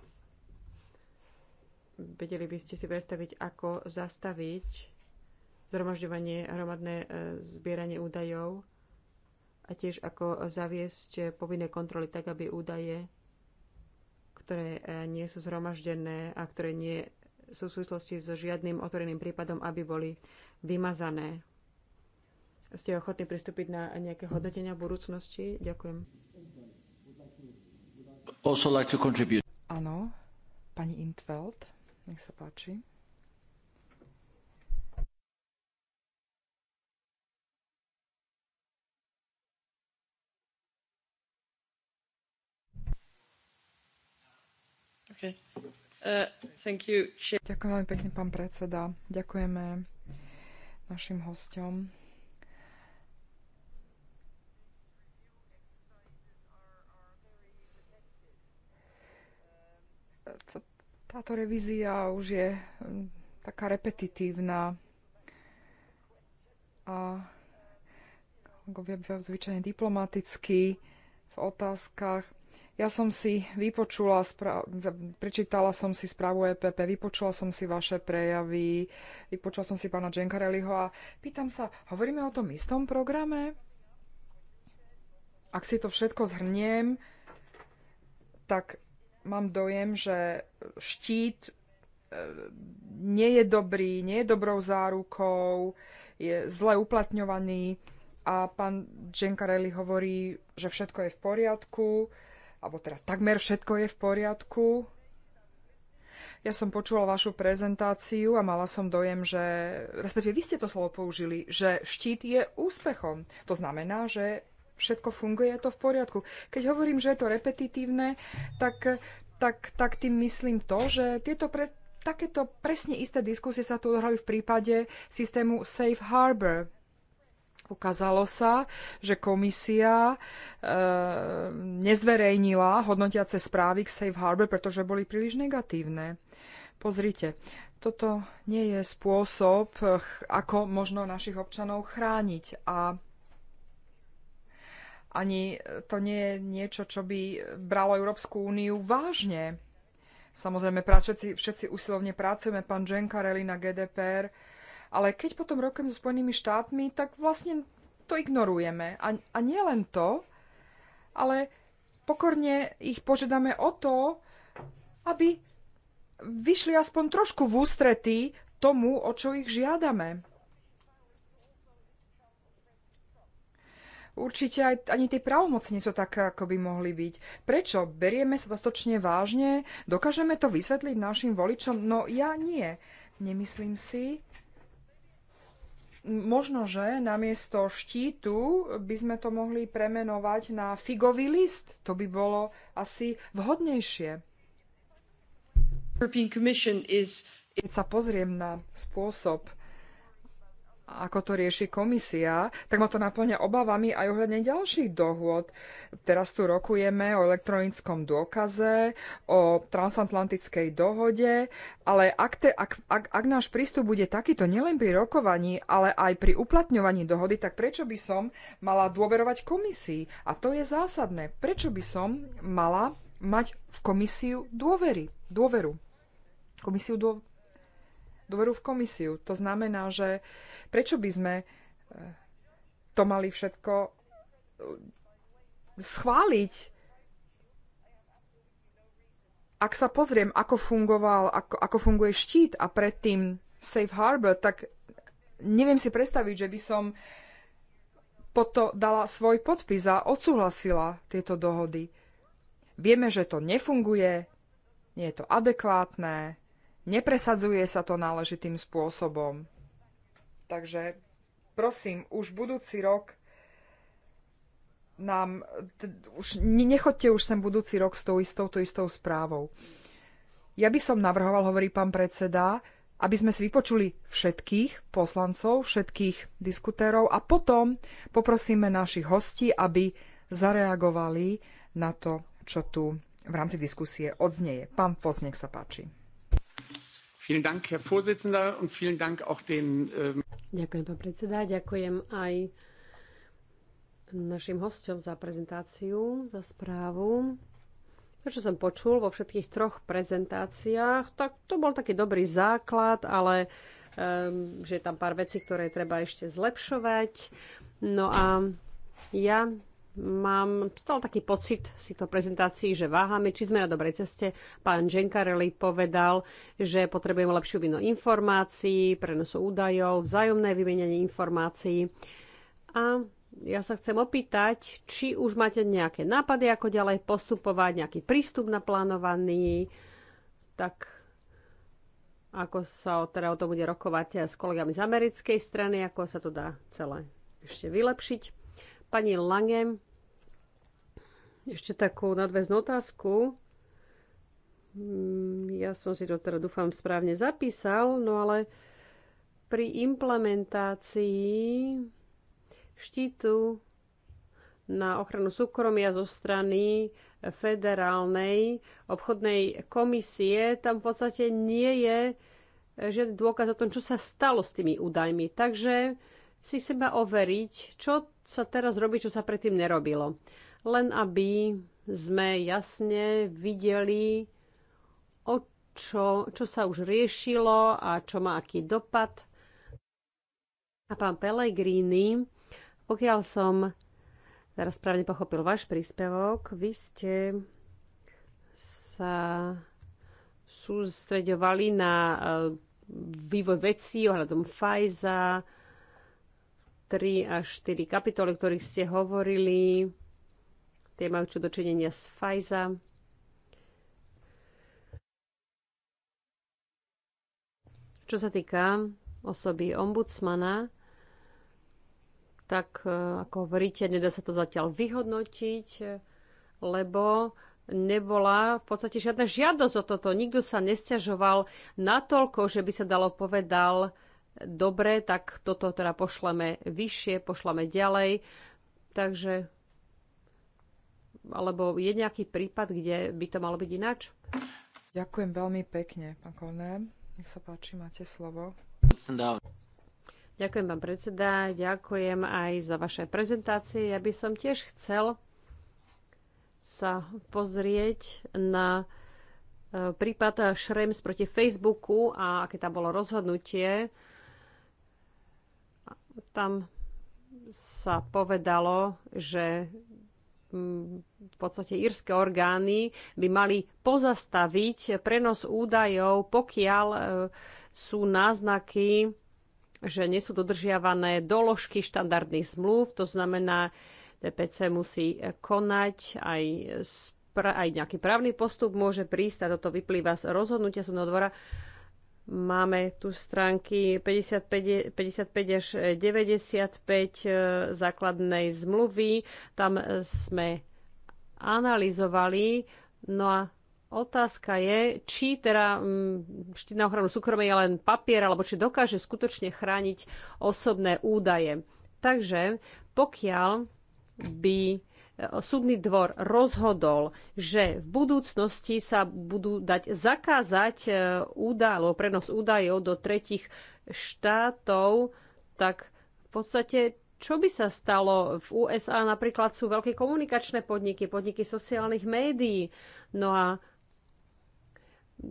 Vedeli by ste si predstaviť, ako zastaviť zhromažďovanie, hromadné e, zbieranie údajov a tiež ako zaviesť povinné kontroly tak, aby údaje, ktoré e, nie sú zhromaždené a ktoré nie sú v súvislosti so žiadnym otvoreným prípadom, aby boli vymazané ste ochotní pristúpiť na nejaké hodnotenia v budúcnosti? Ďakujem also like to contribute. Áno, pani Intveld, nech sa páči. Okay. Uh, Ďakujem veľmi pekne, pán predseda. Ďakujeme našim hostom. Táto revízia už je hm, taká repetitívna a zvyčajne diplomaticky v otázkach. Ja som si vypočula, prečítala som si správu EPP, vypočula som si vaše prejavy, vypočula som si pána Genkareliho a pýtam sa, hovoríme o tom istom programe? Ak si to všetko zhrniem, tak mám dojem, že štít e, nie je dobrý, nie je dobrou zárukou, je zle uplatňovaný a pán Gencarelli hovorí, že všetko je v poriadku, alebo teda takmer všetko je v poriadku. Ja som počula vašu prezentáciu a mala som dojem, že, respektíve vy ste to slovo použili, že štít je úspechom. To znamená, že všetko funguje, je to v poriadku. Keď hovorím, že je to repetitívne, tak, tak, tak tým myslím to, že tieto pre, takéto presne isté diskusie sa tu odhrali v prípade systému Safe Harbor. Ukázalo sa, že komisia e, nezverejnila hodnotiace správy k Safe Harbor, pretože boli príliš negatívne. Pozrite, toto nie je spôsob, eh, ako možno našich občanov chrániť. A ani to nie je niečo, čo by bralo Európsku úniu vážne. Samozrejme, všetci, všetci usilovne pracujeme, pán Dženkarelli na GDPR, ale keď potom rokujem so Spojenými štátmi, tak vlastne to ignorujeme. A, a nie len to, ale pokorne ich požiadame o to, aby vyšli aspoň trošku v ústrety tomu, o čo ich žiadame. určite aj, ani tie právomoci nie sú také, ako by mohli byť. Prečo? Berieme sa dostatočne vážne? Dokážeme to vysvetliť našim voličom? No ja nie. Nemyslím si. Možno, že namiesto štítu by sme to mohli premenovať na figový list. To by bolo asi vhodnejšie. Keď sa pozriem na spôsob, ako to rieši komisia, tak ma to naplňa obavami aj ohľadne ďalších dohôd. Teraz tu rokujeme o elektronickom dôkaze, o transatlantickej dohode, ale ak, te, ak, ak, ak náš prístup bude takýto nielen pri rokovaní, ale aj pri uplatňovaní dohody, tak prečo by som mala dôverovať komisii? A to je zásadné. Prečo by som mala mať v komisiu dôvery, dôveru? Komisiu dô... dôveru v komisiu. To znamená, že uh, Prečo by sme e, to mali všetko e, schváliť? Ak sa pozriem, ako fungoval, ako, ako funguje štít a predtým Safe Harbor, tak neviem si predstaviť, že by som potom dala svoj podpis a odsúhlasila tieto dohody. Vieme, že to nefunguje, nie je to adekvátne, nepresadzuje sa to náležitým spôsobom. Takže prosím, už budúci rok nám, už nechoďte už sem budúci rok s tou istou, tou istou správou. Ja by som navrhoval, hovorí pán predseda, aby sme si vypočuli všetkých poslancov, všetkých diskutérov a potom poprosíme našich hostí, aby zareagovali na to, čo tu v rámci diskusie odznieje. Pán Fos, nech sa páči. Vielen Dank, Herr Vorsitzender, und vielen Dank auch den ähm, Ďakujem, pán predseda. Ďakujem aj našim hostom za prezentáciu, za správu. To, čo som počul vo všetkých troch prezentáciách, tak to bol taký dobrý základ, ale um, že je tam pár vecí, ktoré treba ešte zlepšovať. No a ja mám stal taký pocit si to prezentácii, že váhame, či sme na dobrej ceste. Pán Genkarelli povedal, že potrebujeme lepšiu vino informácií, prenosu údajov, vzájomné vymenenie informácií. A ja sa chcem opýtať, či už máte nejaké nápady, ako ďalej postupovať, nejaký prístup naplánovaný, tak ako sa teda o to bude rokovať s kolegami z americkej strany, ako sa to dá celé ešte vylepšiť. Pani Lange, ešte takú nadväznú otázku. Mm, ja som si to teda dúfam správne zapísal, no ale pri implementácii štítu na ochranu súkromia zo strany federálnej obchodnej komisie, tam v podstate nie je žiadny dôkaz o tom, čo sa stalo s tými údajmi. Takže si seba overiť, čo sa teraz robí, čo sa predtým nerobilo. Len aby sme jasne videli, o čo, čo sa už riešilo a čo má aký dopad. A pán Pellegrini, pokiaľ som teraz správne pochopil váš príspevok, vy ste sa sústreďovali na e, vývoj vecí ohľadom Pfizer, 3 až 4 kapitoly, ktorých ste hovorili. Tie majú čo dočinenia s Fajza. Čo sa týka osoby ombudsmana, tak e, ako hovoríte, nedá sa to zatiaľ vyhodnotiť, lebo nebola v podstate žiadna žiadosť o toto. Nikto sa nestiažoval natoľko, že by sa dalo povedal, dobre, tak toto teda pošleme vyššie, pošleme ďalej. Takže alebo je nejaký prípad, kde by to malo byť ináč? Ďakujem veľmi pekne, pán Kolné. Nech sa páči, máte slovo. Ďakujem, pán predseda. Ďakujem aj za vaše prezentácie. Ja by som tiež chcel sa pozrieť na e, prípad Šrems proti Facebooku a aké tam bolo rozhodnutie. Tam sa povedalo, že mm, v podstate írske orgány by mali pozastaviť prenos údajov, pokiaľ e, sú náznaky, že nie sú dodržiavané doložky štandardných zmluv. To znamená, DPC musí konať aj aj nejaký právny postup môže prísť a toto vyplýva z rozhodnutia súdneho dvora Máme tu stránky 55, 55 až 95 e, základnej zmluvy. Tam e, sme analyzovali. No a otázka je, či teda štít mm, na ochranu súkromia je len papier, alebo či dokáže skutočne chrániť osobné údaje. Takže pokiaľ by súdny dvor rozhodol, že v budúcnosti sa budú dať zakázať e, údajov, prenos údajov do tretich štátov, tak v podstate čo by sa stalo? V USA napríklad sú veľké komunikačné podniky, podniky sociálnych médií. No a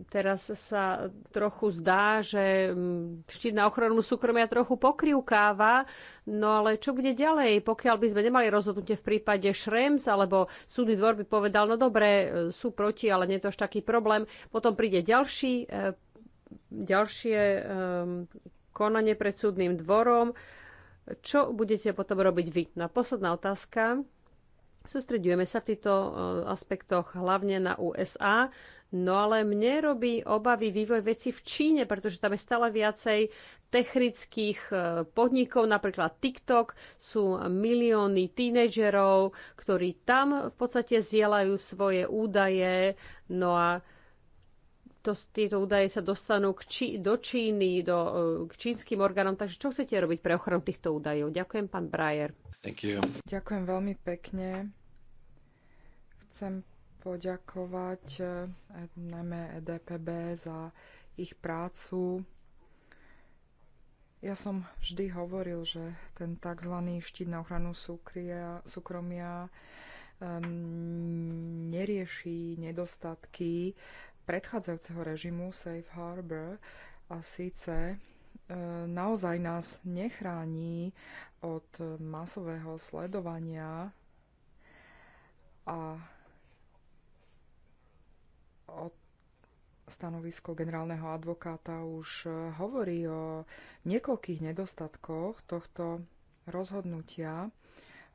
teraz sa trochu zdá, že mm, štít na ochranu súkromia trochu pokrivkáva, no ale čo bude ďalej, pokiaľ by sme nemali rozhodnutie v prípade Šrems, alebo súdny dvor by povedal, no dobre, e, sú proti, ale nie je to až taký problém. Potom príde ďalší, e, ďalšie e, konanie pred súdnym dvorom. Čo budete potom robiť vy? No a posledná otázka. Sústredujeme sa v týchto e, aspektoch hlavne na USA, no ale mne robí obavy vývoj veci v Číne, pretože tam je stále viacej technických e, podnikov, napríklad TikTok, sú milióny tínedžerov, ktorí tam v podstate zielajú svoje údaje, no a to, tieto údaje sa dostanú k či, do Číny, do, e, k čínskym orgánom. Takže čo chcete robiť pre ochranu týchto údajov? Ďakujem, pán Brajer. Thank you. Ďakujem veľmi pekne. Chcem poďakovať eh, najmä EDPB za ich prácu. Ja som vždy hovoril, že ten tzv. štít na ochranu súkria, súkromia um, nerieši nedostatky predchádzajúceho režimu Safe Harbor a síce eh, naozaj nás nechrání od masového sledovania a od stanovisko generálneho advokáta už hovorí o niekoľkých nedostatkoch tohto rozhodnutia.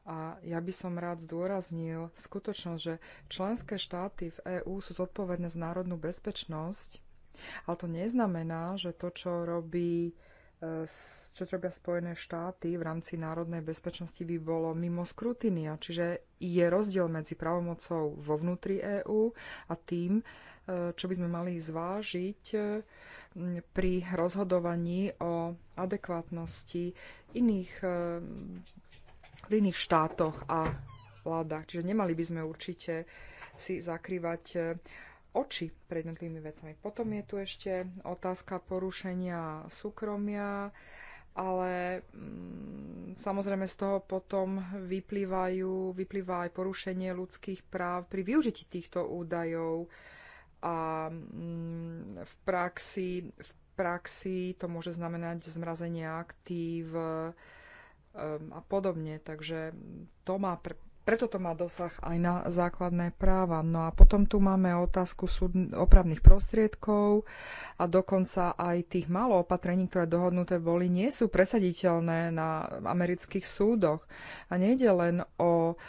A ja by som rád zdôraznil skutočnosť, že členské štáty v EÚ sú zodpovedné za národnú bezpečnosť, ale to neznamená, že to, čo robí E, čo robia Spojené štáty v rámci národnej bezpečnosti by bolo mimo skrutinia. Čiže je rozdiel medzi pravomocou vo vnútri EÚ a tým, e, čo by sme mali zvážiť e, pri rozhodovaní o adekvátnosti iných, v iných štátoch a vládach. Čiže nemali by sme určite si zakrývať oči pred jednotlivými vecami. Potom je tu ešte otázka porušenia súkromia, ale mm, samozrejme z toho potom vyplývajú, vyplýva aj porušenie ľudských práv pri využití týchto údajov a mm, v praxi, v praxi to môže znamenať zmrazenie aktív um, a podobne. Takže to má pre, preto to má dosah aj na základné práva. No a potom tu máme otázku súd, opravných prostriedkov a dokonca aj tých malo opatrení, ktoré dohodnuté boli, nie sú presaditeľné na amerických súdoch. A nejde len o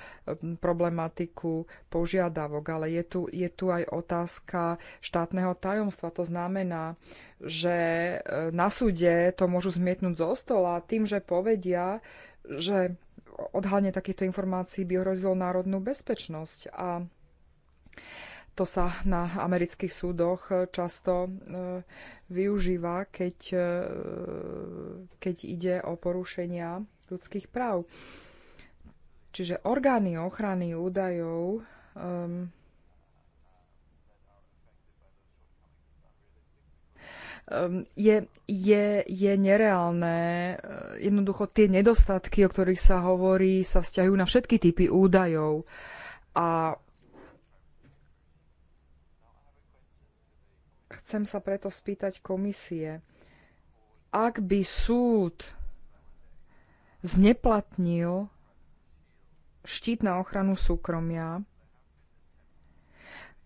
problematiku požiadavok, ale je tu, je tu aj otázka štátneho tajomstva. To znamená, že e, na súde to môžu zmietnúť zo stola tým, že povedia, že odhalenie takýchto informácií by ohrozilo národnú bezpečnosť. A to sa na amerických súdoch často e, využíva, keď, e, keď ide o porušenia ľudských práv. Čiže orgány ochrany údajov um, Ehm, je, je, je nereálne. Eh, jednoducho tie nedostatky, o ktorých sa hovorí, sa vzťahujú na všetky typy údajov. A chcem sa preto spýtať komisie, ak by súd zneplatnil štít na ochranu súkromia,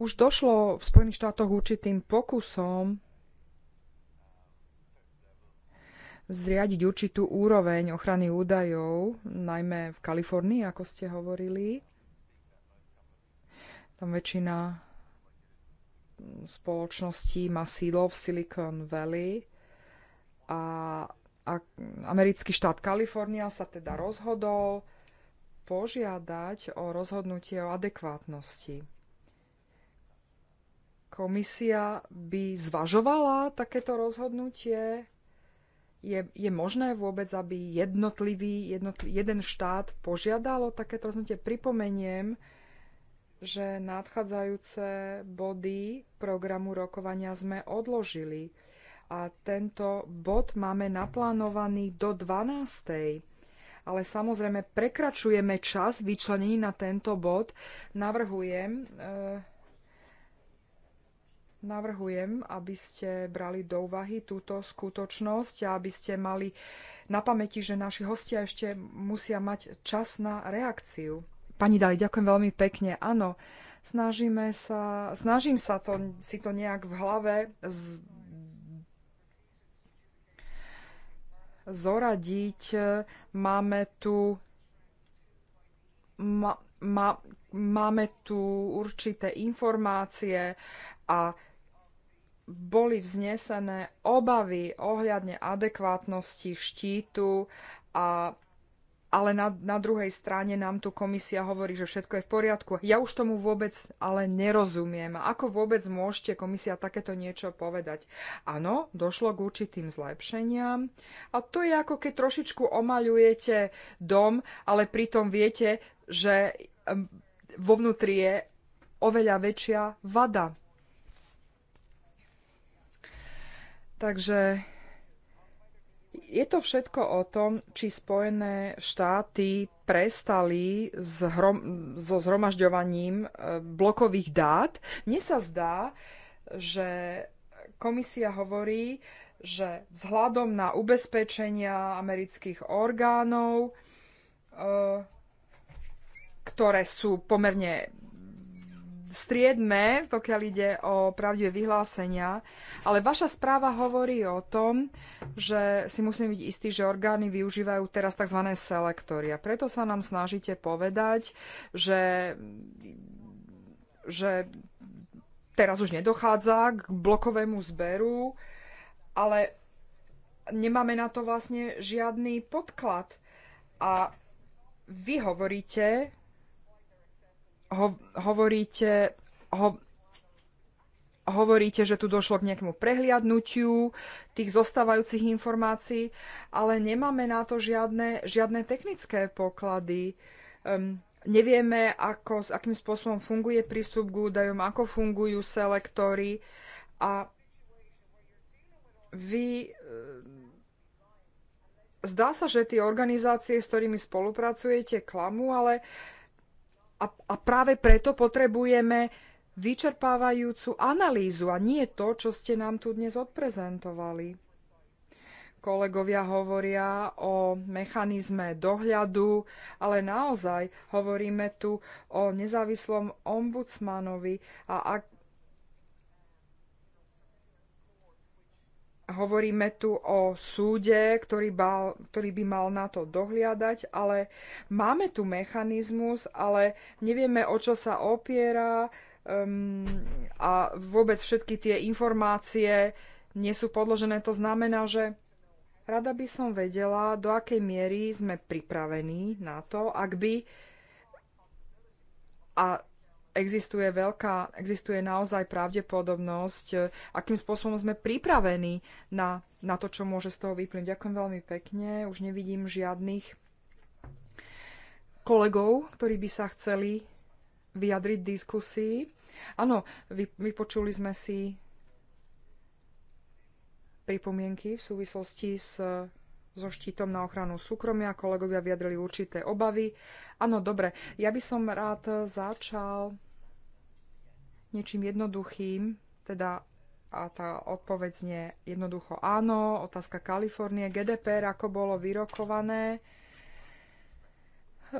už došlo v Spojených štátoch určitým pokusom zriadiť určitú úroveň ochrany údajov, najmä v Kalifornii, ako ste hovorili. Tam väčšina spoločností má sídlo v Silicon Valley a, a americký štát Kalifornia sa teda rozhodol požiadať o rozhodnutie o adekvátnosti. Komisia by zvažovala takéto rozhodnutie je, je možné vôbec, aby jednotlivý, jednotlivý, jeden štát požiadal o takéto rozhodnutie? Pripomeniem, že nadchádzajúce body programu rokovania sme odložili a tento bod máme naplánovaný do 12. Ale samozrejme prekračujeme čas vyčlenený na tento bod. Navrhujem, e navrhujem, aby ste brali do úvahy túto skutočnosť a aby ste mali na pamäti, že naši hostia ešte musia mať čas na reakciu. Pani Dali, ďakujem veľmi pekne. Áno, snažíme sa, snažím sa to, si to nejak v hlave z, zoradiť. Máme tu ma, ma, máme tu určité informácie a boli vznesené obavy ohľadne adekvátnosti štítu a ale na, na druhej strane nám tu komisia hovorí, že všetko je v poriadku. Ja už tomu vôbec ale nerozumiem. Ako vôbec môžete komisia takéto niečo povedať? Áno, došlo k určitým zlepšeniam a to je ako keď trošičku omaľujete dom, ale pritom viete, že vo vnútri je oveľa väčšia vada. Takže je to všetko o tom, či Spojené štáty prestali s hrom, so zhromažďovaním e, blokových dát. Mne sa zdá, že komisia hovorí, že vzhľadom na ubezpečenia amerických orgánov, e, ktoré sú pomerne striedme, pokiaľ ide o pravdivé vyhlásenia, ale vaša správa hovorí o tom, že si musíme byť istí, že orgány využívajú teraz tzv. selektory. A preto sa nám snažíte povedať, že, že teraz už nedochádza k blokovému zberu, ale nemáme na to vlastne žiadny podklad. A vy hovoríte, ho, hovoríte, ho, hovoríte, že tu došlo k nejakému prehliadnutiu tých zostávajúcich informácií, ale nemáme na to žiadne, žiadne technické poklady. Um, nevieme, ako, s akým spôsobom funguje prístup k údajom, ako fungujú selektory a vy... E, zdá sa, že tie organizácie, s ktorými spolupracujete, klamú, ale a, a práve preto potrebujeme vyčerpávajúcu analýzu a nie to, čo ste nám tu dnes odprezentovali. Kolegovia hovoria o mechanizme dohľadu, ale naozaj hovoríme tu o nezávislom ombudsmanovi a ak Hovoríme tu o súde, ktorý, bal, ktorý by mal na to dohliadať, ale máme tu mechanizmus, ale nevieme, o čo sa opiera um, a vôbec všetky tie informácie nie sú podložené. To znamená, že rada by som vedela, do akej miery sme pripravení na to, ak by a existuje veľká, existuje naozaj pravdepodobnosť, e, akým spôsobom sme pripravení na, na to, čo môže z toho vyplynúť. Ďakujem veľmi pekne. Už nevidím žiadnych kolegov, ktorí by sa chceli vyjadriť diskusii. Áno, vy, vypočuli sme si pripomienky v súvislosti s so štítom na ochranu súkromia. Kolegovia vyjadrili určité obavy. Áno, dobre, ja by som rád začal niečím jednoduchým, teda a tá odpoveď znie jednoducho áno, otázka Kalifornie, GDPR, ako bolo vyrokované,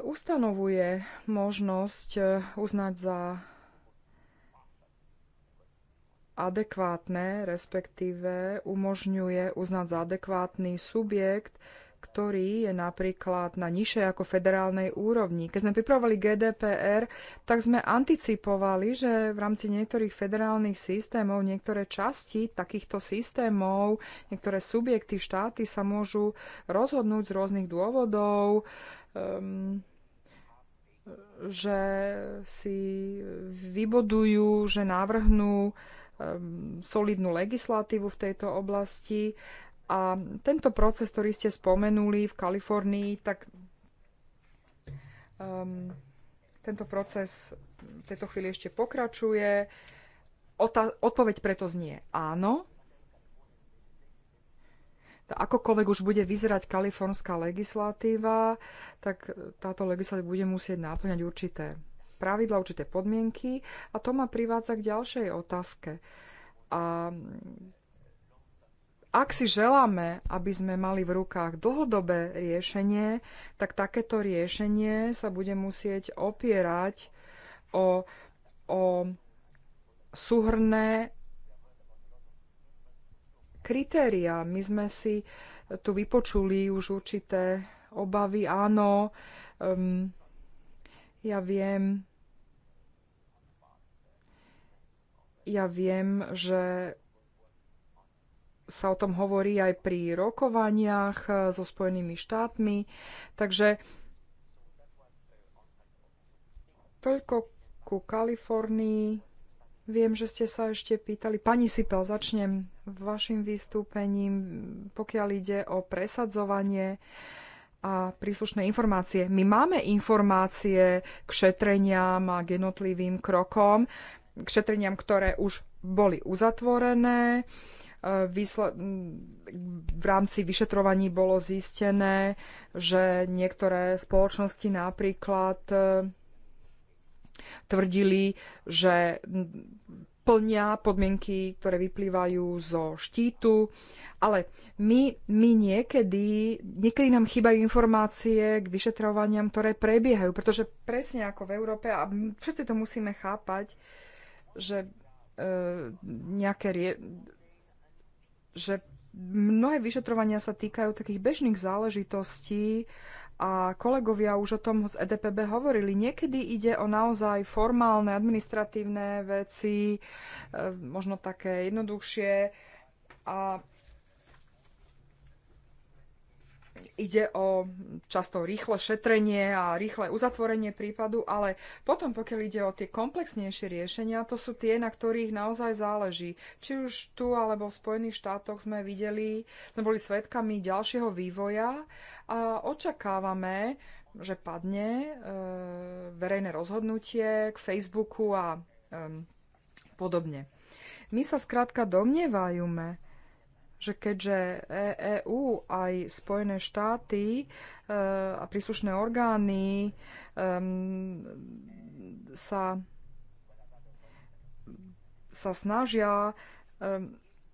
ustanovuje možnosť uznať za adekvátne, respektíve umožňuje uznať za adekvátny subjekt, ktorý je napríklad na nižšej ako federálnej úrovni. Keď sme pripravovali GDPR, tak sme anticipovali, že v rámci niektorých federálnych systémov, niektoré časti takýchto systémov, niektoré subjekty, štáty sa môžu rozhodnúť z rôznych dôvodov, um, že si vybodujú, že navrhnú Um, solidnú legislatívu v tejto oblasti. A tento proces, ktorý ste spomenuli v Kalifornii, tak um, tento proces v tejto chvíli ešte pokračuje. Ota- odpoveď preto znie áno. Akokoľvek už bude vyzerať kalifornská legislatíva, tak táto legislatíva bude musieť náplňať určité pravidla, určité podmienky a to ma privádza k ďalšej otázke. A ak si želáme, aby sme mali v rukách dlhodobé riešenie, tak takéto riešenie sa bude musieť opierať o, o súhrné kritéria. My sme si tu vypočuli už určité obavy. Áno, um, ja viem, Ja viem, že sa o tom hovorí aj pri rokovaniach e, so Spojenými štátmi. Takže toľko ku Kalifornii. Viem, že ste sa ešte pýtali. Pani Sipel, začnem vašim vystúpením, pokiaľ ide o presadzovanie a príslušné informácie. My máme informácie k šetreniam a k jednotlivým krokom k šetreniam, ktoré už boli uzatvorené. E, v rámci vyšetrovaní bolo zistené, že niektoré spoločnosti napríklad e, tvrdili, že plnia podmienky, ktoré vyplývajú zo štítu, ale my, my niekedy, niekedy nám chýbajú informácie k vyšetrovaniam, ktoré prebiehajú, pretože presne ako v Európe, a všetci to musíme chápať, že e, nejaké rie- že mnohé vyšetrovania sa týkajú takých bežných záležitostí a kolegovia už o tom z EDPB hovorili. Niekedy ide o naozaj formálne administratívne veci, e, možno také jednoduchšie a ide o často rýchle šetrenie a rýchle uzatvorenie prípadu, ale potom, pokiaľ ide o tie komplexnejšie riešenia, to sú tie, na ktorých naozaj záleží. Či už tu alebo v Spojených štátoch sme videli, sme boli svetkami ďalšieho vývoja a očakávame, že padne e, verejné rozhodnutie k Facebooku a e, podobne. My sa skrátka domnievajúme, že keďže EÚ e aj Spojené štáty e, a príslušné orgány sa, sa snažia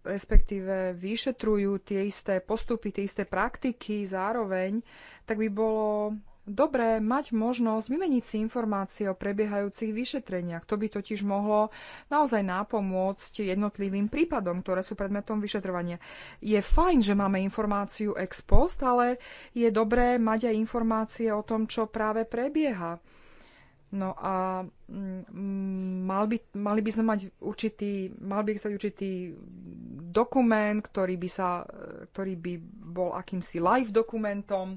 respektíve vyšetrujú tie isté postupy, tie isté praktiky zároveň, tak by bolo dobré mať možnosť vymeniť si informácie o prebiehajúcich vyšetreniach. To by totiž mohlo naozaj nápomôcť jednotlivým prípadom, ktoré sú predmetom vyšetrovania. Je fajn, že máme informáciu ex post, ale je dobré mať aj informácie o tom, čo práve prebieha. No a mm, mal by, mali by sme mať určitý, mal by sa určitý dokument, ktorý by, sa, ktorý by bol akýmsi live dokumentom,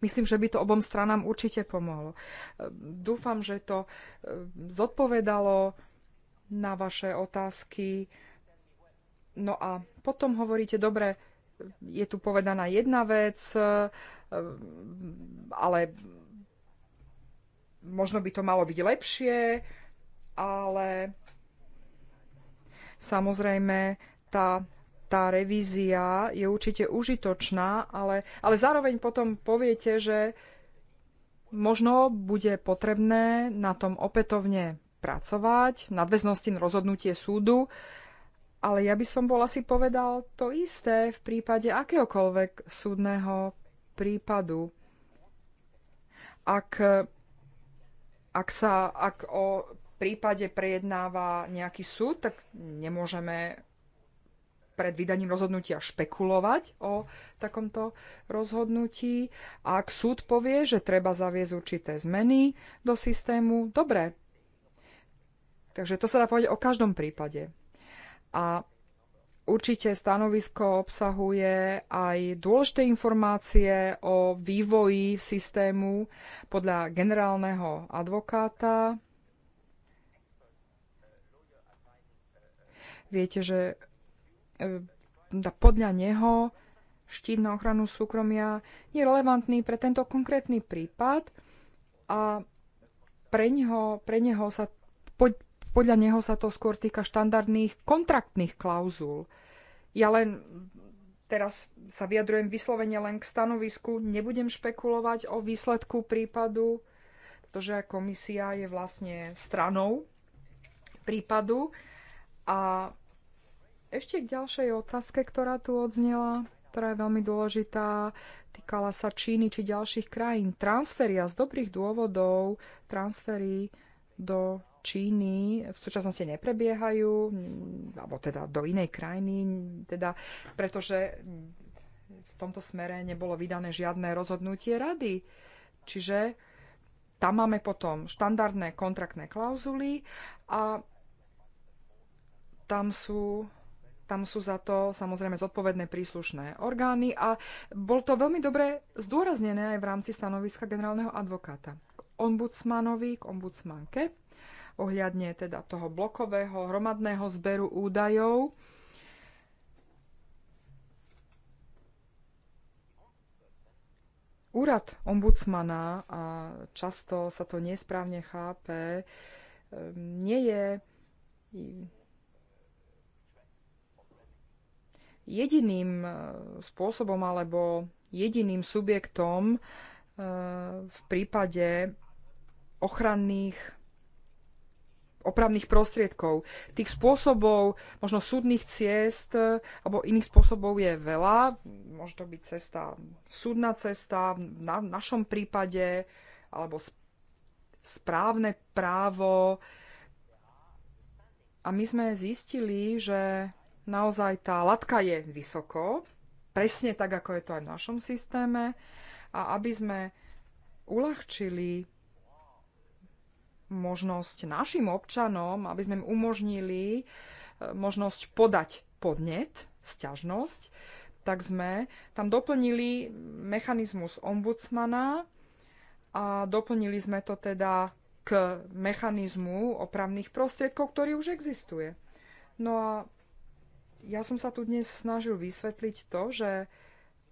Myslím, že by to obom stranám určite pomohlo. E, dúfam, že to e, zodpovedalo na vaše otázky. No a potom hovoríte, dobre, je tu povedaná jedna vec, e, ale možno by to malo byť lepšie, ale samozrejme tá tá revízia je určite užitočná, ale, ale zároveň potom poviete, že možno bude potrebné na tom opätovne pracovať, nadväznosti na rozhodnutie súdu, ale ja by som bol asi povedal to isté v prípade akéhokoľvek súdneho prípadu. Ak, ak sa ak o prípade prejednáva nejaký súd, tak nemôžeme pred vydaním rozhodnutia špekulovať o takomto rozhodnutí. A ak súd povie, že treba zaviesť určité zmeny do systému, dobre. Takže to sa dá povedať o každom prípade. A určite stanovisko obsahuje aj dôležité informácie o vývoji systému podľa generálneho advokáta. Viete, že E, podľa neho štít na ochranu súkromia je relevantný pre tento konkrétny prípad a pre neho, pre neho sa, pod, podľa neho sa to skôr týka štandardných kontraktných klauzul. Ja len teraz sa vyjadrujem vyslovene len k stanovisku, nebudem špekulovať o výsledku prípadu, pretože komisia je vlastne stranou prípadu a ešte k ďalšej otázke, ktorá tu odznela, ktorá je veľmi dôležitá, týkala sa Číny či ďalších krajín. Transfery a z dobrých dôvodov transfery do Číny v súčasnosti neprebiehajú, mm, alebo teda do inej krajiny, teda, pretože v tomto smere nebolo vydané žiadne rozhodnutie rady. Čiže tam máme potom štandardné kontraktné klauzuly a tam sú tam sú za to samozrejme zodpovedné príslušné orgány a bol to veľmi dobre zdôraznené aj v rámci stanoviska generálneho advokáta k ombudsmanovi, k ombudsmanke ohľadne teda toho blokového hromadného zberu údajov. Úrad ombudsmana, a často sa to nesprávne chápe, ehm, nie je jediným e, spôsobom alebo jediným subjektom e, v prípade ochranných opravných prostriedkov. Tých spôsobov, možno súdnych ciest e, alebo iných spôsobov je veľa. Môže to byť cesta, súdna cesta, v našom prípade, alebo správne právo. A my sme zistili, že naozaj tá latka je vysoko, presne tak, ako je to aj v našom systéme, a aby sme uľahčili možnosť našim občanom, aby sme im umožnili e, možnosť podať podnet, sťažnosť, tak sme tam doplnili mechanizmus ombudsmana a doplnili sme to teda k mechanizmu opravných prostriedkov, ktorý už existuje. No a ja som sa tu dnes snažil vysvetliť to, že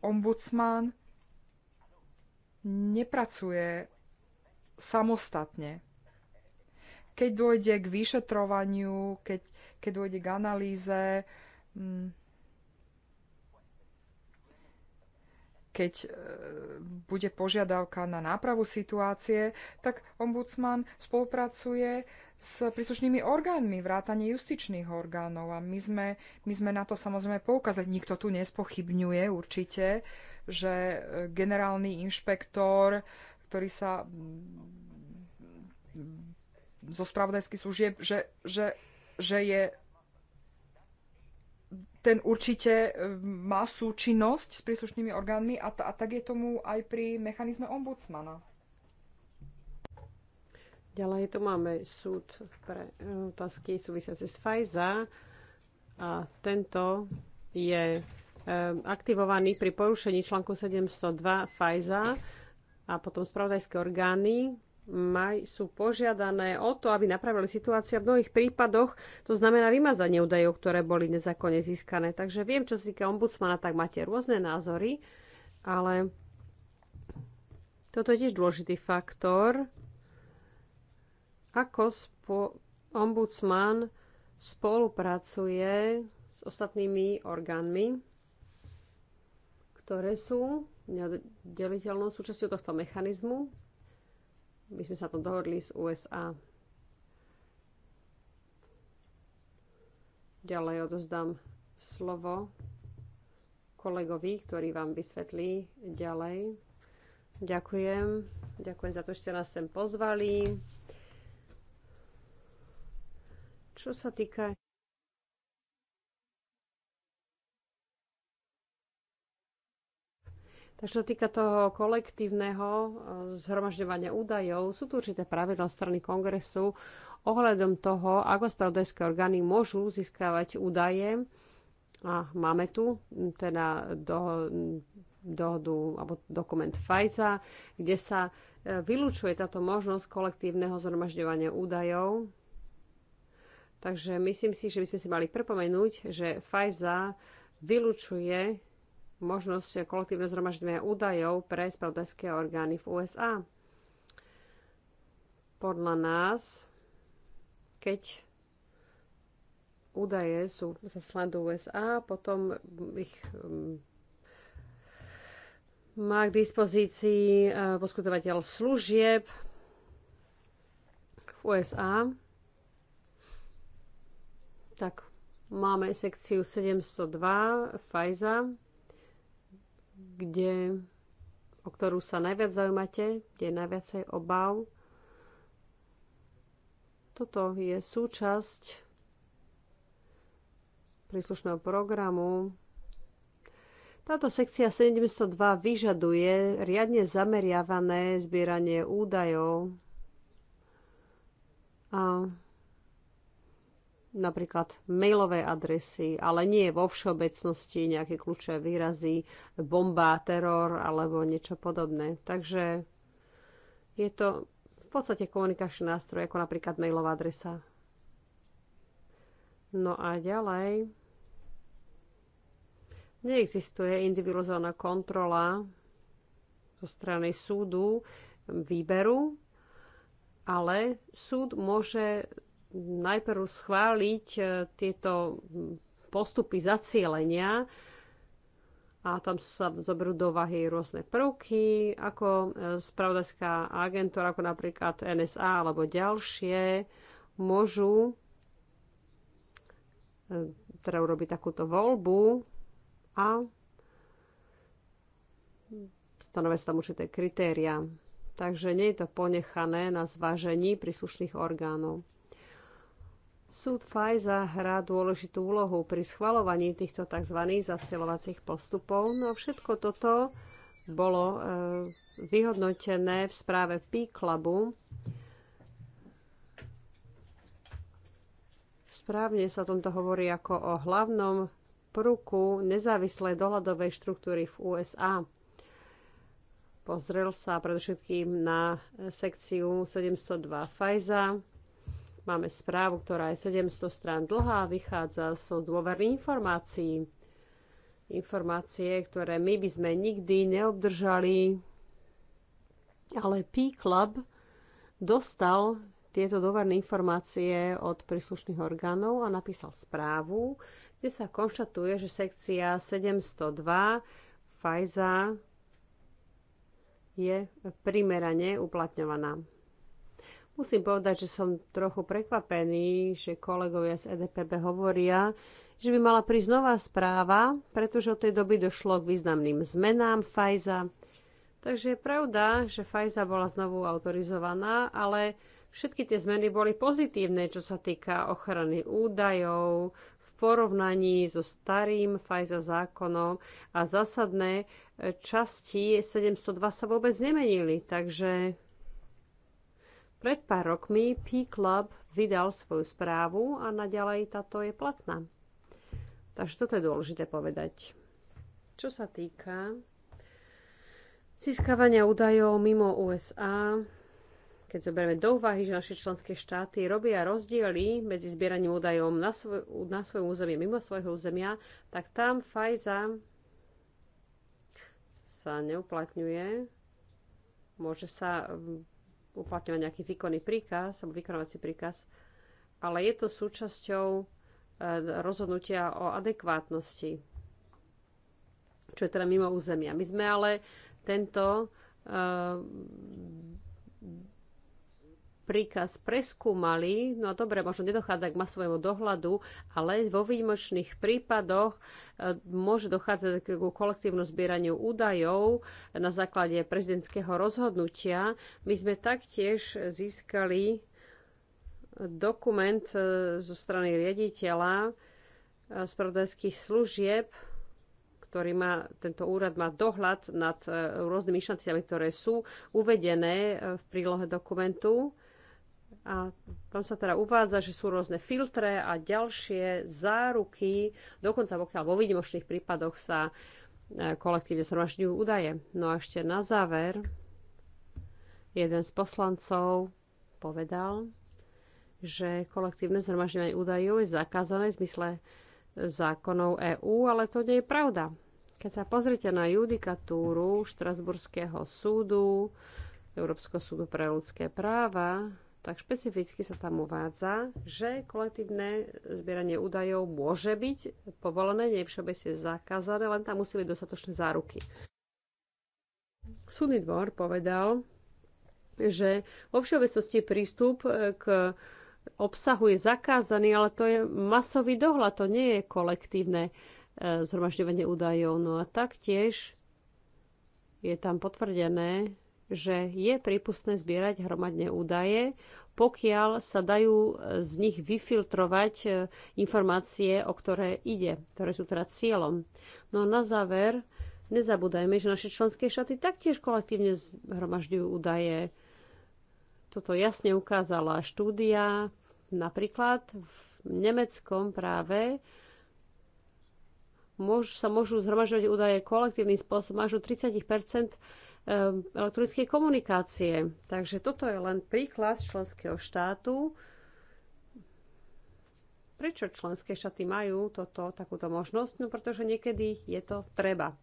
ombudsman nepracuje samostatne. Keď dôjde k vyšetrovaniu, keď, keď dôjde k analýze, mm, keď e, bude požiadavka na nápravu situácie, tak ombudsman spolupracuje s príslušnými orgánmi, vrátane justičných orgánov. A my sme, my sme na to samozrejme poukázať. Nikto tu nespochybňuje určite, že e, generálny inšpektor, ktorý sa mm, zo spravodajských služieb, že, že, že je ten určite e, má súčinnosť s príslušnými orgánmi a, a tak je tomu aj pri mechanizme ombudsmana. Ďalej tu máme súd pre e, otázky súvisiace s FAJZA a tento je e, aktivovaný pri porušení článku 702 FAJZA a potom spravodajské orgány maj sú požiadané o to, aby napravili situáciu v mnohých prípadoch to znamená vymazanie údajov, ktoré boli nezákonne získané. Takže viem, čo sa týka ombudsmana, tak máte rôzne názory, ale toto je tiež dôležitý faktor, ako spo- ombudsman spolupracuje s ostatnými orgánmi, ktoré sú nedeliteľnou súčasťou tohto mechanizmu my sme sa tom dohodli z USA. Ďalej odozdám slovo kolegovi, ktorý vám vysvetlí ďalej. Ďakujem. Ďakujem za to, že ste nás sem pozvali. Čo sa týka Takže sa týka toho kolektívneho e, zhromažďovania údajov, sú tu určité pravidla strany kongresu ohľadom toho, ako spravodajské orgány môžu získavať údaje. A máme tu teda do, dohodu alebo dokument FISA, kde sa e, vylúčuje táto možnosť kolektívneho zhromažďovania údajov. Takže myslím si, že by sme si mali prepomenúť, že FISA vylúčuje možnosť kolektívne zhromaždenia údajov pre spravodajské orgány v USA. Podľa nás, keď údaje sú za do USA, potom ich mm, má k dispozícii e, poskytovateľ služieb v USA. Tak máme sekciu 702 FISA, kde, o ktorú sa najviac zaujímate, kde je najviacej obav. Toto je súčasť príslušného programu. Táto sekcia 72 vyžaduje riadne zameriavané zbieranie údajov a napríklad mailové adresy, ale nie vo všeobecnosti nejaké kľúčové výrazy, bomba, teror alebo niečo podobné. Takže je to v podstate komunikačný nástroj, ako napríklad mailová adresa. No a ďalej neexistuje individualizovaná kontrola zo strany súdu výberu, ale súd môže najprv schváliť e, tieto postupy zacielenia a tam sa zoberú do váhy rôzne prvky, ako e, spravodajská agentúra, ako napríklad NSA alebo ďalšie, môžu e, teda urobiť takúto voľbu a stanovia sa tam určité kritéria. Takže nie je to ponechané na zvážení príslušných orgánov. Súd FAI hrá dôležitú úlohu pri schvalovaní týchto tzv. zacielovacích postupov, no všetko toto bolo e, vyhodnotené v správe P-Clubu. Správne sa o tomto hovorí ako o hlavnom prúku nezávislej dohľadovej štruktúry v USA. Pozrel sa predovšetkým na sekciu 702 FAIZA, Máme správu, ktorá je 700 strán dlhá, vychádza z dôverných informácií. Informácie, ktoré my by sme nikdy neobdržali, ale P-Club dostal tieto dôverné informácie od príslušných orgánov a napísal správu, kde sa konštatuje, že sekcia 702 FISA je primerane uplatňovaná. Musím povedať, že som trochu prekvapený, že kolegovia z EDPB hovoria, že by mala prísť nová správa, pretože od tej doby došlo k významným zmenám Fajza. Takže je pravda, že Fajza bola znovu autorizovaná, ale všetky tie zmeny boli pozitívne, čo sa týka ochrany údajov, v porovnaní so starým Fajza zákonom a zásadné časti 702 sa vôbec nemenili. Takže pred pár rokmi P-Club vydal svoju správu a naďalej táto je platná. Takže toto je dôležité povedať. Čo sa týka získavania údajov mimo USA, keď zoberieme do úvahy, že naše členské štáty robia rozdiely medzi zbieraním údajov na, svoj, na svojom území mimo svojho územia, tak tam FISA sa neuplatňuje. Môže sa uplatňovať nejaký výkonný príkaz alebo vykonávací príkaz, ale je to súčasťou e, rozhodnutia o adekvátnosti, čo je teda mimo územia. My sme ale tento e, príkaz preskúmali, no dobre, možno nedochádza k masovému dohľadu, ale vo výjimočných prípadoch e, môže dochádzať k kolektívnu zbieraniu údajov na základe prezidentského rozhodnutia. My sme taktiež získali dokument e, zo strany riaditeľa e, spravodajských služieb, ktorý má, tento úrad má dohľad nad rôznymi inštanciami, ktoré sú uvedené v prílohe dokumentu. A tam sa teda uvádza, že sú rôzne filtre a ďalšie záruky, dokonca pokiaľ vo výnimočných prípadoch sa e, kolektívne zhromažďujú údaje. No a ešte na záver, jeden z poslancov povedal, že kolektívne zhromažďovanie údajov je zakázané v zmysle zákonov EÚ, ale to nie je pravda. Keď sa pozrite na judikatúru Štrasburského súdu, Európskeho súdu pre ľudské práva, tak špecificky sa tam uvádza, že kolektívne zbieranie údajov môže byť povolené, nie všeobecne zakázané, len tam musí byť dostatočné záruky. Súdny dvor povedal, že vo všeobecnosti prístup k obsahu je zakázaný, ale to je masový dohľad, to nie je kolektívne e, zhromažďovanie údajov. No a taktiež je tam potvrdené, že je prípustné zbierať hromadné údaje, pokiaľ sa dajú e, z nich vyfiltrovať e, informácie, o ktoré ide, ktoré sú teda cieľom. No a na záver, nezabúdajme, že naše členské štáty taktiež kolektívne zhromažďujú údaje. Toto jasne ukázala štúdia, napríklad v nemeckom práve, môž, sa môžu zhromažďovať údaje kolektívnym spôsobom až do 30 elektronické komunikácie. Takže toto je len príklad členského štátu. Prečo členské štáty majú toto, takúto možnosť? No pretože niekedy je to treba.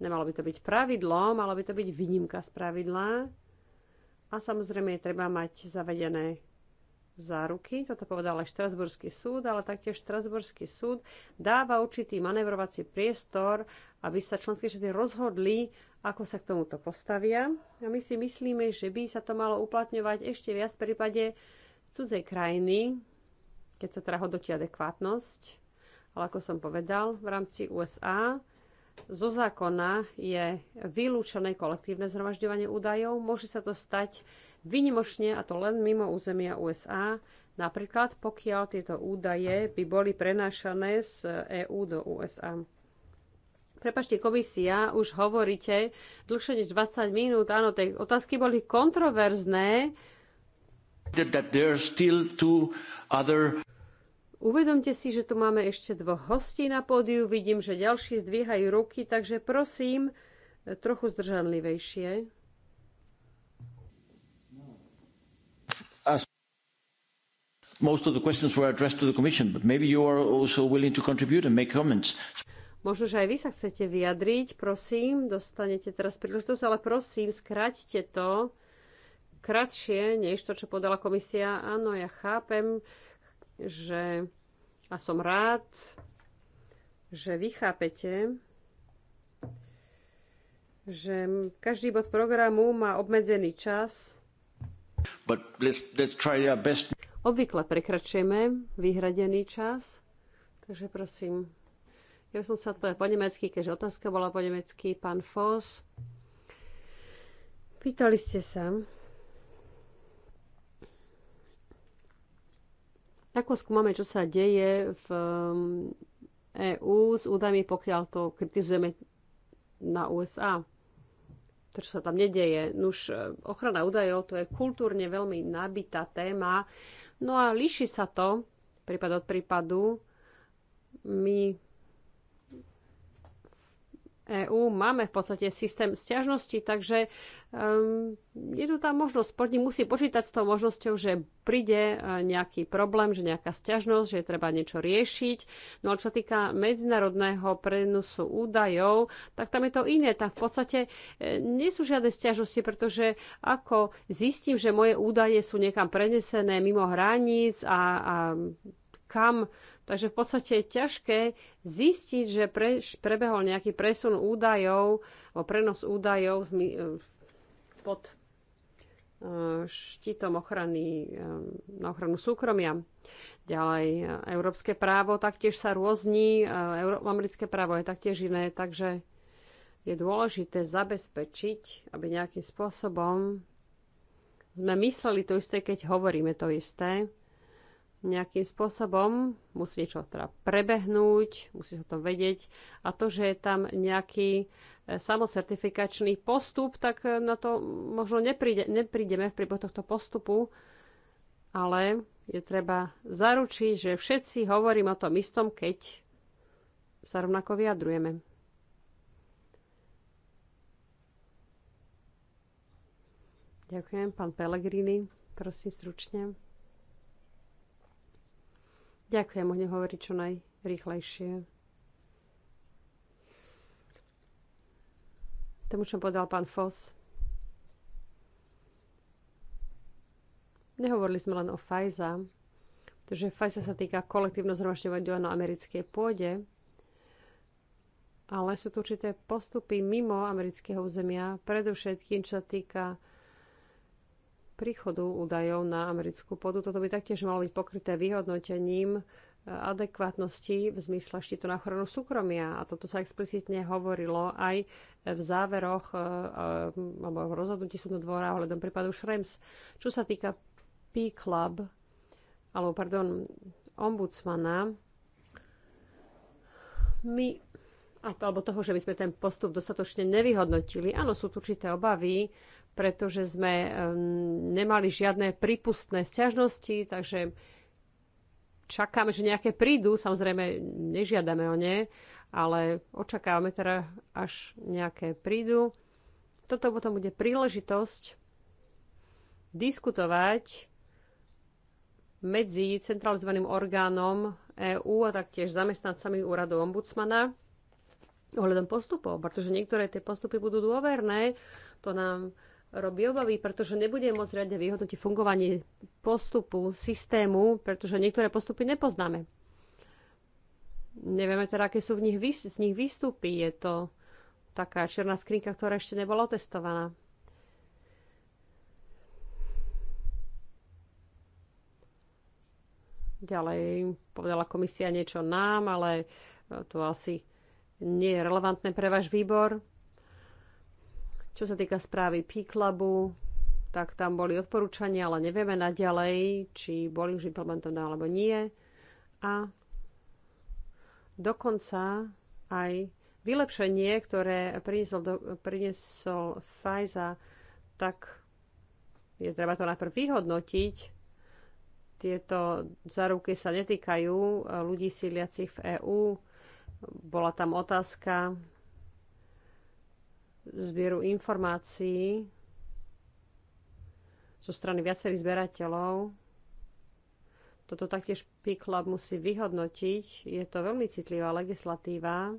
Nemalo by to byť pravidlo, malo by to byť výnimka z pravidla. A samozrejme je treba mať zavedené záruky, toto povedal aj Štrasburský súd, ale taktiež Štrasburský súd dáva určitý manevrovací priestor, aby sa členské štáty rozhodli, ako sa k tomuto postavia. A my si myslíme, že by sa to malo uplatňovať ešte viac v prípade cudzej krajiny, keď sa teda hodnotí adekvátnosť. Ale ako som povedal, v rámci USA zo zákona je vylúčené kolektívne zhromažďovanie údajov. Môže sa to stať Vynimočne, a to len mimo územia USA, napríklad pokiaľ tieto údaje by boli prenášané z EÚ do USA. Prepašte, komisia, už hovoríte dlhšie než 20 minút. Áno, tie otázky boli kontroverzné. Other... Uvedomte si, že tu máme ešte dvoch hostí na pódiu. Vidím, že ďalší zdvíhajú ruky, takže prosím, trochu zdržanlivejšie. most of the questions were addressed to the Commission, but maybe you are also willing to contribute and make comments. Možno, že aj vy sa chcete vyjadriť, prosím, dostanete teraz príležitosť, ale prosím, skráťte to kratšie, než to, čo podala komisia. Áno, ja chápem, že a som rád, že vy chápete, že každý bod programu má obmedzený čas. But let's, let's try our best Obvykle prekračujeme vyhradený čas, takže prosím. Ja som chcela odpovedať po nemecky, keďže otázka bola po nemecky. Pán Foss, pýtali ste sa, ako skúmame, čo sa deje v um, EÚ s údajmi, pokiaľ to kritizujeme na USA. To, čo sa tam nedeje. Nuž, eh, ochrana údajov, to je kultúrne veľmi nabitá téma. No a líši sa to prípad od prípadu. My EÚ máme v podstate systém sťažnosti, takže um, je tu tá možnosť, podnik musí počítať s tou možnosťou, že príde e, nejaký problém, že nejaká sťažnosť, že je treba niečo riešiť. No a čo sa týka medzinárodného prenosu údajov, tak tam je to iné. Tak v podstate e, nie sú žiadne sťažnosti, pretože ako zistím, že moje údaje sú niekam prenesené mimo hraníc a, a kam Takže v podstate je ťažké zistiť, že pre, prebehol nejaký presun údajov alebo prenos údajov e, pod e, štítom ochrany, e, na ochranu súkromia. Ďalej, európske právo taktiež sa rôzni, americké právo je taktiež iné, takže je dôležité zabezpečiť, aby nejakým spôsobom sme mysleli to isté, keď hovoríme to isté, nejakým spôsobom, musí niečo teda prebehnúť, musí sa to vedieť a to, že je tam nejaký e, samocertifikačný postup, tak e, na to možno nepríde, neprídeme v prípade tohto postupu, ale je treba zaručiť, že všetci hovorím o tom istom, keď sa rovnako vyjadrujeme. Ďakujem, pán Pellegrini, prosím stručne. Ďakujem, mohne hovoriť čo najrýchlejšie. Tomu, čo povedal pán Foss. Nehovorili sme len o Fajza, pretože Fajza sa týka kolektívno zhromažďovania na americkej pôde, ale sú tu určité postupy mimo amerického územia, predovšetkým čo sa týka príchodu údajov na americkú pôdu. Toto by taktiež malo byť pokryté vyhodnotením e, adekvátnosti v zmysle štítu na ochranu súkromia. A toto sa explicitne hovorilo aj v záveroch e, e, alebo v rozhodnutí súdnu dvora ohľadom prípadu Šrems. Čo sa týka P-Club, alebo pardon, ombudsmana, my, a to, alebo toho, že by sme ten postup dostatočne nevyhodnotili. Áno, sú tu určité obavy, pretože sme nemali žiadne prípustné sťažnosti, takže čakáme, že nejaké prídu. Samozrejme, nežiadame o ne, ale očakávame teda, až nejaké prídu. Toto potom bude príležitosť diskutovať medzi centralizovaným orgánom EÚ a taktiež zamestnancami úradu ombudsmana ohľadom postupov, pretože niektoré tie postupy budú dôverné, to nám robí obavy, pretože nebude môcť riadne vyhodnotiť fungovanie postupu, systému, pretože niektoré postupy nepoznáme. Nevieme teda, aké sú v nich, z nich výstupy. Je to taká čierna skrinka, ktorá ešte nebola otestovaná. Ďalej povedala komisia niečo nám, ale e, to asi nie je relevantné pre váš výbor. Čo sa týka správy P-Clubu, tak tam boli odporúčania, ale nevieme naďalej, či boli už implementované alebo nie. A dokonca aj vylepšenie, ktoré priniesol, do, priniesol Fajza, tak je treba to najprv vyhodnotiť. Tieto záruky sa netýkajú ľudí sídliacich v EÚ. Bola tam otázka zbieru informácií zo strany viacerých zberateľov. Toto taktiež PICLAB musí vyhodnotiť. Je to veľmi citlivá legislatíva.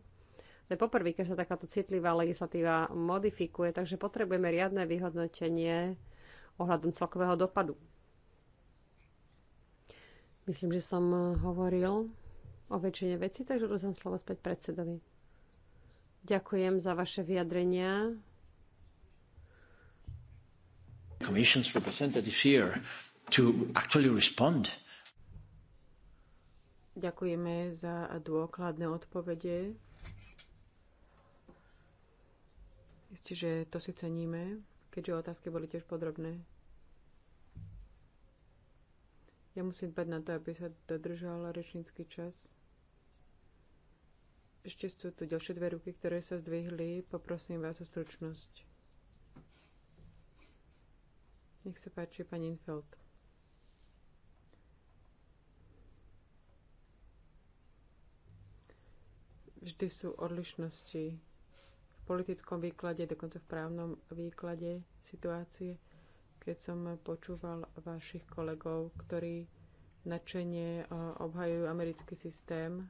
To je poprvý, keď sa takáto citlivá legislatíva modifikuje, takže potrebujeme riadne vyhodnotenie ohľadom celkového dopadu. Myslím, že som hovoril o väčšine veci, takže rozdám slovo späť predsedovi. Ďakujem za vaše vyjadrenia. Commission's here to actually respond. Ďakujeme za dôkladné odpovede. Isté, že to si ceníme, keďže otázky boli tiež podrobné. Ja musím dbať na to, aby sa dodržal rečnícky čas. Ešte sú tu ďalšie dve ruky, ktoré sa zdvihli. Poprosím vás o stručnosť. Nech sa páči, pani Infeld. Vždy sú odlišnosti v politickom výklade, dokonca v právnom výklade situácie. Keď som počúval vašich kolegov, ktorí nadšenie eh, obhajujú americký systém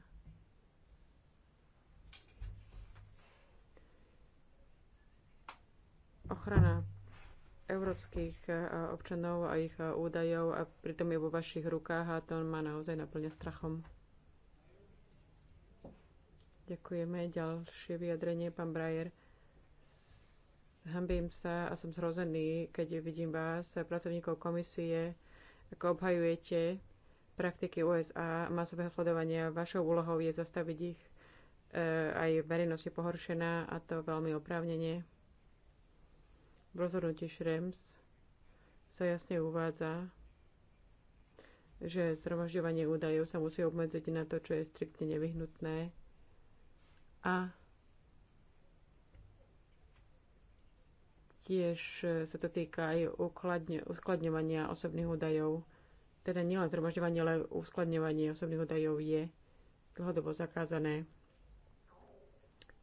Ochrana európskych e, občanov a ich e, údajov a pritom je vo vašich rukách a to ma naozaj naplňa strachom. Ďakujeme. Ďalšie vyjadrenie, pán Brajer. Hambím sa a som zrozený, keď vidím vás, pracovníkov komisie, ako obhajujete praktiky USA masového sledovania. Vašou úlohou je zastaviť ich e, aj verejnosť je pohoršená a to veľmi oprávnenie. V rozhodnutí Šrems sa jasne uvádza, že zhromažďovanie údajov sa musí obmedziť na to, čo je striktne nevyhnutné a tiež sa to týka aj uskladňovania osobných údajov. Teda nielen zhromažďovanie, ale uskladňovanie osobných údajov je dlhodobo zakázané.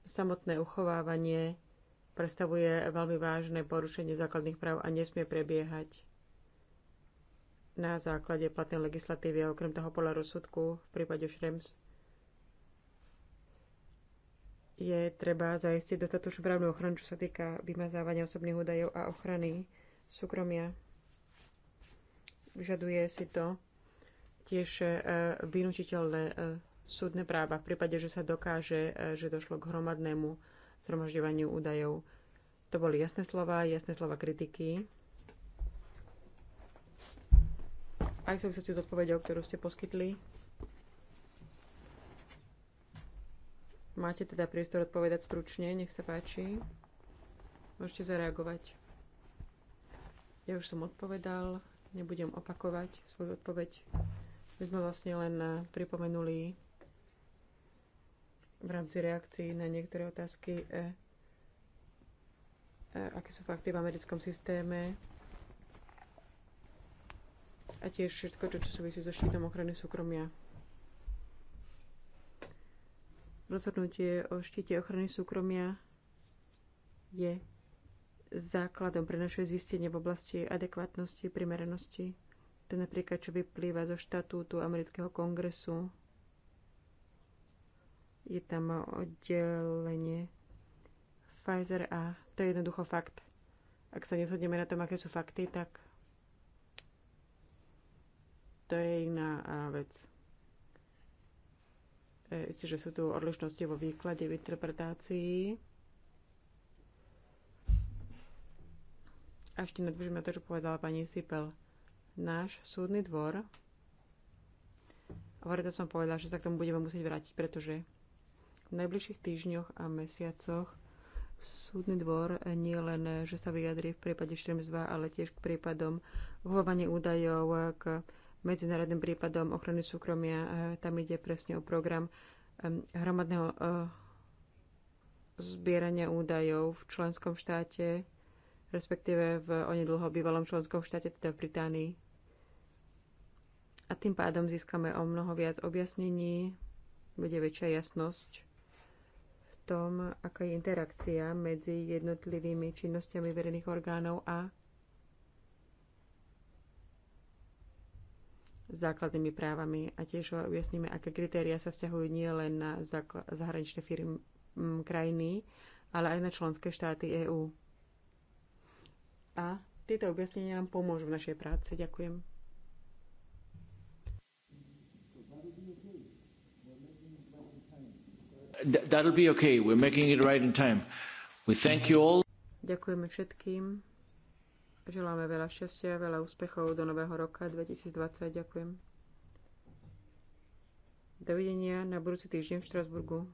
Samotné uchovávanie predstavuje veľmi vážne porušenie základných práv a nesmie prebiehať na základe platnej legislatívy a okrem toho podľa rozsudku v prípade Šrems je treba zajistiť dostatočnú právnu ochranu, čo sa týka vymazávania osobných údajov a ochrany súkromia. Vyžaduje si to tiež e, vynúčiteľné e, súdne práva v prípade, že sa dokáže, e, že došlo k hromadnému zhromažďovaniu údajov. To boli jasné slova, jasné slova kritiky. Aj som sa s odpovedou, ktorú ste poskytli. Máte teda priestor odpovedať stručne, nech sa páči. Môžete zareagovať. Ja už som odpovedal, nebudem opakovať svoju odpoveď. My sme vlastne len pripomenuli v rámci reakcií na niektoré otázky, e, e, aké sú fakty v americkom systéme a tiež všetko, čo, čo súvisí so štítom ochrany súkromia. Rozhodnutie o štíte ochrany súkromia je základom pre naše zistenie v oblasti adekvátnosti, primeranosti. To napríklad, čo vyplýva zo štatútu amerického kongresu je tam oddelenie Pfizer a to je jednoducho fakt. Ak sa neshodneme na tom, aké sú fakty, tak to je iná vec. E, isté, že sú tu odlišnosti vo výklade, v interpretácii. A ešte nadvržím to, čo povedala pani Sipel. Náš súdny dvor, hovorím, to som povedala, že sa k tomu budeme musieť vrátiť, pretože v najbližších týždňoch a mesiacoch súdny dvor nie len, že sa vyjadrí v prípade Šrems 2, ale tiež k prípadom uchovávania údajov, k medzinárodným prípadom ochrany súkromia. E, tam ide presne o program hromadného e, zbierania údajov v členskom štáte, respektíve v onedlho bývalom členskom štáte, teda v Británii. A tým pádom získame o mnoho viac objasnení, bude väčšia jasnosť tom, aká je interakcia medzi jednotlivými činnosťami verejných orgánov a základnými právami a tiež objasníme, aké kritéria sa vzťahujú nie len na zahraničné firmy mm, krajiny, ale aj na členské štáty EÚ. A tieto objasnenia nám pomôžu v našej práci. Ďakujem. that'll be okay. We're making it right in time. We thank you all. Ďakujeme všetkým. Želáme veľa šťastia, veľa úspechov do nového roka 2020. Ďakujem. Dovidenia na budúci týždeň v Štrasburgu.